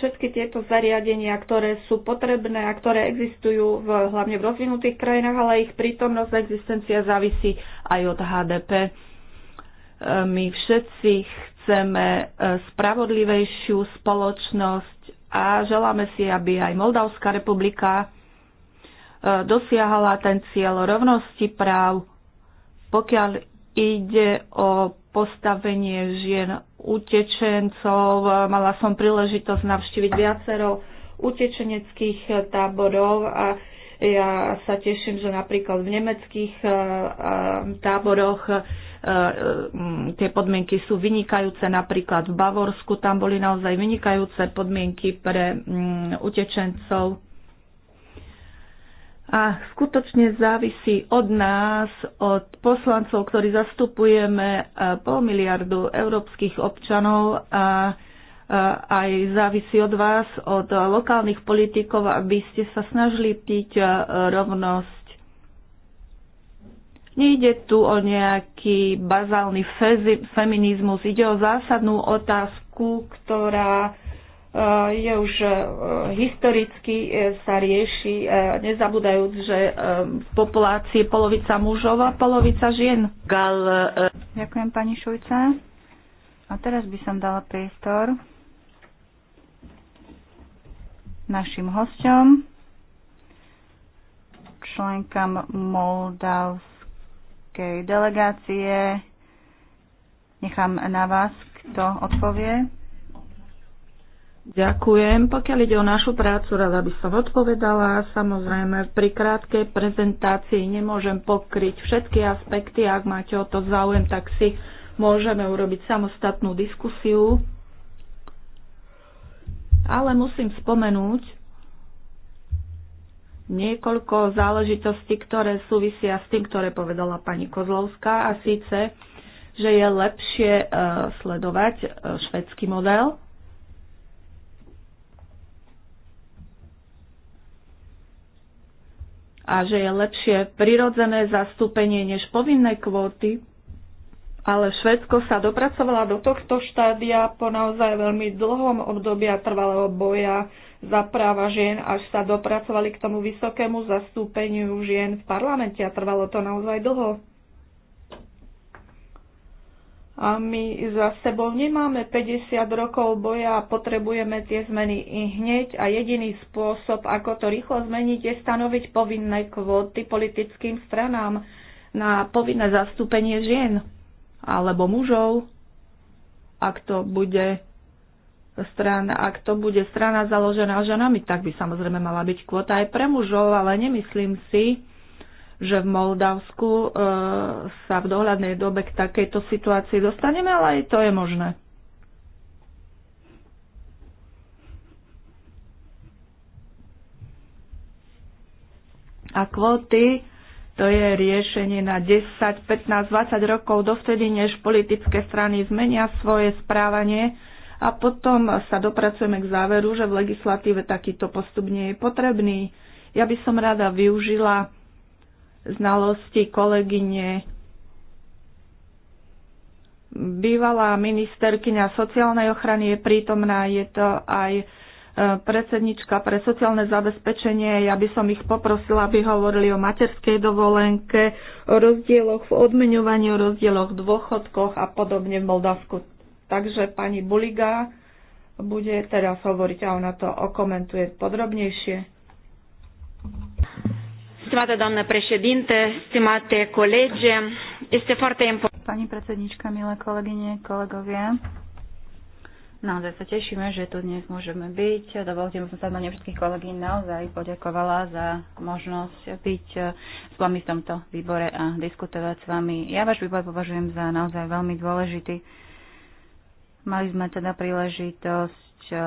všetky tieto zariadenia, ktoré sú potrebné a ktoré existujú v, hlavne v rozvinutých krajinách, ale ich prítomnosť a existencia závisí aj od HDP. E, my všetci chceme spravodlivejšiu spoločnosť a želáme si, aby aj Moldavská republika dosiahala ten cieľ rovnosti práv, pokiaľ Ide o postavenie žien utečencov. Mala som príležitosť navštíviť viacero utečeneckých táborov a ja sa teším, že napríklad v nemeckých eh, eh, táboroch eh, tie podmienky sú vynikajúce. Napríklad v Bavorsku tam boli naozaj vynikajúce podmienky pre mm, utečencov a skutočne závisí od nás, od poslancov, ktorí zastupujeme e, pol miliardu európskych občanov a e, aj závisí od vás, od lokálnych politikov, aby ste sa snažili piť e, rovnosť. Nejde tu o nejaký bazálny feminizmus, ide o zásadnú otázku, ktorá Eh, je už eh, historicky eh, sa rieši, nezabúdajúc, že v populácii polovica mužov a polovica žien. Gal, Ďakujem pani Šujca. A teraz by som dala priestor našim hosťom, členkám moldavskej delegácie. Nechám na vás, kto odpovie. Ďakujem. Pokiaľ ide o našu prácu, rada by som odpovedala. Samozrejme, pri krátkej prezentácii nemôžem pokryť všetky aspekty. Ak máte o to záujem, tak si môžeme urobiť samostatnú diskusiu. Ale musím spomenúť niekoľko záležitostí, ktoré súvisia s tým, ktoré povedala pani Kozlovská, a síce, že je lepšie eh, sledovať eh, švedský model a že je lepšie prirodzené zastúpenie než povinné kvóty, ale Švedsko sa dopracovala do tohto štádia po naozaj veľmi dlhom obdobia trvalého boja za práva žien, až sa dopracovali k tomu vysokému zastúpeniu žien v parlamente a trvalo to naozaj dlho. A my za sebou nemáme 50 rokov boja a potrebujeme tie zmeny i hneď a jediný spôsob, ako to rýchlo zmeniť, je stanoviť povinné kvóty politickým stranám na povinné zastúpenie žien alebo mužov, ak to bude strana, ak to bude strana založená ženami, tak by samozrejme mala byť kvota aj pre mužov, ale nemyslím si, že v Moldavsku e, sa v dohľadnej dobe k takejto situácii dostaneme, ale aj to je možné. A kvóty to je riešenie na 10, 15, 20 rokov dovtedy, než politické strany zmenia svoje správanie a potom sa dopracujeme k záveru, že v legislatíve takýto postup nie je potrebný. Ja by som rada využila znalosti kolegyne bývalá ministerkyňa sociálnej ochrany je prítomná, je to aj e, predsednička pre sociálne zabezpečenie. Ja by som ich poprosila, aby hovorili o materskej dovolenke, o rozdieloch v odmeňovaní, o rozdieloch v dôchodkoch a podobne v Moldavsku. Takže pani Buliga bude teraz hovoriť a ona to okomentuje podrobnejšie. Stimată doamnă președinte, stimate colege, este foarte important. Pani predsednička, milé kolegyne, kolegovia, Naozaj sa tešíme, že tu dnes môžeme byť. Dovolte by som sa na všetkých kolegy naozaj poďakovala za možnosť byť s vami v tomto výbore a diskutovať s vami. Ja váš výbor považujem za naozaj veľmi dôležitý. Mali sme teda príležitosť eh,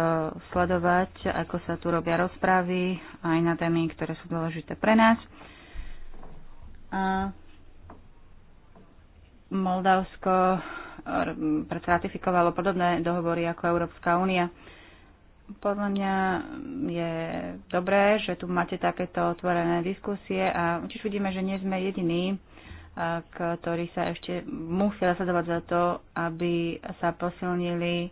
sledovať, ako sa tu robia rozpravy aj na témy, ktoré sú dôležité pre nás. A Moldavsko ratifikovalo podobné dohovory ako Európska únia. Podľa mňa je dobré, že tu máte takéto otvorené diskusie a tiež vidíme, že nie sme jediní, ktorí sa ešte musia zasadovať za to, aby sa posilnili,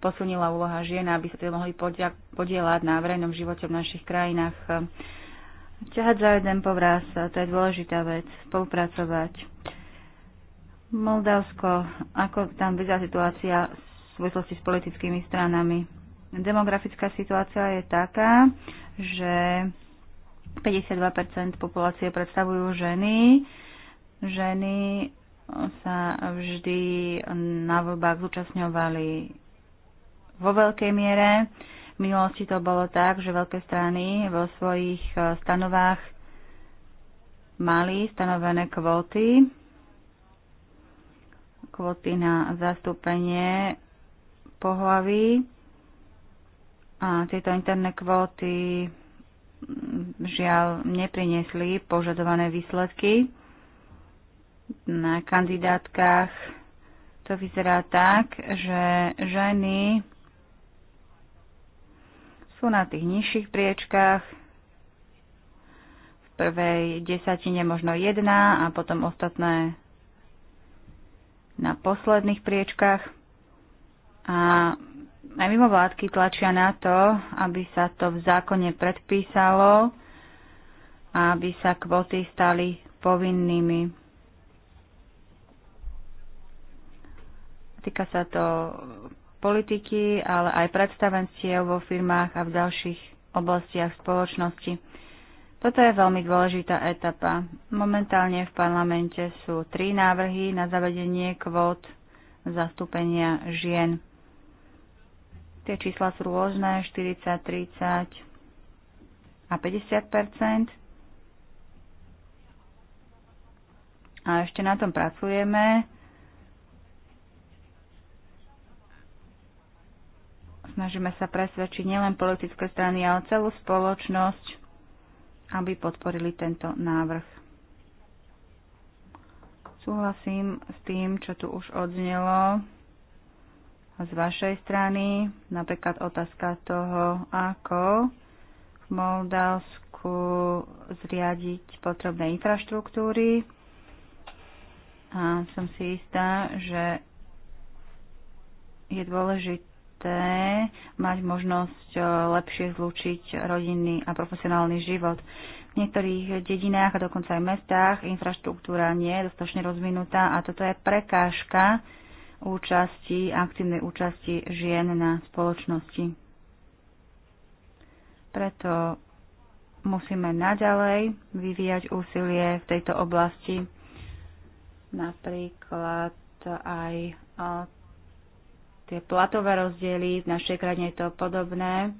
posilnila úloha žien, aby sa tie mohli podia- podielať na verejnom živote v našich krajinách ťahať za jeden povraz, to je dôležitá vec, spolupracovať. Moldavsko, ako tam vyzerá situácia v súvislosti s politickými stranami? Demografická situácia je taká, že 52% populácie predstavujú ženy. Ženy sa vždy na voľbách zúčastňovali vo veľkej miere v minulosti to bolo tak, že veľké strany vo svojich e, stanovách mali stanovené kvóty, kvóty na zastúpenie pohlaví a tieto interné kvóty mm, žiaľ nepriniesli požadované výsledky. Na kandidátkach to vyzerá tak, že ženy sú na tých nižších priečkách, v prvej desatine možno jedna a potom ostatné na posledných priečkách. A aj mimo vládky tlačia na to, aby sa to v zákone predpísalo a aby sa kvoty stali povinnými. Týka sa to politiky, ale aj predstavenstiev vo firmách a v ďalších oblastiach spoločnosti. Toto je veľmi dôležitá etapa. Momentálne v parlamente sú tri návrhy na zavedenie kvót zastúpenia žien. Tie čísla sú rôzne, 40, 30 a 50 A ešte na tom pracujeme. Snažíme sa presvedčiť nielen politické strany, ale celú spoločnosť, aby podporili tento návrh. Súhlasím s tým, čo tu už odznelo z vašej strany, napríklad otázka toho, ako v Moldavsku zriadiť potrebné infraštruktúry. A som si istá, že je dôležité, dôležité mať možnosť e, lepšie zlúčiť rodinný a profesionálny život. V niektorých dedinách a dokonca aj mestách infraštruktúra nie je dostatočne rozvinutá a toto je prekážka účasti, aktívnej účasti žien na spoločnosti. Preto musíme naďalej vyvíjať úsilie v tejto oblasti, napríklad aj e, tie platové rozdiely, v našej krajine je to podobné,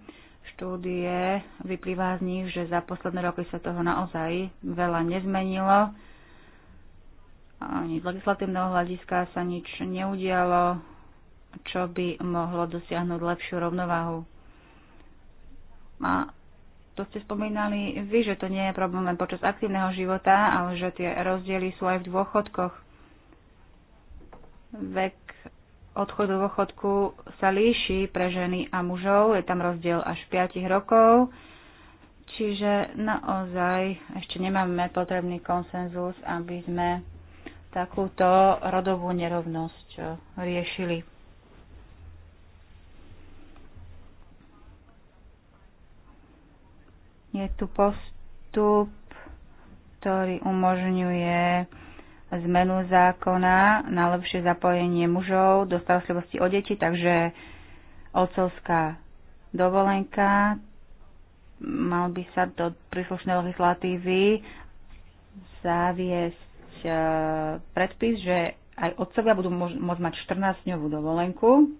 štúdie, vyplýva z nich, že za posledné roky sa toho naozaj veľa nezmenilo. Ani z legislatívneho hľadiska sa nič neudialo, čo by mohlo dosiahnuť lepšiu rovnováhu. A to ste spomínali vy, že to nie je problém len počas aktívneho života, ale že tie rozdiely sú aj v dôchodkoch. Vek odchod do dôchodku sa líši pre ženy a mužov, je tam rozdiel až 5 rokov, čiže naozaj ešte nemáme potrebný konsenzus, aby sme takúto rodovú nerovnosť e, riešili. Je tu postup, ktorý umožňuje zmenu zákona na lepšie zapojenie mužov do starostlivosti o deti, takže otcovská dovolenka mal by sa do príslušnej legislatívy zaviesť e, predpis, že aj otcovia budú môcť mať 14-dňovú dovolenku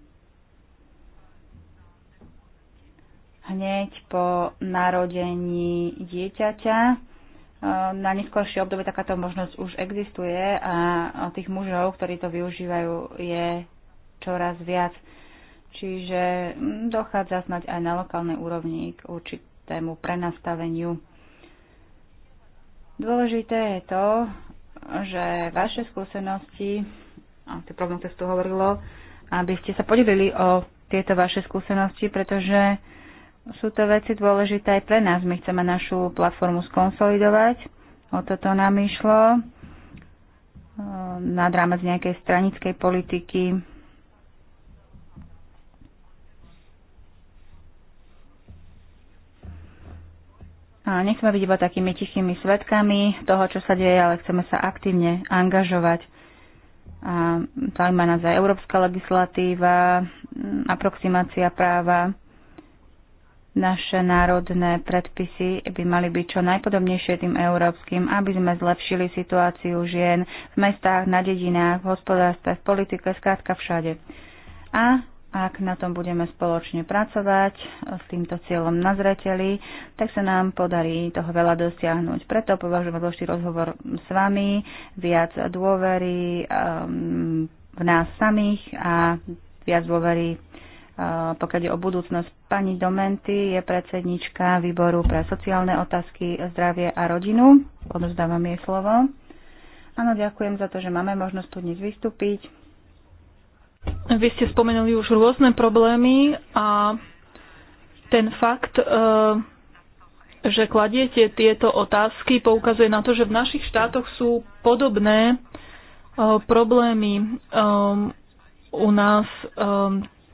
hneď po narodení dieťaťa Ehm, na neskôršie obdobie takáto možnosť už existuje a tých mužov, ktorí to využívajú, je čoraz viac. Čiže hm, dochádza snať aj na lokálnej úrovni k určitému prenastaveniu. Dôležité je to, že vaše skúsenosti, a tie problém, ktoré tu hovorilo, aby ste sa podelili o tieto vaše skúsenosti, pretože sú to veci dôležité aj pre nás. My chceme našu platformu skonsolidovať. O toto nám išlo. Eh, nad rámec nejakej stranickej politiky. A nechceme byť iba takými tichými svetkami toho, čo sa deje, ale chceme sa aktívne angažovať. A zaujíma nás aj európska legislatíva, aproximácia práva, naše národné predpisy by mali byť čo najpodobnejšie tým európskym, aby sme zlepšili situáciu žien v mestách, na dedinách, v hospodárstve, v politike, skrátka všade. A ak na tom budeme spoločne pracovať e, s týmto cieľom na zreteli, tak sa nám podarí toho veľa dosiahnuť. Preto považujem dôležitý rozhovor s vami, viac dôvery um, v nás samých a viac dôvery pokiaľ je o budúcnosť. Pani Domenty je predsednička výboru pre sociálne otázky, zdravie a rodinu. Odozdávam jej slovo. Áno, ďakujem za to, že máme možnosť tu dnes vystúpiť. Vy ste spomenuli už rôzne problémy a ten fakt, e, že kladiete tieto otázky, poukazuje na to, že v našich štátoch sú podobné e, problémy. E, u nás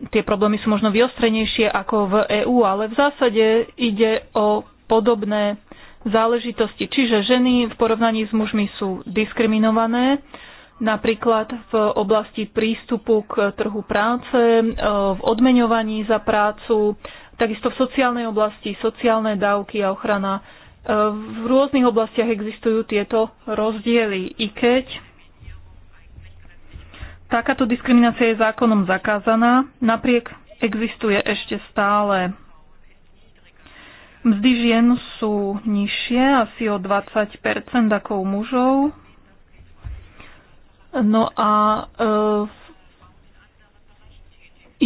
tie problémy sú možno vyostrenejšie ako v EÚ, ale v zásade ide o podobné záležitosti. Čiže ženy v porovnaní s mužmi sú diskriminované, napríklad v oblasti prístupu k trhu práce, e, v odmeňovaní za prácu, takisto v sociálnej oblasti, sociálne dávky a ochrana. E, v rôznych oblastiach existujú tieto rozdiely, i keď Takáto diskriminácia je zákonom zakázaná, napriek existuje ešte stále. Mzdy žien sú nižšie, asi o 20 ako u mužov. No a e,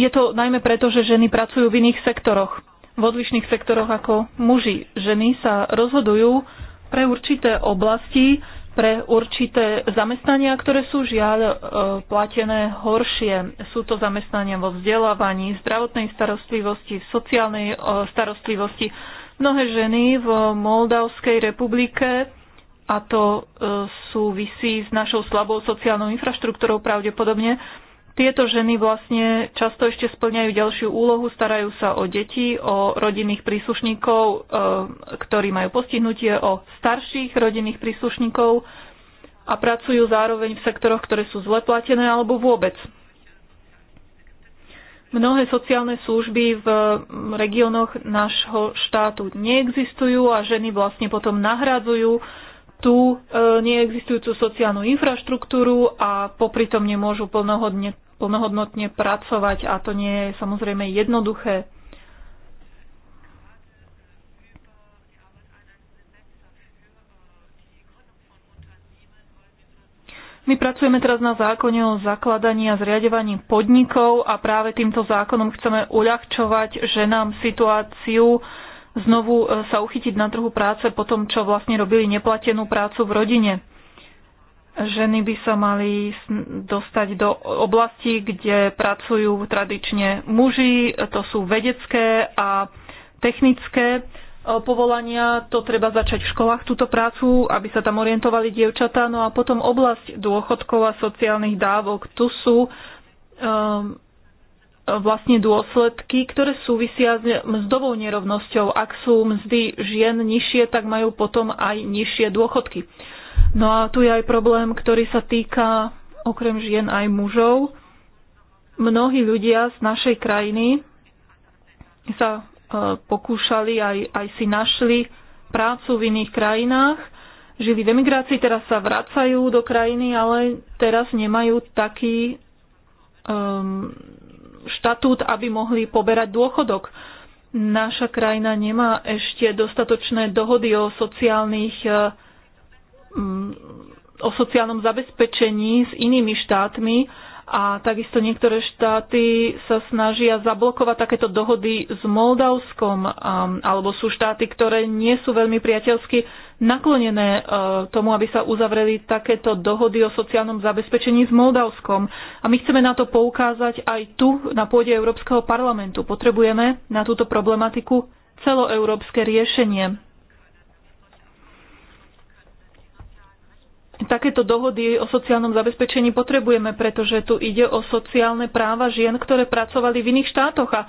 je to najmä preto, že ženy pracujú v iných sektoroch, v odlišných sektoroch ako muži. Ženy sa rozhodujú pre určité oblasti, pre určité zamestnania, ktoré sú žiaľ e, platené horšie. Sú to zamestnania vo vzdelávaní, zdravotnej starostlivosti, sociálnej e, starostlivosti. Mnohé ženy v Moldavskej republike a to e, súvisí s našou slabou sociálnou infraštruktúrou pravdepodobne, tieto ženy vlastne často ešte splňajú ďalšiu úlohu, starajú sa o deti, o rodinných príslušníkov, eh, ktorí majú postihnutie, o starších rodinných príslušníkov a pracujú zároveň v sektoroch, ktoré sú zle platené alebo vôbec. Mnohé sociálne služby v regiónoch nášho štátu neexistujú a ženy vlastne potom nahradzujú tú e, neexistujúcu sociálnu infraštruktúru a popri tom nemôžu plnohodne, plnohodnotne pracovať a to nie je samozrejme jednoduché. My pracujeme teraz na zákone o zakladaní a zriadovaní podnikov a práve týmto zákonom chceme uľahčovať ženám situáciu, znovu e, sa uchytiť na trhu práce po tom, čo vlastne robili neplatenú prácu v rodine. Ženy by sa mali dostať do oblasti, kde pracujú tradične muži, to sú vedecké a technické e, povolania, to treba začať v školách túto prácu, aby sa tam orientovali dievčatá. No a potom oblasť dôchodkov a sociálnych dávok. Tu sú um, vlastne dôsledky, ktoré súvisia s mzdovou nerovnosťou. Ak sú mzdy žien nižšie, tak majú potom aj nižšie dôchodky. No a tu je aj problém, ktorý sa týka okrem žien aj mužov. Mnohí ľudia z našej krajiny sa e, pokúšali aj, aj si našli prácu v iných krajinách, žili v emigrácii, teraz sa vracajú do krajiny, ale teraz nemajú taký um, štatút, aby mohli poberať dôchodok. Naša krajina nemá ešte dostatočné dohody o sociálnych e, o sociálnom zabezpečení s inými štátmi a takisto niektoré štáty sa snažia zablokovať takéto dohody s Moldavskom alebo sú štáty, ktoré nie sú veľmi priateľsky naklonené e, tomu, aby sa uzavreli takéto dohody o sociálnom zabezpečení s Moldavskom. A my chceme na to poukázať aj tu, na pôde Európskeho parlamentu. Potrebujeme na túto problematiku celoeurópske riešenie. Takéto dohody o sociálnom zabezpečení potrebujeme, pretože tu ide o sociálne práva žien, ktoré pracovali v iných štátoch a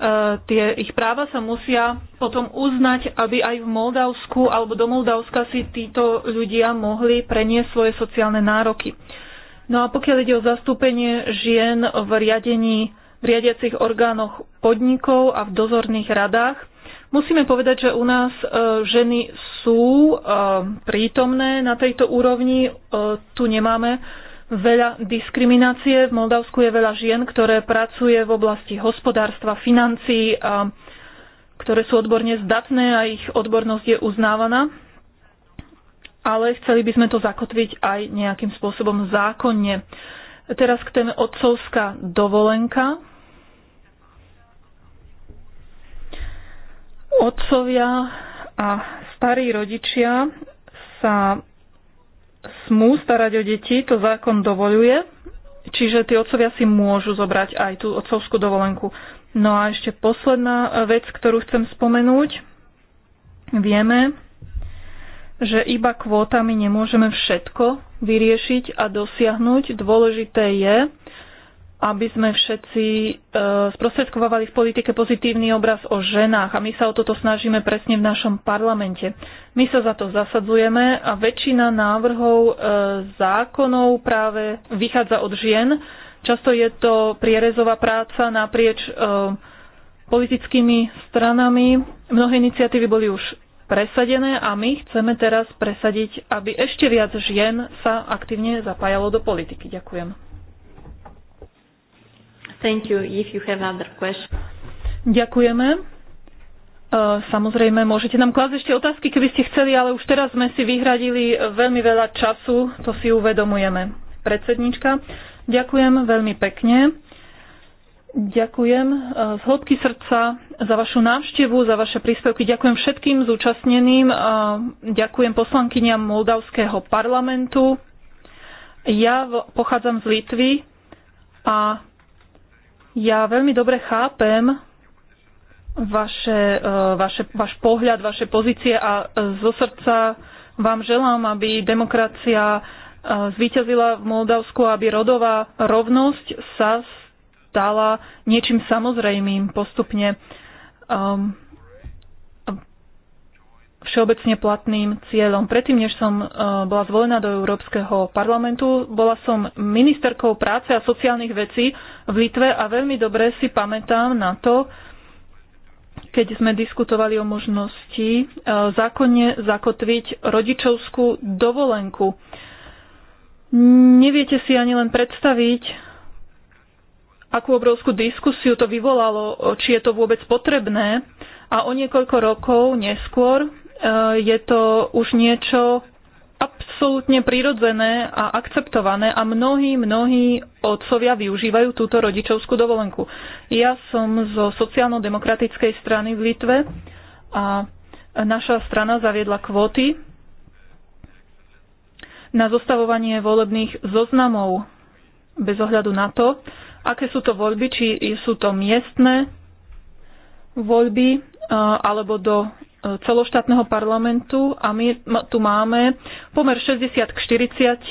Eh, tie ich práva sa musia potom uznať, aby aj v Moldavsku alebo do Moldavska si títo ľudia mohli preniesť svoje sociálne nároky. No a pokiaľ ide o zastúpenie žien v riadení v riadiacich orgánoch podnikov a v dozorných radách, musíme povedať, že u nás eh, ženy sú eh, prítomné na tejto úrovni. Tu nemáme veľa diskriminácie. V Moldavsku je veľa žien, ktoré pracuje v oblasti hospodárstva, financií, a ktoré sú odborne zdatné a ich odbornosť je uznávaná. Ale chceli by sme to zakotviť aj nejakým spôsobom zákonne. Teraz k téme otcovská dovolenka. Otcovia a starí rodičia sa smú starať o deti, to zákon dovoluje, čiže tí otcovia si môžu zobrať aj tú otcovskú dovolenku. No a ešte posledná vec, ktorú chcem spomenúť. Vieme, že iba kvótami nemôžeme všetko vyriešiť a dosiahnuť. Dôležité je, aby sme všetci e, sprostredkovávali v politike pozitívny obraz o ženách a my sa o toto snažíme presne v našom parlamente. My sa za to zasadzujeme a väčšina návrhov e, zákonov práve vychádza od žien. Často je to prierezová práca naprieč e, politickými stranami. Mnohé iniciatívy boli už presadené a my chceme teraz presadiť, aby ešte viac žien sa aktívne zapájalo do politiky. Ďakujem. Thank you. If you have other questions. Ďakujeme. E, samozrejme, môžete nám klásť ešte otázky, keby ste chceli, ale už teraz sme si vyhradili veľmi veľa času, to si uvedomujeme. Predsednička, ďakujem veľmi pekne. Ďakujem e, z hĺbky srdca za vašu návštevu, za vaše príspevky. Ďakujem všetkým zúčastneným. E, ďakujem poslankyniam Moldavského parlamentu. Ja pochádzam z Litvy a ja veľmi dobre chápem vaše, eh, vaše, vaš pohľad, vaše pozície a eh, zo srdca vám želám, aby demokracia eh, zvíťazila v Moldavsku, aby rodová rovnosť sa stala niečím samozrejmým postupne. Um, všeobecne platným cieľom. Predtým, než som e, bola zvolená do Európskeho parlamentu, bola som ministerkou práce a sociálnych vecí v Litve a veľmi dobre si pamätám na to, keď sme diskutovali o možnosti e, zákonne zakotviť rodičovskú dovolenku. Neviete si ani len predstaviť, akú obrovskú diskusiu to vyvolalo, či je to vôbec potrebné. A o niekoľko rokov neskôr Eh, je to už niečo absolútne prirodzené a akceptované a mnohí, mnohí otcovia využívajú túto rodičovskú dovolenku. Ja som zo sociálno-demokratickej strany v Litve a naša strana zaviedla kvóty na zostavovanie volebných zoznamov bez ohľadu na to, aké sú to voľby, či sú to miestne voľby eh, alebo do celoštátneho parlamentu a my tu máme pomer 60 k 40, 40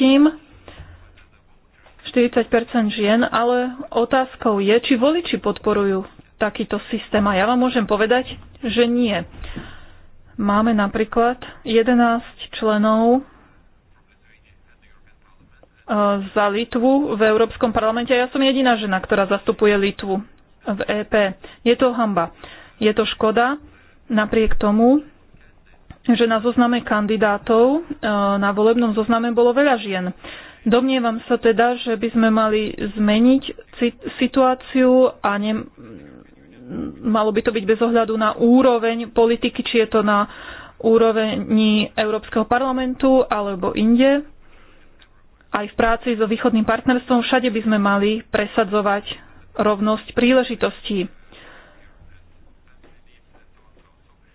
žien, ale otázkou je, či voliči podporujú takýto systém. A ja vám môžem povedať, že nie. Máme napríklad 11 členov e, za Litvu v Európskom parlamente a ja som jediná žena, ktorá zastupuje Litvu v EP. Je to hamba. Je to škoda napriek tomu, že na zozname kandidátov e, na volebnom zozname bolo veľa žien. Domnievam sa teda, že by sme mali zmeniť situáciu a ne, malo by to byť bez ohľadu na úroveň politiky, či je to na úrovni Európskeho parlamentu alebo inde. Aj v práci so východným partnerstvom všade by sme mali presadzovať rovnosť príležitostí.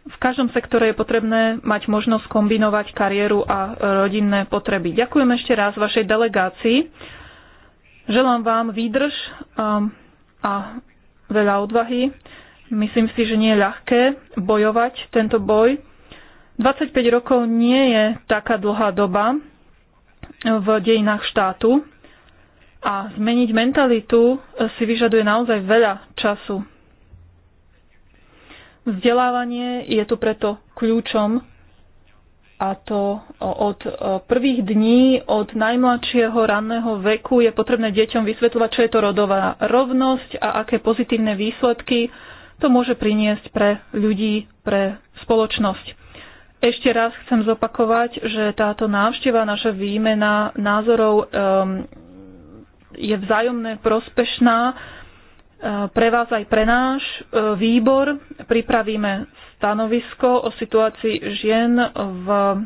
V každom sektore je potrebné mať možnosť kombinovať kariéru a e, rodinné potreby. Ďakujem ešte raz vašej delegácii. Želám vám výdrž um, a veľa odvahy. Myslím si, že nie je ľahké bojovať tento boj. 25 rokov nie je taká dlhá doba v dejinách štátu a zmeniť mentalitu si vyžaduje naozaj veľa času. Vzdelávanie je tu preto kľúčom a to od e, prvých dní, od najmladšieho ranného veku je potrebné deťom vysvetľovať, čo je to rodová rovnosť a aké pozitívne výsledky to môže priniesť pre ľudí, pre spoločnosť. Ešte raz chcem zopakovať, že táto návšteva, naša výmena názorov um, je vzájomne prospešná E, pre vás aj pre náš e, výbor. Pripravíme stanovisko o situácii žien v e,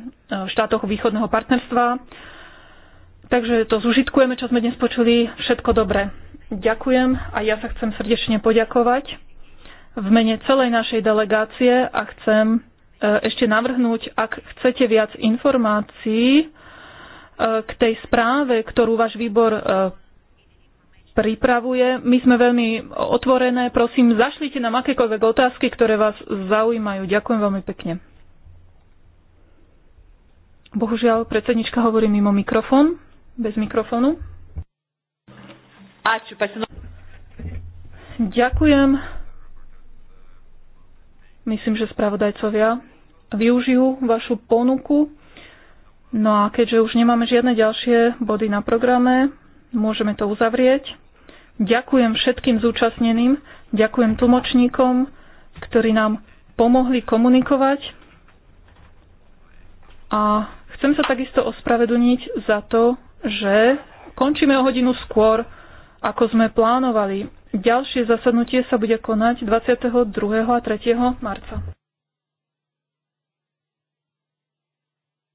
štátoch východného partnerstva. Takže to zužitkujeme, čo sme dnes počuli. Všetko dobre. Ďakujem a ja sa chcem srdečne poďakovať v mene celej našej delegácie a chcem ešte navrhnúť, ak chcete viac informácií k tej správe, ktorú váš výbor pripravuje. My sme veľmi otvorené. Prosím, zašlite nám akékoľvek otázky, ktoré vás zaujímajú. Ďakujem veľmi pekne. Bohužiaľ, predsednička hovorí mimo mikrofón, bez mikrofónu. Ďakujem. Myslím, že spravodajcovia využijú vašu ponuku. No a keďže už nemáme žiadne ďalšie body na programe, môžeme to uzavrieť. Ďakujem všetkým zúčastneným, ďakujem tlmočníkom, ktorí nám pomohli komunikovať. A chcem sa takisto ospravedlniť za to, že končíme o hodinu skôr, ako sme plánovali. Ďalšie zasadnutie sa bude konať 22. a 3. marca.